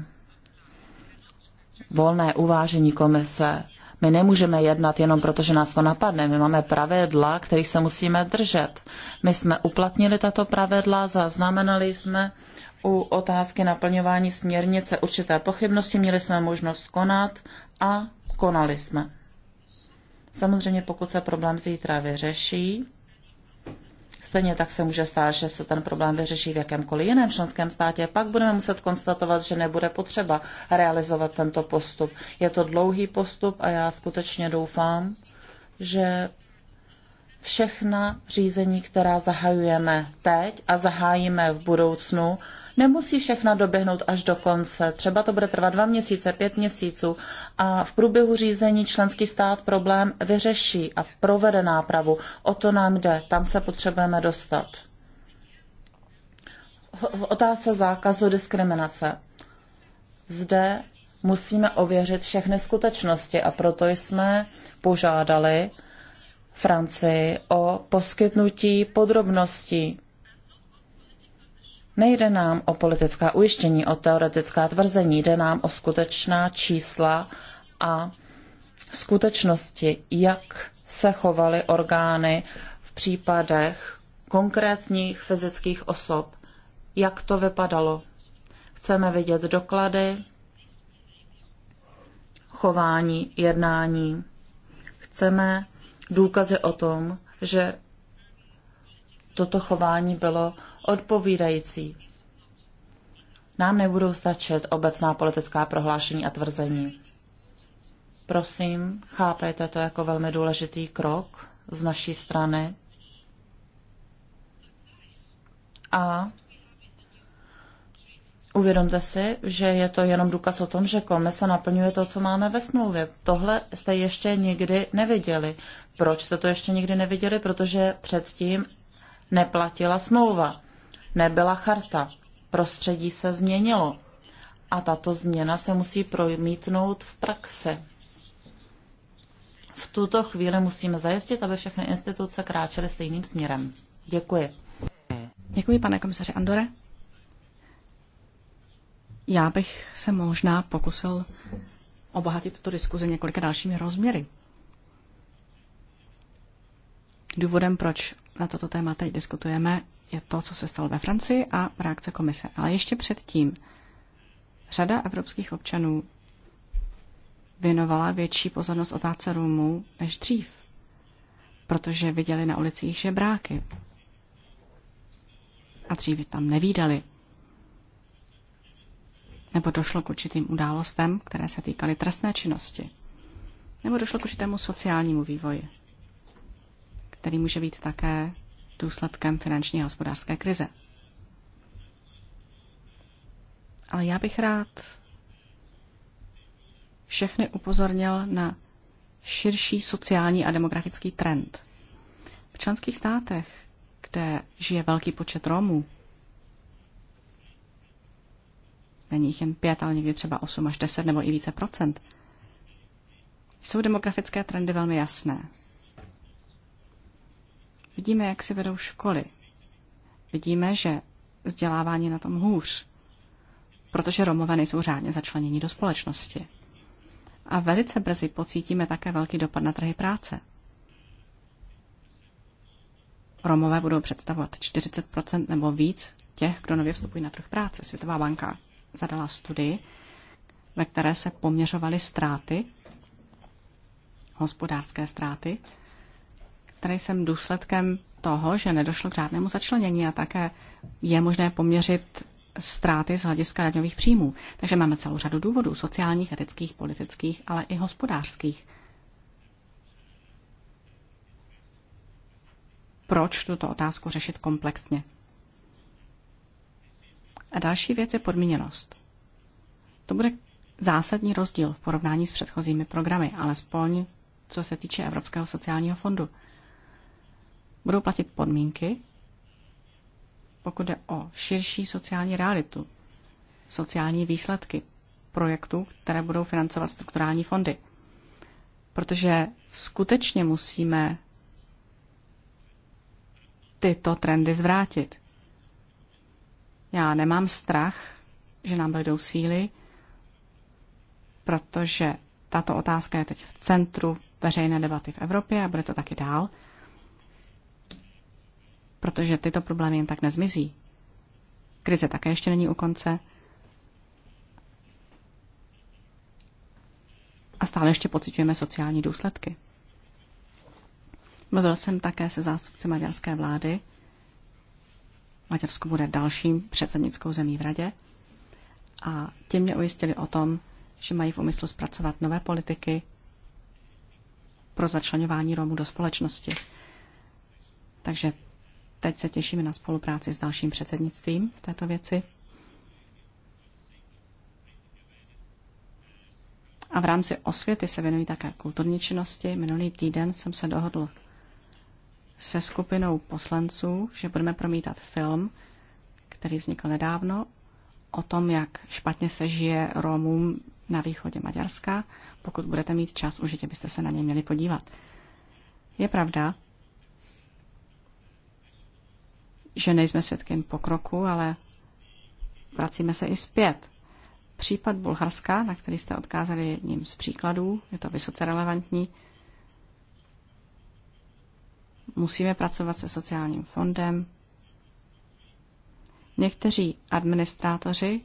volné uvážení komise. My nemůžeme jednat jenom proto, že nás to napadne. My máme pravidla, kterých se musíme držet. My jsme uplatnili tato pravidla, zaznamenali jsme u otázky naplňování směrnice určité pochybnosti, měli jsme možnost konat a konali jsme. Samozřejmě pokud se problém zítra vyřeší, Stejně tak se může stát, že se ten problém vyřeší v jakémkoliv jiném členském státě. Pak budeme muset konstatovat, že nebude potřeba realizovat tento postup. Je to dlouhý postup a já skutečně doufám, že všechna řízení, která zahajujeme teď a zahájíme v budoucnu, Nemusí všechna doběhnout až do konce. Třeba to bude trvat dva měsíce, pět měsíců a v průběhu řízení členský stát problém vyřeší a provede nápravu. O to nám jde, tam se potřebujeme dostat. V otázce zákazu diskriminace. Zde musíme ověřit všechny skutečnosti a proto jsme požádali Francii o poskytnutí podrobností Nejde nám o politická ujištění, o teoretická tvrzení, jde nám o skutečná čísla a skutečnosti, jak se chovaly orgány v případech konkrétních fyzických osob, jak to vypadalo. Chceme vidět doklady, chování, jednání. Chceme důkazy o tom, že toto chování bylo odpovídající. Nám nebudou stačit obecná politická prohlášení a tvrzení. Prosím, chápejte to jako velmi důležitý krok z naší strany. A uvědomte si, že je to jenom důkaz o tom, že komise naplňuje to, co máme ve smlouvě. Tohle jste ještě nikdy neviděli. Proč jste to ještě nikdy neviděli? Protože předtím neplatila smlouva nebyla charta. Prostředí se změnilo a tato změna se musí promítnout v praxi. V tuto chvíli musíme zajistit, aby všechny instituce kráčely stejným směrem. Děkuji. Děkuji, pane komisaři Andore. Já bych se možná pokusil obohatit tuto diskuzi několika dalšími rozměry. Důvodem, proč na toto téma teď diskutujeme, je to, co se stalo ve Francii a reakce komise. Ale ještě předtím řada evropských občanů věnovala větší pozornost otáce Rumů než dřív, protože viděli na ulicích žebráky. A dřív tam nevídali. Nebo došlo k určitým událostem, které se týkaly trestné činnosti. Nebo došlo k určitému sociálnímu vývoji, který může být také důsledkem finanční a hospodářské krize. Ale já bych rád všechny upozornil na širší sociální a demografický trend. V členských státech, kde žije velký počet Romů, není jich jen pět, ale někdy třeba 8 až 10 nebo i více procent, jsou demografické trendy velmi jasné. Vidíme, jak se vedou školy. Vidíme, že vzdělávání na tom hůř, protože Romové nejsou řádně začlenění do společnosti. A velice brzy pocítíme také velký dopad na trhy práce. Romové budou představovat 40 nebo víc těch, kdo nově vstupují na trh práce. Světová banka zadala studii, ve které se poměřovaly ztráty, hospodářské ztráty které jsem důsledkem toho, že nedošlo k žádnému začlenění a také je možné poměřit ztráty z hlediska daňových příjmů. Takže máme celou řadu důvodů, sociálních, etických, politických, ale i hospodářských. Proč tuto otázku řešit komplexně? A další věc je podmíněnost. To bude zásadní rozdíl v porovnání s předchozími programy, alespoň co se týče Evropského sociálního fondu budou platit podmínky, pokud jde o širší sociální realitu, sociální výsledky projektů, které budou financovat strukturální fondy. Protože skutečně musíme tyto trendy zvrátit. Já nemám strach, že nám dojdou síly, protože tato otázka je teď v centru veřejné debaty v Evropě a bude to taky dál protože tyto problémy jen tak nezmizí. Krize také ještě není u konce. A stále ještě pocitujeme sociální důsledky. Mluvil jsem také se zástupci maďarské vlády. Maďarsko bude dalším předsednickou zemí v radě. A ti mě ujistili o tom, že mají v úmyslu zpracovat nové politiky pro začlenování Romů do společnosti. Takže Teď se těšíme na spolupráci s dalším předsednictvím v této věci. A v rámci osvěty se věnují také kulturní činnosti. Minulý týden jsem se dohodl se skupinou poslanců, že budeme promítat film, který vznikl nedávno, o tom, jak špatně se žije Romům na východě Maďarska. Pokud budete mít čas, užitě byste se na něj měli podívat. Je pravda, že nejsme svědkem pokroku, ale vracíme se i zpět. Případ Bulharska, na který jste odkázali jedním z příkladů, je to vysoce relevantní. Musíme pracovat se sociálním fondem. Někteří administrátoři,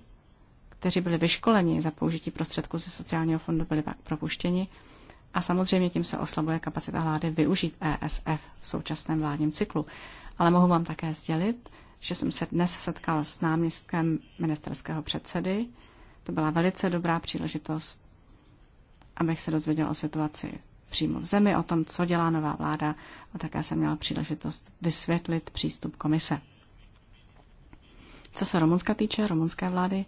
kteří byli vyškoleni za použití prostředků ze sociálního fondu, byli pak propuštěni. A samozřejmě tím se oslabuje kapacita vlády využít ESF v současném vládním cyklu ale mohu vám také sdělit, že jsem se dnes setkal s náměstkem ministerského předsedy. To byla velice dobrá příležitost, abych se dozvěděl o situaci přímo v zemi, o tom, co dělá nová vláda a také jsem měl příležitost vysvětlit přístup komise. Co se Rumunska týče, rumunské vlády,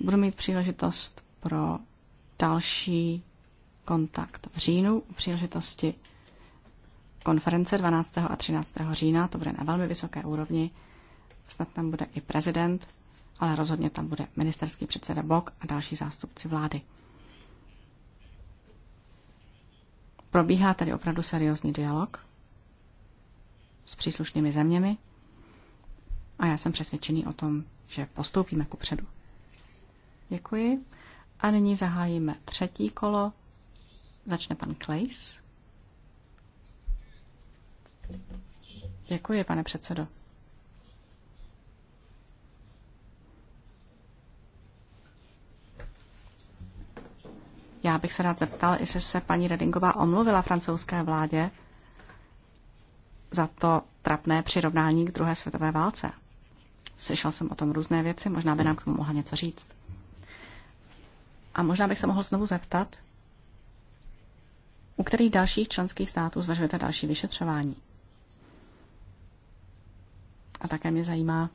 budu mít příležitost pro další kontakt v říjnu u příležitosti konference 12. a 13. října, to bude na velmi vysoké úrovni. Snad tam bude i prezident, ale rozhodně tam bude ministerský předseda Bok a další zástupci vlády. Probíhá tady opravdu seriózní dialog s příslušnými zeměmi a já jsem přesvědčený o tom, že postoupíme ku předu. Děkuji. A nyní zahájíme třetí kolo. Začne pan Klejs. Děkuji, pane předsedo. Já bych se rád zeptal, jestli se paní Redingová omluvila francouzské vládě za to trapné přirovnání k druhé světové válce. Slyšel jsem o tom různé věci, možná by nám k tomu mohla něco říct. A možná bych se mohl znovu zeptat, u kterých dalších členských států zvažujete další vyšetřování? A také mě zajímá,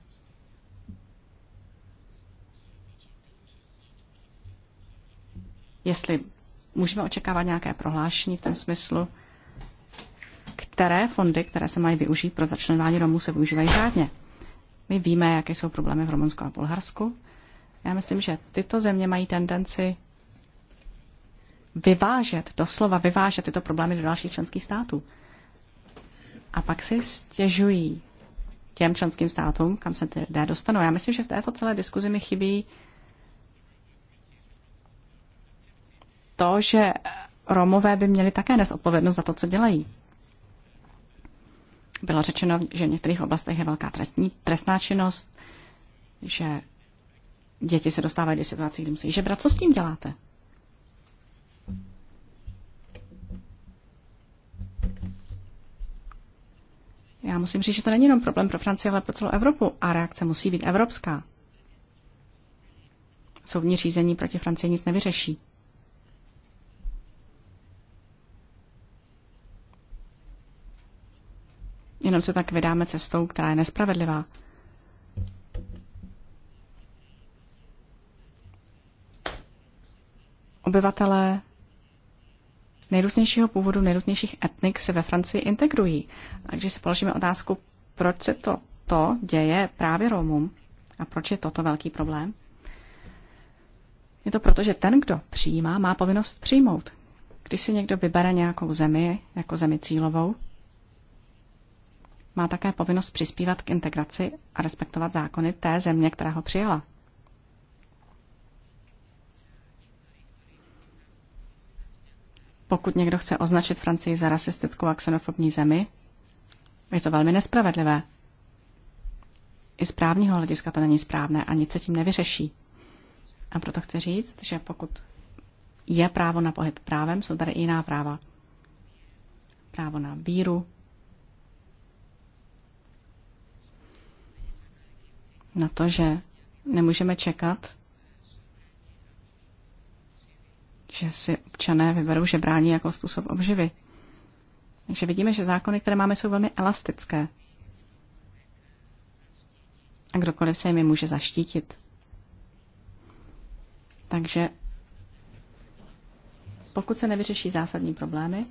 jestli můžeme očekávat nějaké prohlášení v tom smyslu, které fondy, které se mají využít pro začlenování Romů, se využívají řádně. My víme, jaké jsou problémy v Rumunsku a Bulharsku. Já myslím, že tyto země mají tendenci vyvážet, doslova vyvážet tyto problémy do dalších členských států. A pak si stěžují těm členským státům, kam se ty lidé dostanou. Já myslím, že v této celé diskuzi mi chybí to, že Romové by měli také nesodpovědnost za to, co dělají. Bylo řečeno, že v některých oblastech je velká trestní, trestná činnost, že děti se dostávají do situací, kdy musí žebrat. Co s tím děláte? Já musím říct, že to není jenom problém pro Francii, ale pro celou Evropu a reakce musí být evropská. Soudní řízení proti Francii nic nevyřeší. Jenom se tak vydáme cestou, která je nespravedlivá. Obyvatelé nejrůznějšího původu, nejrůznějších etnik se ve Francii integrují. A když si položíme otázku, proč se to, to děje právě Romům a proč je toto velký problém, je to proto, že ten, kdo přijímá, má povinnost přijmout. Když si někdo vybere nějakou zemi jako zemi cílovou, má také povinnost přispívat k integraci a respektovat zákony té země, která ho přijala. pokud někdo chce označit Francii za rasistickou a xenofobní zemi, je to velmi nespravedlivé. I z právního hlediska to není správné a nic se tím nevyřeší. A proto chci říct, že pokud je právo na pohyb právem, jsou tady i jiná práva. Právo na víru, na to, že nemůžeme čekat, že si občané vyberou žebrání jako způsob obživy. Takže vidíme, že zákony, které máme, jsou velmi elastické. A kdokoliv se jimi může zaštítit. Takže pokud se nevyřeší zásadní problémy,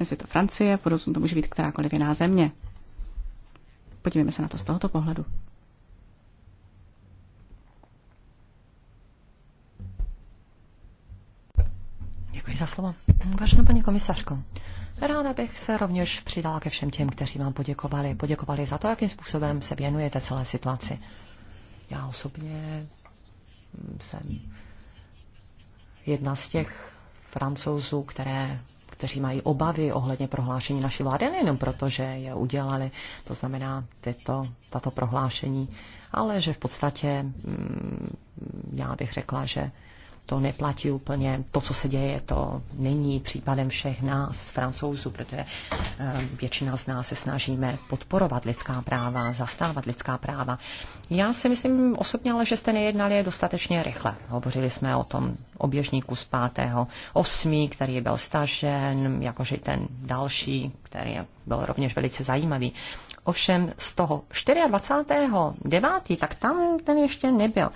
jestli je to Francie, v to může být kterákoliv jiná země. Podívejme se na to z tohoto pohledu. Děkuji za slovo. Vážená paní komisařko, ráda bych se rovněž přidala ke všem těm, kteří vám poděkovali. Poděkovali za to, jakým způsobem se věnujete celé situaci. Já osobně jsem jedna z těch francouzů, které kteří mají obavy ohledně prohlášení naší vlády, nejenom proto, že je udělali, to znamená tyto, tato prohlášení, ale že v podstatě, mm, já bych řekla, že to neplatí úplně. To, co se děje, to není případem všech nás, francouzů, protože eh, většina z nás se snažíme podporovat lidská práva, zastávat lidská práva. Já si myslím osobně ale, že jste nejednali dostatečně rychle. Hovořili jsme o tom oběžníku z 5. 8., který byl stažen, jakože ten další, který byl rovněž velice zajímavý. Ovšem z toho 24. 9., tak tam ten ještě nebyl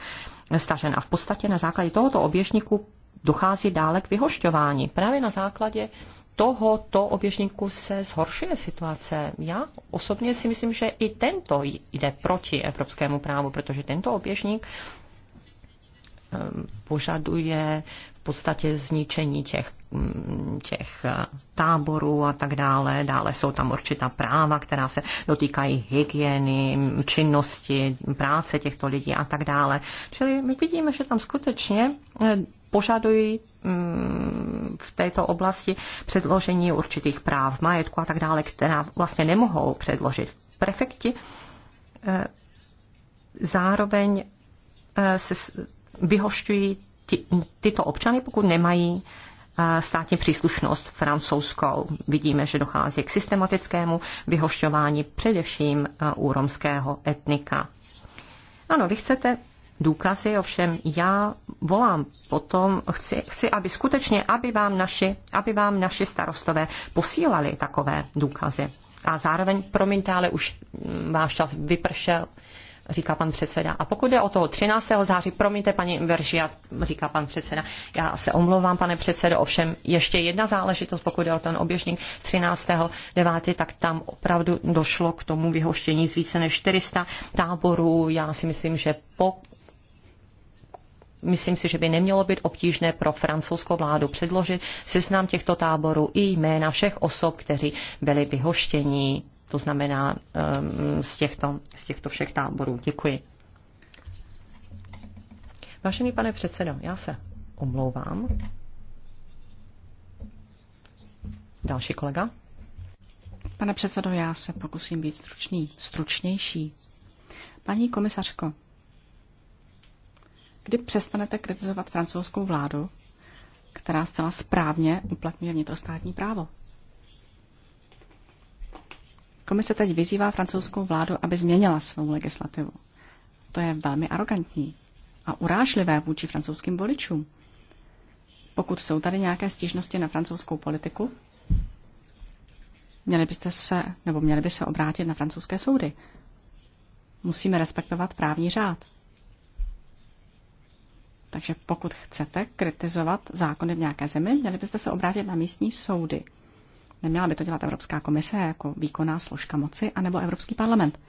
stažen. A v podstatě na základě tohoto oběžníku dochází dále k vyhošťování. Právě na základě tohoto oběžníku se zhoršuje situace. Já osobně si myslím, že i tento jde proti evropskému právu, protože tento oběžník ehm, požaduje v podstatě zničení těch, mm, těch eh, táborů a tak dále. Dále jsou tam určitá práva, která se dotýkají hygieny, činnosti, práce těchto lidí a tak dále. Čili my vidíme, že tam skutečně eh, požadují mm, v této oblasti předložení určitých práv, majetku a tak dále, která vlastně nemohou předložit prefekti. Eh, zároveň se vyhošťují ty, tyto občany, pokud nemají eh, státní příslušnost francouzskou. Vidíme, že dochází k systematickému vyhošťování především u eh, romského etnika. Ano, vy chcete důkazy, ovšem já volám potom, chci, chci aby skutečně, aby vám, naši, aby vám naši starostové posílali takové důkazy. A zároveň, promiňte, ale už mm, váš čas vypršel říká pan předseda. A pokud je o toho 13. září, promiňte, paní Veržia, říká pan předseda, já se omlouvám, pane předsedo, ovšem ještě jedna záležitost, pokud je o ten oběžník 13. 9., tak tam opravdu došlo k tomu vyhoštění z více než 400 táborů. Já si myslím, že po Myslím si, že by nemělo být obtížné pro francouzskou vládu předložit seznam těchto táborů i jména všech osob, kteří byli vyhoštěni to znamená ehm, z těchto, z těchto všech táborů. Děkuji. Vážený pane předsedo, já se omlouvám. Další kolega. Pane předsedo, já se pokusím být stručný, stručnější. Paní komisařko, kdy přestanete kritizovat francouzskou vládu, která zcela správně uplatňuje vnitrostátní právo? Komise teď vyzývá francouzskou vládu, aby změnila svou legislativu. To je velmi arrogantní a urážlivé vůči francouzským voličům. Pokud jsou tady nějaké stížnosti na francouzskou politiku, měli byste se, nebo měli by se obrátit na francouzské soudy. Musíme respektovat právní řád. Takže pokud chcete kritizovat zákony v nějaké zemi, měli byste se obrátit na místní soudy. Neměla by to dělat Evropská komise jako výkonná složka moci, anebo Evropský parlament.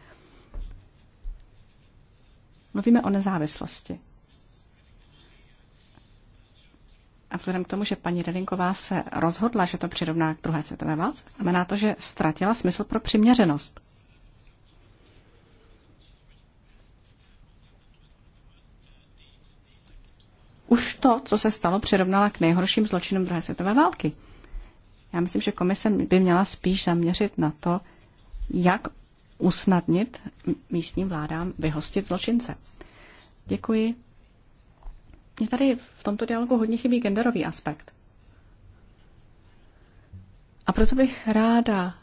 Mluvíme o nezávislosti. A vzhledem k tomu, že paní Redinková se rozhodla, že to přirovná k druhé světové válce, znamená to, že ztratila smysl pro přiměřenost. Už to, co se stalo, přirovnala k nejhorším zločinům druhé světové války. Já myslím, že komise by měla spíš zaměřit na to, jak usnadnit místním vládám vyhostit zločince. Děkuji. Mně tady v tomto dialogu hodně chybí genderový aspekt. A proto bych ráda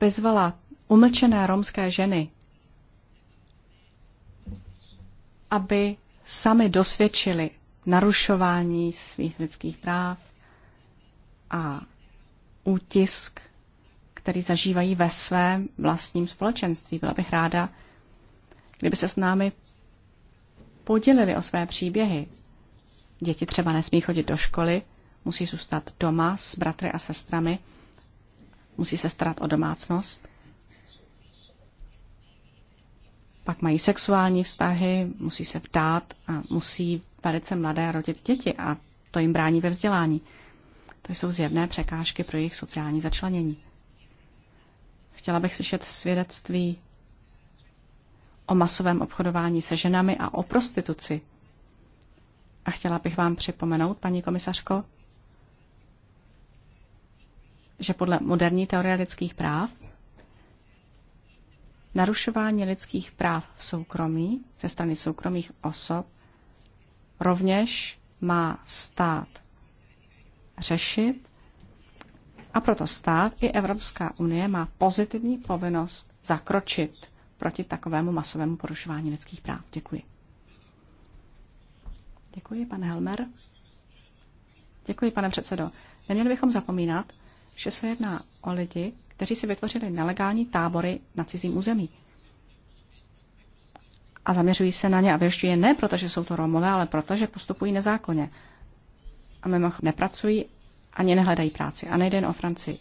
vyzvala umlčené romské ženy, aby sami dosvědčili narušování svých lidských práv a útisk, který zažívají ve svém vlastním společenství. Byla bych ráda, kdyby se s námi podělili o své příběhy. Děti třeba nesmí chodit do školy, musí zůstat doma s bratry a sestrami, musí se starat o domácnost. Pak mají sexuální vztahy, musí se vdát a musí velice mladé rodit děti a to jim brání ve vzdělání. To jsou zjevné překážky pro jejich sociální začlenění. Chtěla bych slyšet svědectví o masovém obchodování se ženami a o prostituci. A chtěla bych vám připomenout, paní komisařko, že podle moderní teorie lidských práv narušování lidských práv v soukromí ze strany soukromých osob rovněž má stát řešit. A proto stát i Evropská unie má pozitivní povinnost zakročit proti takovému masovému porušování lidských práv. Děkuji. Děkuji, pan Helmer. Děkuji, pane předsedo. Neměli bychom zapomínat, že se jedná o lidi, kteří si vytvořili nelegální tábory na cizím území. A zaměřují se na ně a věřují je ne proto, že jsou to Romové, ale proto, že postupují nezákonně a mimoch nepracují ani nehledají práci. A nejde jen o Francii.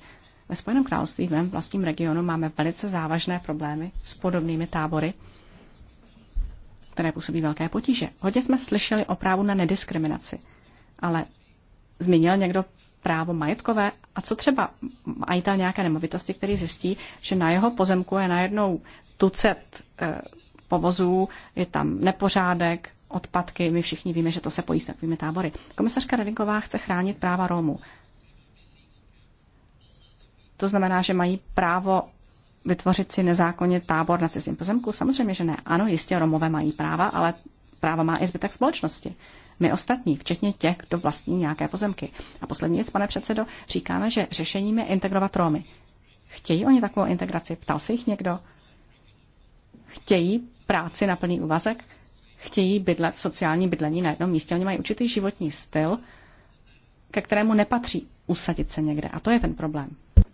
Ve Spojeném království, v mém vlastním regionu, máme velice závažné problémy s podobnými tábory, které působí velké potíže. Hodně jsme slyšeli o právu na nediskriminaci, ale zmínil někdo právo majetkové? A co třeba majitel nějaké nemovitosti, který zjistí, že na jeho pozemku je najednou tucet e, povozů, je tam nepořádek, odpadky. My všichni víme, že to se pojí s takovými tábory. Komisařka Redinková chce chránit práva Romů. To znamená, že mají právo vytvořit si nezákonně tábor na cizím pozemku? Samozřejmě, že ne. Ano, jistě Romové mají práva, ale práva má i zbytek společnosti. My ostatní, včetně těch, kdo vlastní nějaké pozemky. A poslední věc, pane předsedo, říkáme, že řešením je integrovat Romy. Chtějí oni takovou integraci? Ptal se jich někdo? Chtějí práci na plný úvazek? chtějí bydlet v sociální bydlení na jednom místě. Oni mají určitý životní styl, ke kterému nepatří usadit se někde. A to je ten problém.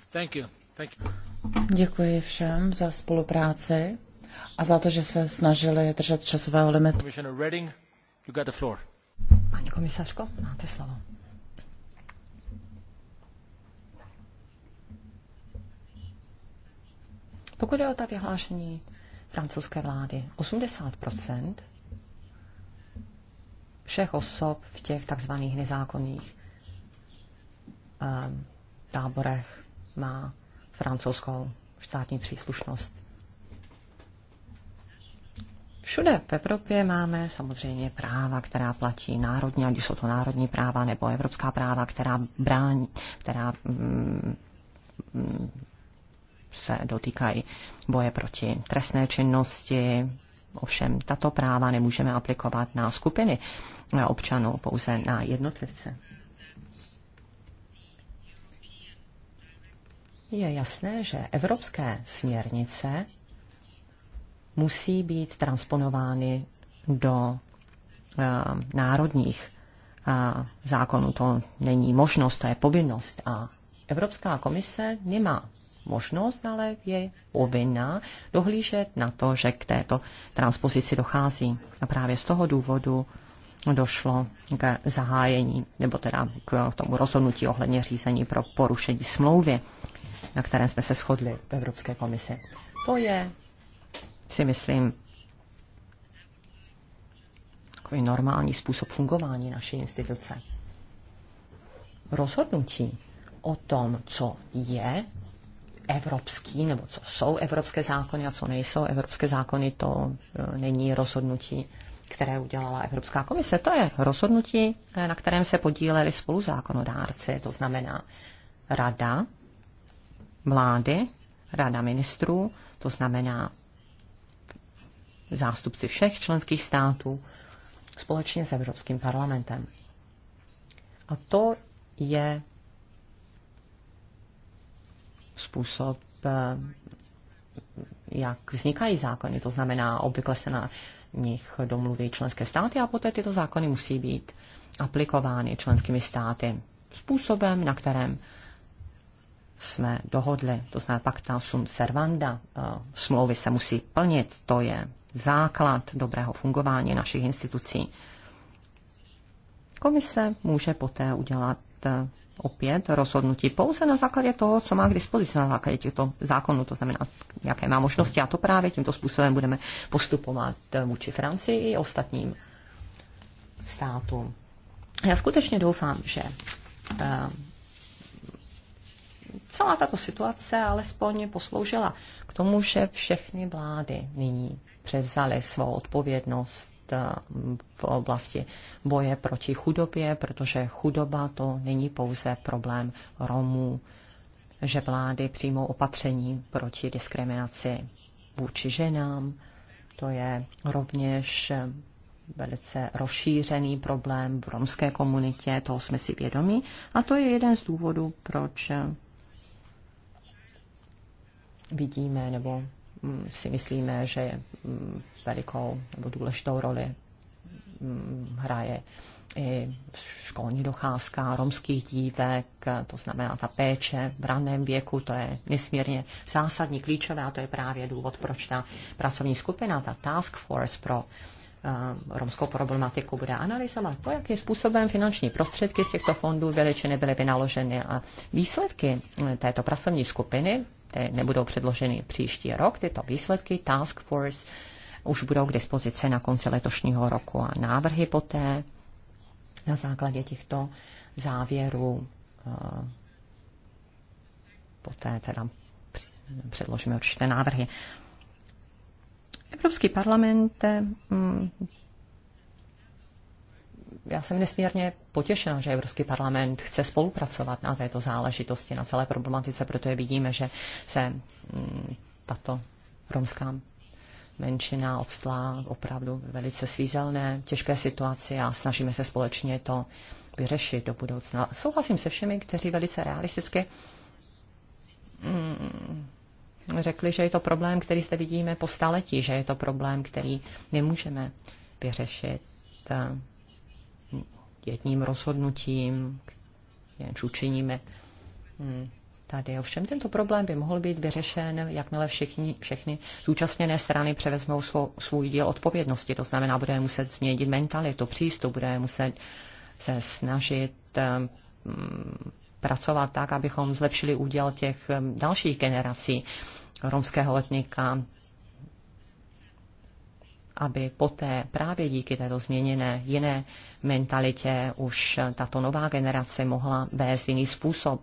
Thank you. Thank you. Děkuji všem za spolupráci a za to, že se snažili držet časového limitu. Paní komisařko, máte slovo. Pokud je o ta vyhlášení francouzské vlády, 80 všech osob v těch takzvaných nezákonných um, táborech má francouzskou státní příslušnost. Všude v Evropě máme samozřejmě práva, která platí národně, ať jsou to národní práva nebo evropská práva, která brání, která mm, mm se dotýkají boje proti trestné činnosti, Ovšem, tato práva nemůžeme aplikovat na skupiny občanů, pouze na jednotlivce. Je jasné, že evropské směrnice musí být transponovány do uh, národních uh, zákonů. To není možnost, to je povinnost. A Evropská komise nemá možnost, ale je povinná dohlížet na to, že k této transpozici dochází. A právě z toho důvodu došlo k zahájení, nebo teda k tomu rozhodnutí ohledně řízení pro porušení smlouvy, na kterém jsme se shodli v Evropské komisi. To je, si myslím, takový normální způsob fungování naší instituce. Rozhodnutí o tom, co je evropský, nebo co jsou evropské zákony a co nejsou evropské zákony, to e, není rozhodnutí, které udělala Evropská komise. To je rozhodnutí, e, na kterém se podíleli zákonodárci, to znamená rada vlády, rada ministrů, to znamená zástupci všech členských států společně s Evropským parlamentem. A to je způsob, jak vznikají zákony. To znamená, obvykle se na nich domluví členské státy a poté tyto zákony musí být aplikovány členskými státy způsobem, na kterém jsme dohodli. To znamená pacta sunt servanda. Eh, smlouvy se musí plnit. To je základ dobrého fungování našich institucí. Komise může poté udělat Eh, opět rozhodnutí pouze na základě toho, co má k dispozici na základě těchto zákonů, to znamená, jaké má možnosti. A to právě tímto způsobem budeme postupovat eh, vůči Francii i ostatním státům. Já skutečně doufám, že eh, celá tato situace alespoň posloužila k tomu, že všechny vlády nyní převzaly svou odpovědnost v oblasti boje proti chudobě, protože chudoba to není pouze problém Romů, že vlády přijmou opatření proti diskriminaci vůči ženám. To je rovněž velice rozšířený problém v romské komunitě, toho jsme si vědomí. A to je jeden z důvodů, proč vidíme nebo Mm, si myslíme, že mm, velikou nebo důležitou roli mm, hraje i školní docházka romských dívek, to znamená ta péče v raném věku, to je nesmírně zásadní, klíčové a to je právě důvod, proč ta pracovní skupina, ta task force pro eh, romskou problematiku bude analyzovat to, jakým způsobem finanční prostředky z těchto fondů byly či nebyly vynaloženy a výsledky eh, této pracovní skupiny nebudou předloženy příští rok, tyto výsledky Task Force už budou k dispozici na konci letošního roku a návrhy poté na základě těchto závěrů eh, poté teda předložíme určité návrhy. Evropský parlament eh, já jsem nesmírně potěšena, že Evropský parlament chce spolupracovat na této záležitosti, na celé problematice, protože vidíme, že se mm, tato romská menšina odstlá opravdu velice svízelné, těžké situaci a snažíme se společně to vyřešit do budoucna. Souhlasím se všemi, kteří velice realisticky mm, řekli, že je to problém, který zde vidíme po staletí, že je to problém, který nemůžeme vyřešit eh, jedním rozhodnutím, jenž učiníme. Hmm. Tady ovšem tento problém by mohl být vyřešen, jakmile všichni, všechny zúčastněné strany převezmou svou, svůj díl odpovědnosti. To znamená, budeme muset změnit mentalitu, přístup, budeme muset se snažit um, pracovat tak, abychom zlepšili úděl těch ehm, dalších generací romského letníka, aby poté právě díky této změněné jiné mentalitě už tato nová generace mohla vést jiný způsob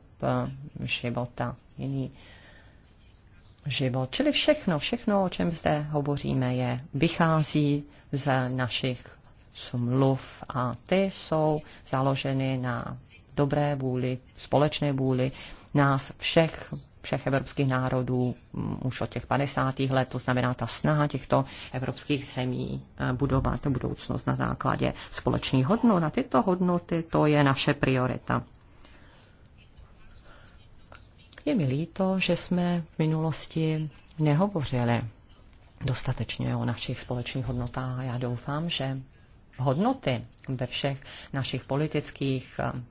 eh, života, jiný život. Čili všechno, všechno, o čem zde hovoříme, je, vychází z našich smluv a ty jsou založeny na dobré vůli, společné vůli nás všech všech evropských národů mm, už od těch 50. let, to znamená ta snaha těchto evropských zemí eh, budovat budoucnost na základě společných hodnot. Na tyto hodnoty to je naše priorita. Je mi líto, že jsme v minulosti nehovořili dostatečně o našich společných hodnotách. Já doufám, že hodnoty ve všech našich politických eh,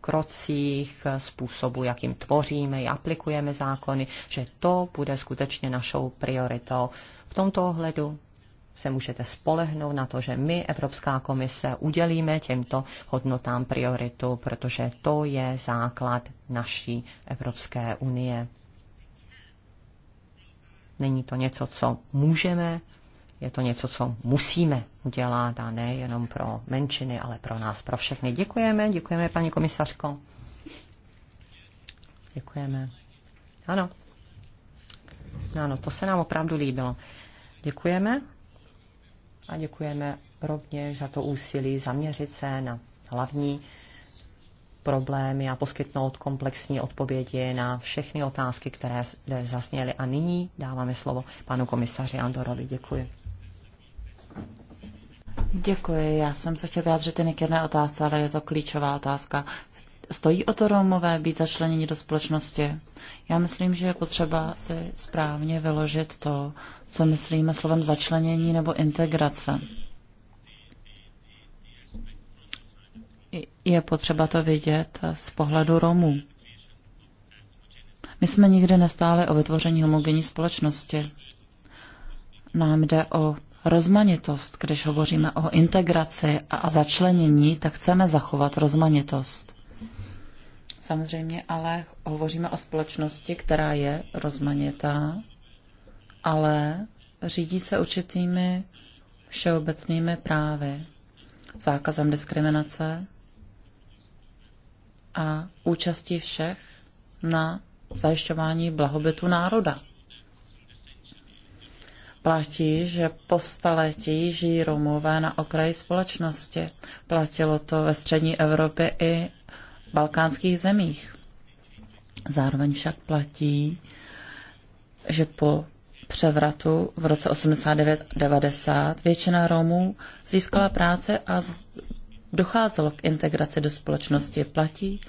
krocích, způsobu, jakým tvoříme i aplikujeme zákony, že to bude skutečně našou prioritou. V tomto ohledu se můžete spolehnout na to, že my, Evropská komise, udělíme těmto hodnotám prioritu, protože to je základ naší Evropské unie. Není to něco, co můžeme je to něco, co musíme udělat a ne jenom pro menšiny, ale pro nás, pro všechny. Děkujeme, děkujeme, paní komisařko. Děkujeme. Ano. Ano, to se nám opravdu líbilo. Děkujeme a děkujeme rovněž za to úsilí zaměřit se na hlavní problémy a poskytnout komplexní odpovědi na všechny otázky, které zde zazněly. A nyní dáváme slovo panu komisaři Andorovi. Děkuji. Děkuji, já jsem se chtěl vyjádřit jen k jedné otázce, ale je to klíčová otázka. Stojí o to Romové být začleněni do společnosti? Já myslím, že je potřeba si správně vyložit to, co myslíme slovem začlenění nebo integrace. Je potřeba to vidět z pohledu Romů. My jsme nikdy nestáli o vytvoření homogenní společnosti. Nám jde o rozmanitost. Když hovoříme o integraci a začlenění, tak chceme zachovat rozmanitost. Samozřejmě ale hovoříme o společnosti, která je rozmanitá, ale řídí se určitými všeobecnými právy, zákazem diskriminace a účastí všech na zajišťování blahobytu národa. Platí, že po staletí žijí Romové na okraji společnosti. Platilo to ve střední Evropě i balkánských zemích. Zároveň však platí, že po převratu v roce 89-90 většina Romů získala práce a docházelo k integraci do společnosti. Platí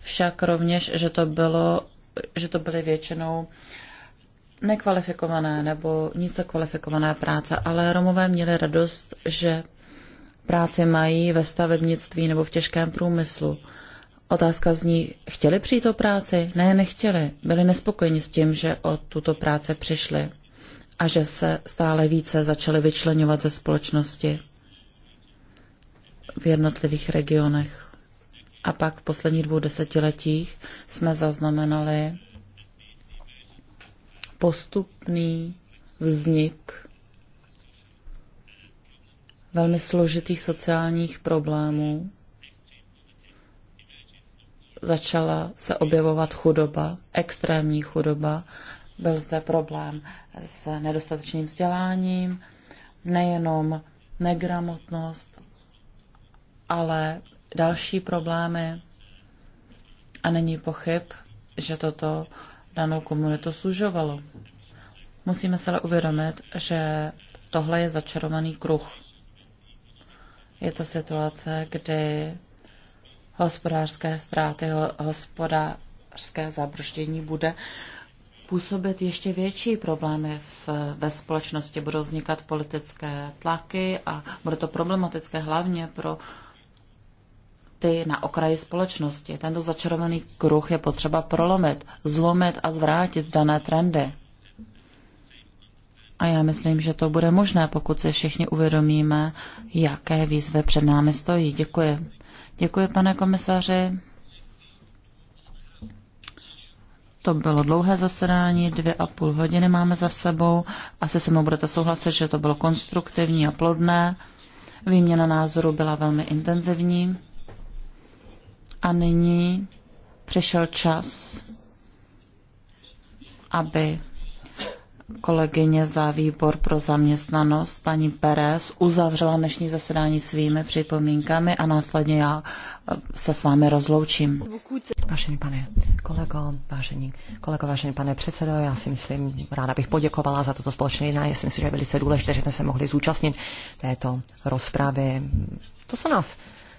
však rovněž, že to, bylo, že to byly většinou nekvalifikované nebo nízce kvalifikované práce, ale Romové měli radost, že práci mají ve stavebnictví nebo v těžkém průmyslu. Otázka zní, chtěli přijít o práci? Ne, nechtěli. Byli nespokojeni s tím, že o tuto práci přišli a že se stále více začaly vyčlenovat ze společnosti v jednotlivých regionech. A pak v posledních dvou desetiletích jsme zaznamenali postupný vznik velmi složitých sociálních problémů. Začala se objevovat chudoba, extrémní chudoba. Byl zde problém s nedostatečným vzděláním, nejenom negramotnost, ale další problémy. A není pochyb, že toto danou komunitu služovalo. Musíme se ale uvědomit, že tohle je začarovaný kruh. Je to situace, kdy hospodářské ztráty, hospodářské zabrždění bude působit ještě větší problémy v, ve společnosti. Budou vznikat politické tlaky a bude to problematické hlavně pro uh, ty na okraji společnosti. Tento začarovaný kruh je potřeba prolomit, zlomit a zvrátit dané trendy. A já myslím, že to bude možné, pokud se všichni uvědomíme, jaké výzvy před námi stojí. Děkuji. Děkuji, pane komisaři. To bylo dlouhé zasedání, dvě a půl hodiny máme za sebou. Asi se mnou budete souhlasit, že to bylo konstruktivní a plodné. Výměna názoru byla velmi intenzivní. A nyní přišel čas, aby kolegyně za výbor pro zaměstnanost, paní Perez, uzavřela dnešní zasedání svými připomínkami a následně já eh, se s vámi rozloučím. Vážený pane kolego, vážený kolego, vážený pane předsedo, já si myslím, ráda bych poděkovala za toto společné jednání. Já si myslím, že je velice důležité, že jsme se mohli zúčastnit této rozpravy. To, co nás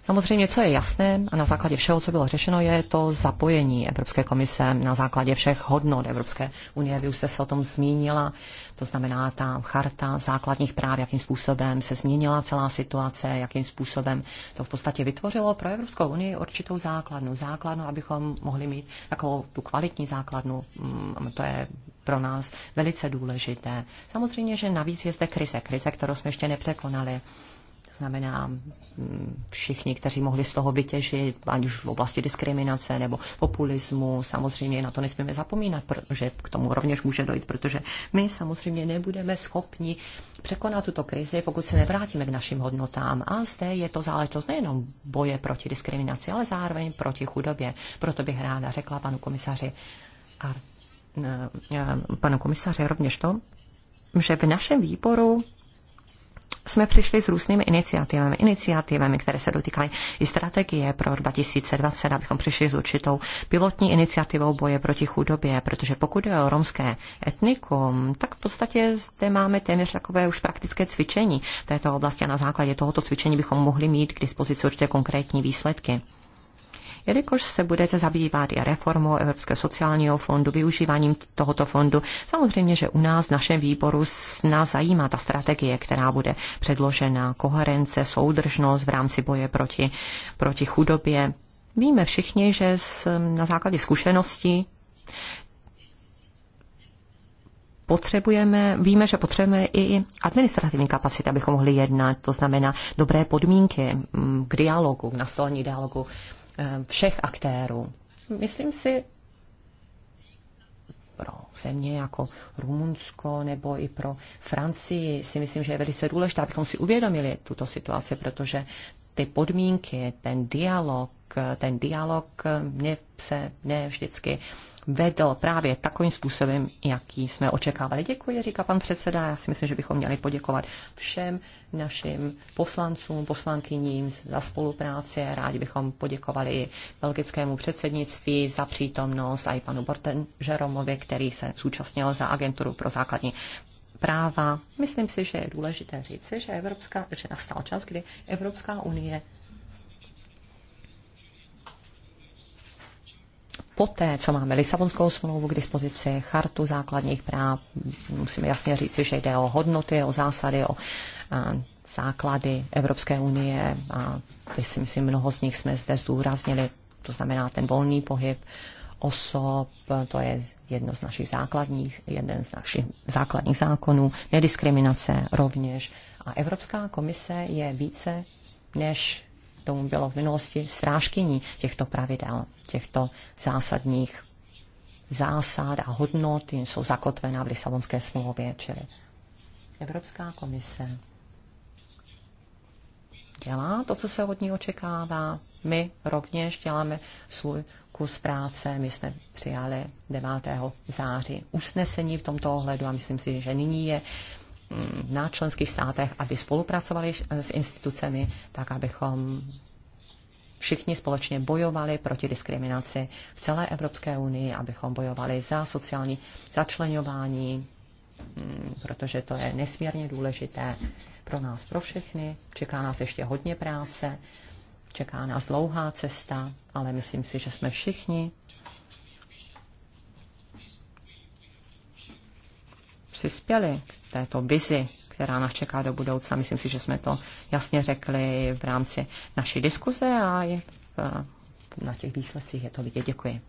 Samozřejmě, co je jasné a na základě všeho, co bylo řešeno, je to zapojení Evropské komise na základě všech hodnot Evropské unie. Vy už jste se o tom zmínila, to znamená ta charta základních práv, jakým způsobem se změnila celá situace, jakým způsobem to v podstatě vytvořilo pro Evropskou unii určitou základnu. Základnu, abychom mohli mít takovou tu kvalitní základnu, mm, to je pro nás velice důležité. Samozřejmě, že navíc je zde krize, krize, kterou jsme ještě nepřekonali znamená mm, všichni, kteří mohli z toho vytěžit, ať už v oblasti diskriminace nebo populismu, samozřejmě na to nesmíme zapomínat, protože k tomu rovněž může dojít, protože my samozřejmě nebudeme schopni překonat tuto krizi, pokud se nevrátíme k našim hodnotám. A zde je to záležitost nejenom boje proti diskriminaci, ale zároveň proti chudobě. Proto bych ráda řekla panu komisaři a eh, eh, panu komisaři rovněž to, že v našem výboru jsme přišli s různými iniciativami, iniciativami, které se dotýkají. i strategie pro 2020, abychom přišli s určitou pilotní iniciativou boje proti chudobě, protože pokud je o romské etnikum, tak v podstatě zde máme téměř takové už praktické cvičení v této oblasti a na základě tohoto cvičení bychom mohli mít k dispozici určitě konkrétní výsledky. Jelikož se budete zabývat i reformou Evropského sociálního fondu, využíváním tohoto fondu, samozřejmě, že u nás, v našem výboru, nás zajímá ta strategie, která bude předložena, koherence, soudržnost v rámci boje proti, proti chudobě. Víme všichni, že na základě zkušeností potřebujeme, víme, že potřebujeme i administrativní kapacity, abychom mohli jednat, to znamená dobré podmínky k dialogu, k nastolení dialogu Eh, všech aktérů. Myslím si, pro země jako Rumunsko nebo i pro Francii si myslím, že je velice důležité, abychom si uvědomili tuto situaci, protože ty podmínky, ten dialog, ten dialog mě se ne vždycky vedl právě takovým způsobem, jaký jsme očekávali. Děkuji, říká pan předseda. Já si myslím, že bychom měli poděkovat všem našim poslancům, poslankyním za spolupráci. Rádi bychom poděkovali i belgickému předsednictví za přítomnost a i panu Borten Žeromovi, který se zúčastnil za agenturu pro základní práva. Myslím si, že je důležité říci, že, Evropská, že nastal čas, kdy Evropská unie poté, co máme Lisabonskou smlouvu k dispozici, chartu základních práv, musíme jasně říci, že jde o hodnoty, o zásady, o a, základy Evropské unie a ty si myslím, mnoho z nich jsme zde zdůraznili, to znamená ten volný pohyb osob, to je jedno z našich základních, jeden z našich základních zákonů, nediskriminace rovněž. A Evropská komise je více než tomu bylo v minulosti strážkyní těchto pravidel, těchto zásadních zásad a hodnot, jim jsou zakotvená v Lisabonské smlouvě, čili Evropská komise dělá to, co se od ní očekává. My rovněž děláme svůj kus práce. My jsme přijali 9. září usnesení v tomto ohledu a myslím si, že nyní je mm, na členských státech, aby spolupracovali s institucemi, tak abychom všichni společně bojovali proti diskriminaci v celé Evropské unii, abychom bojovali za sociální začlenování, mm, protože to je nesmírně důležité pro nás, pro všechny. Čeká nás ještě hodně práce Čeká nás dlouhá cesta, ale myslím si, že jsme všichni přispěli k této vizi, která nás čeká do budoucna. Myslím si, že jsme to jasně řekli v rámci naší diskuze a i na těch výsledcích je to vidět. Děkuji.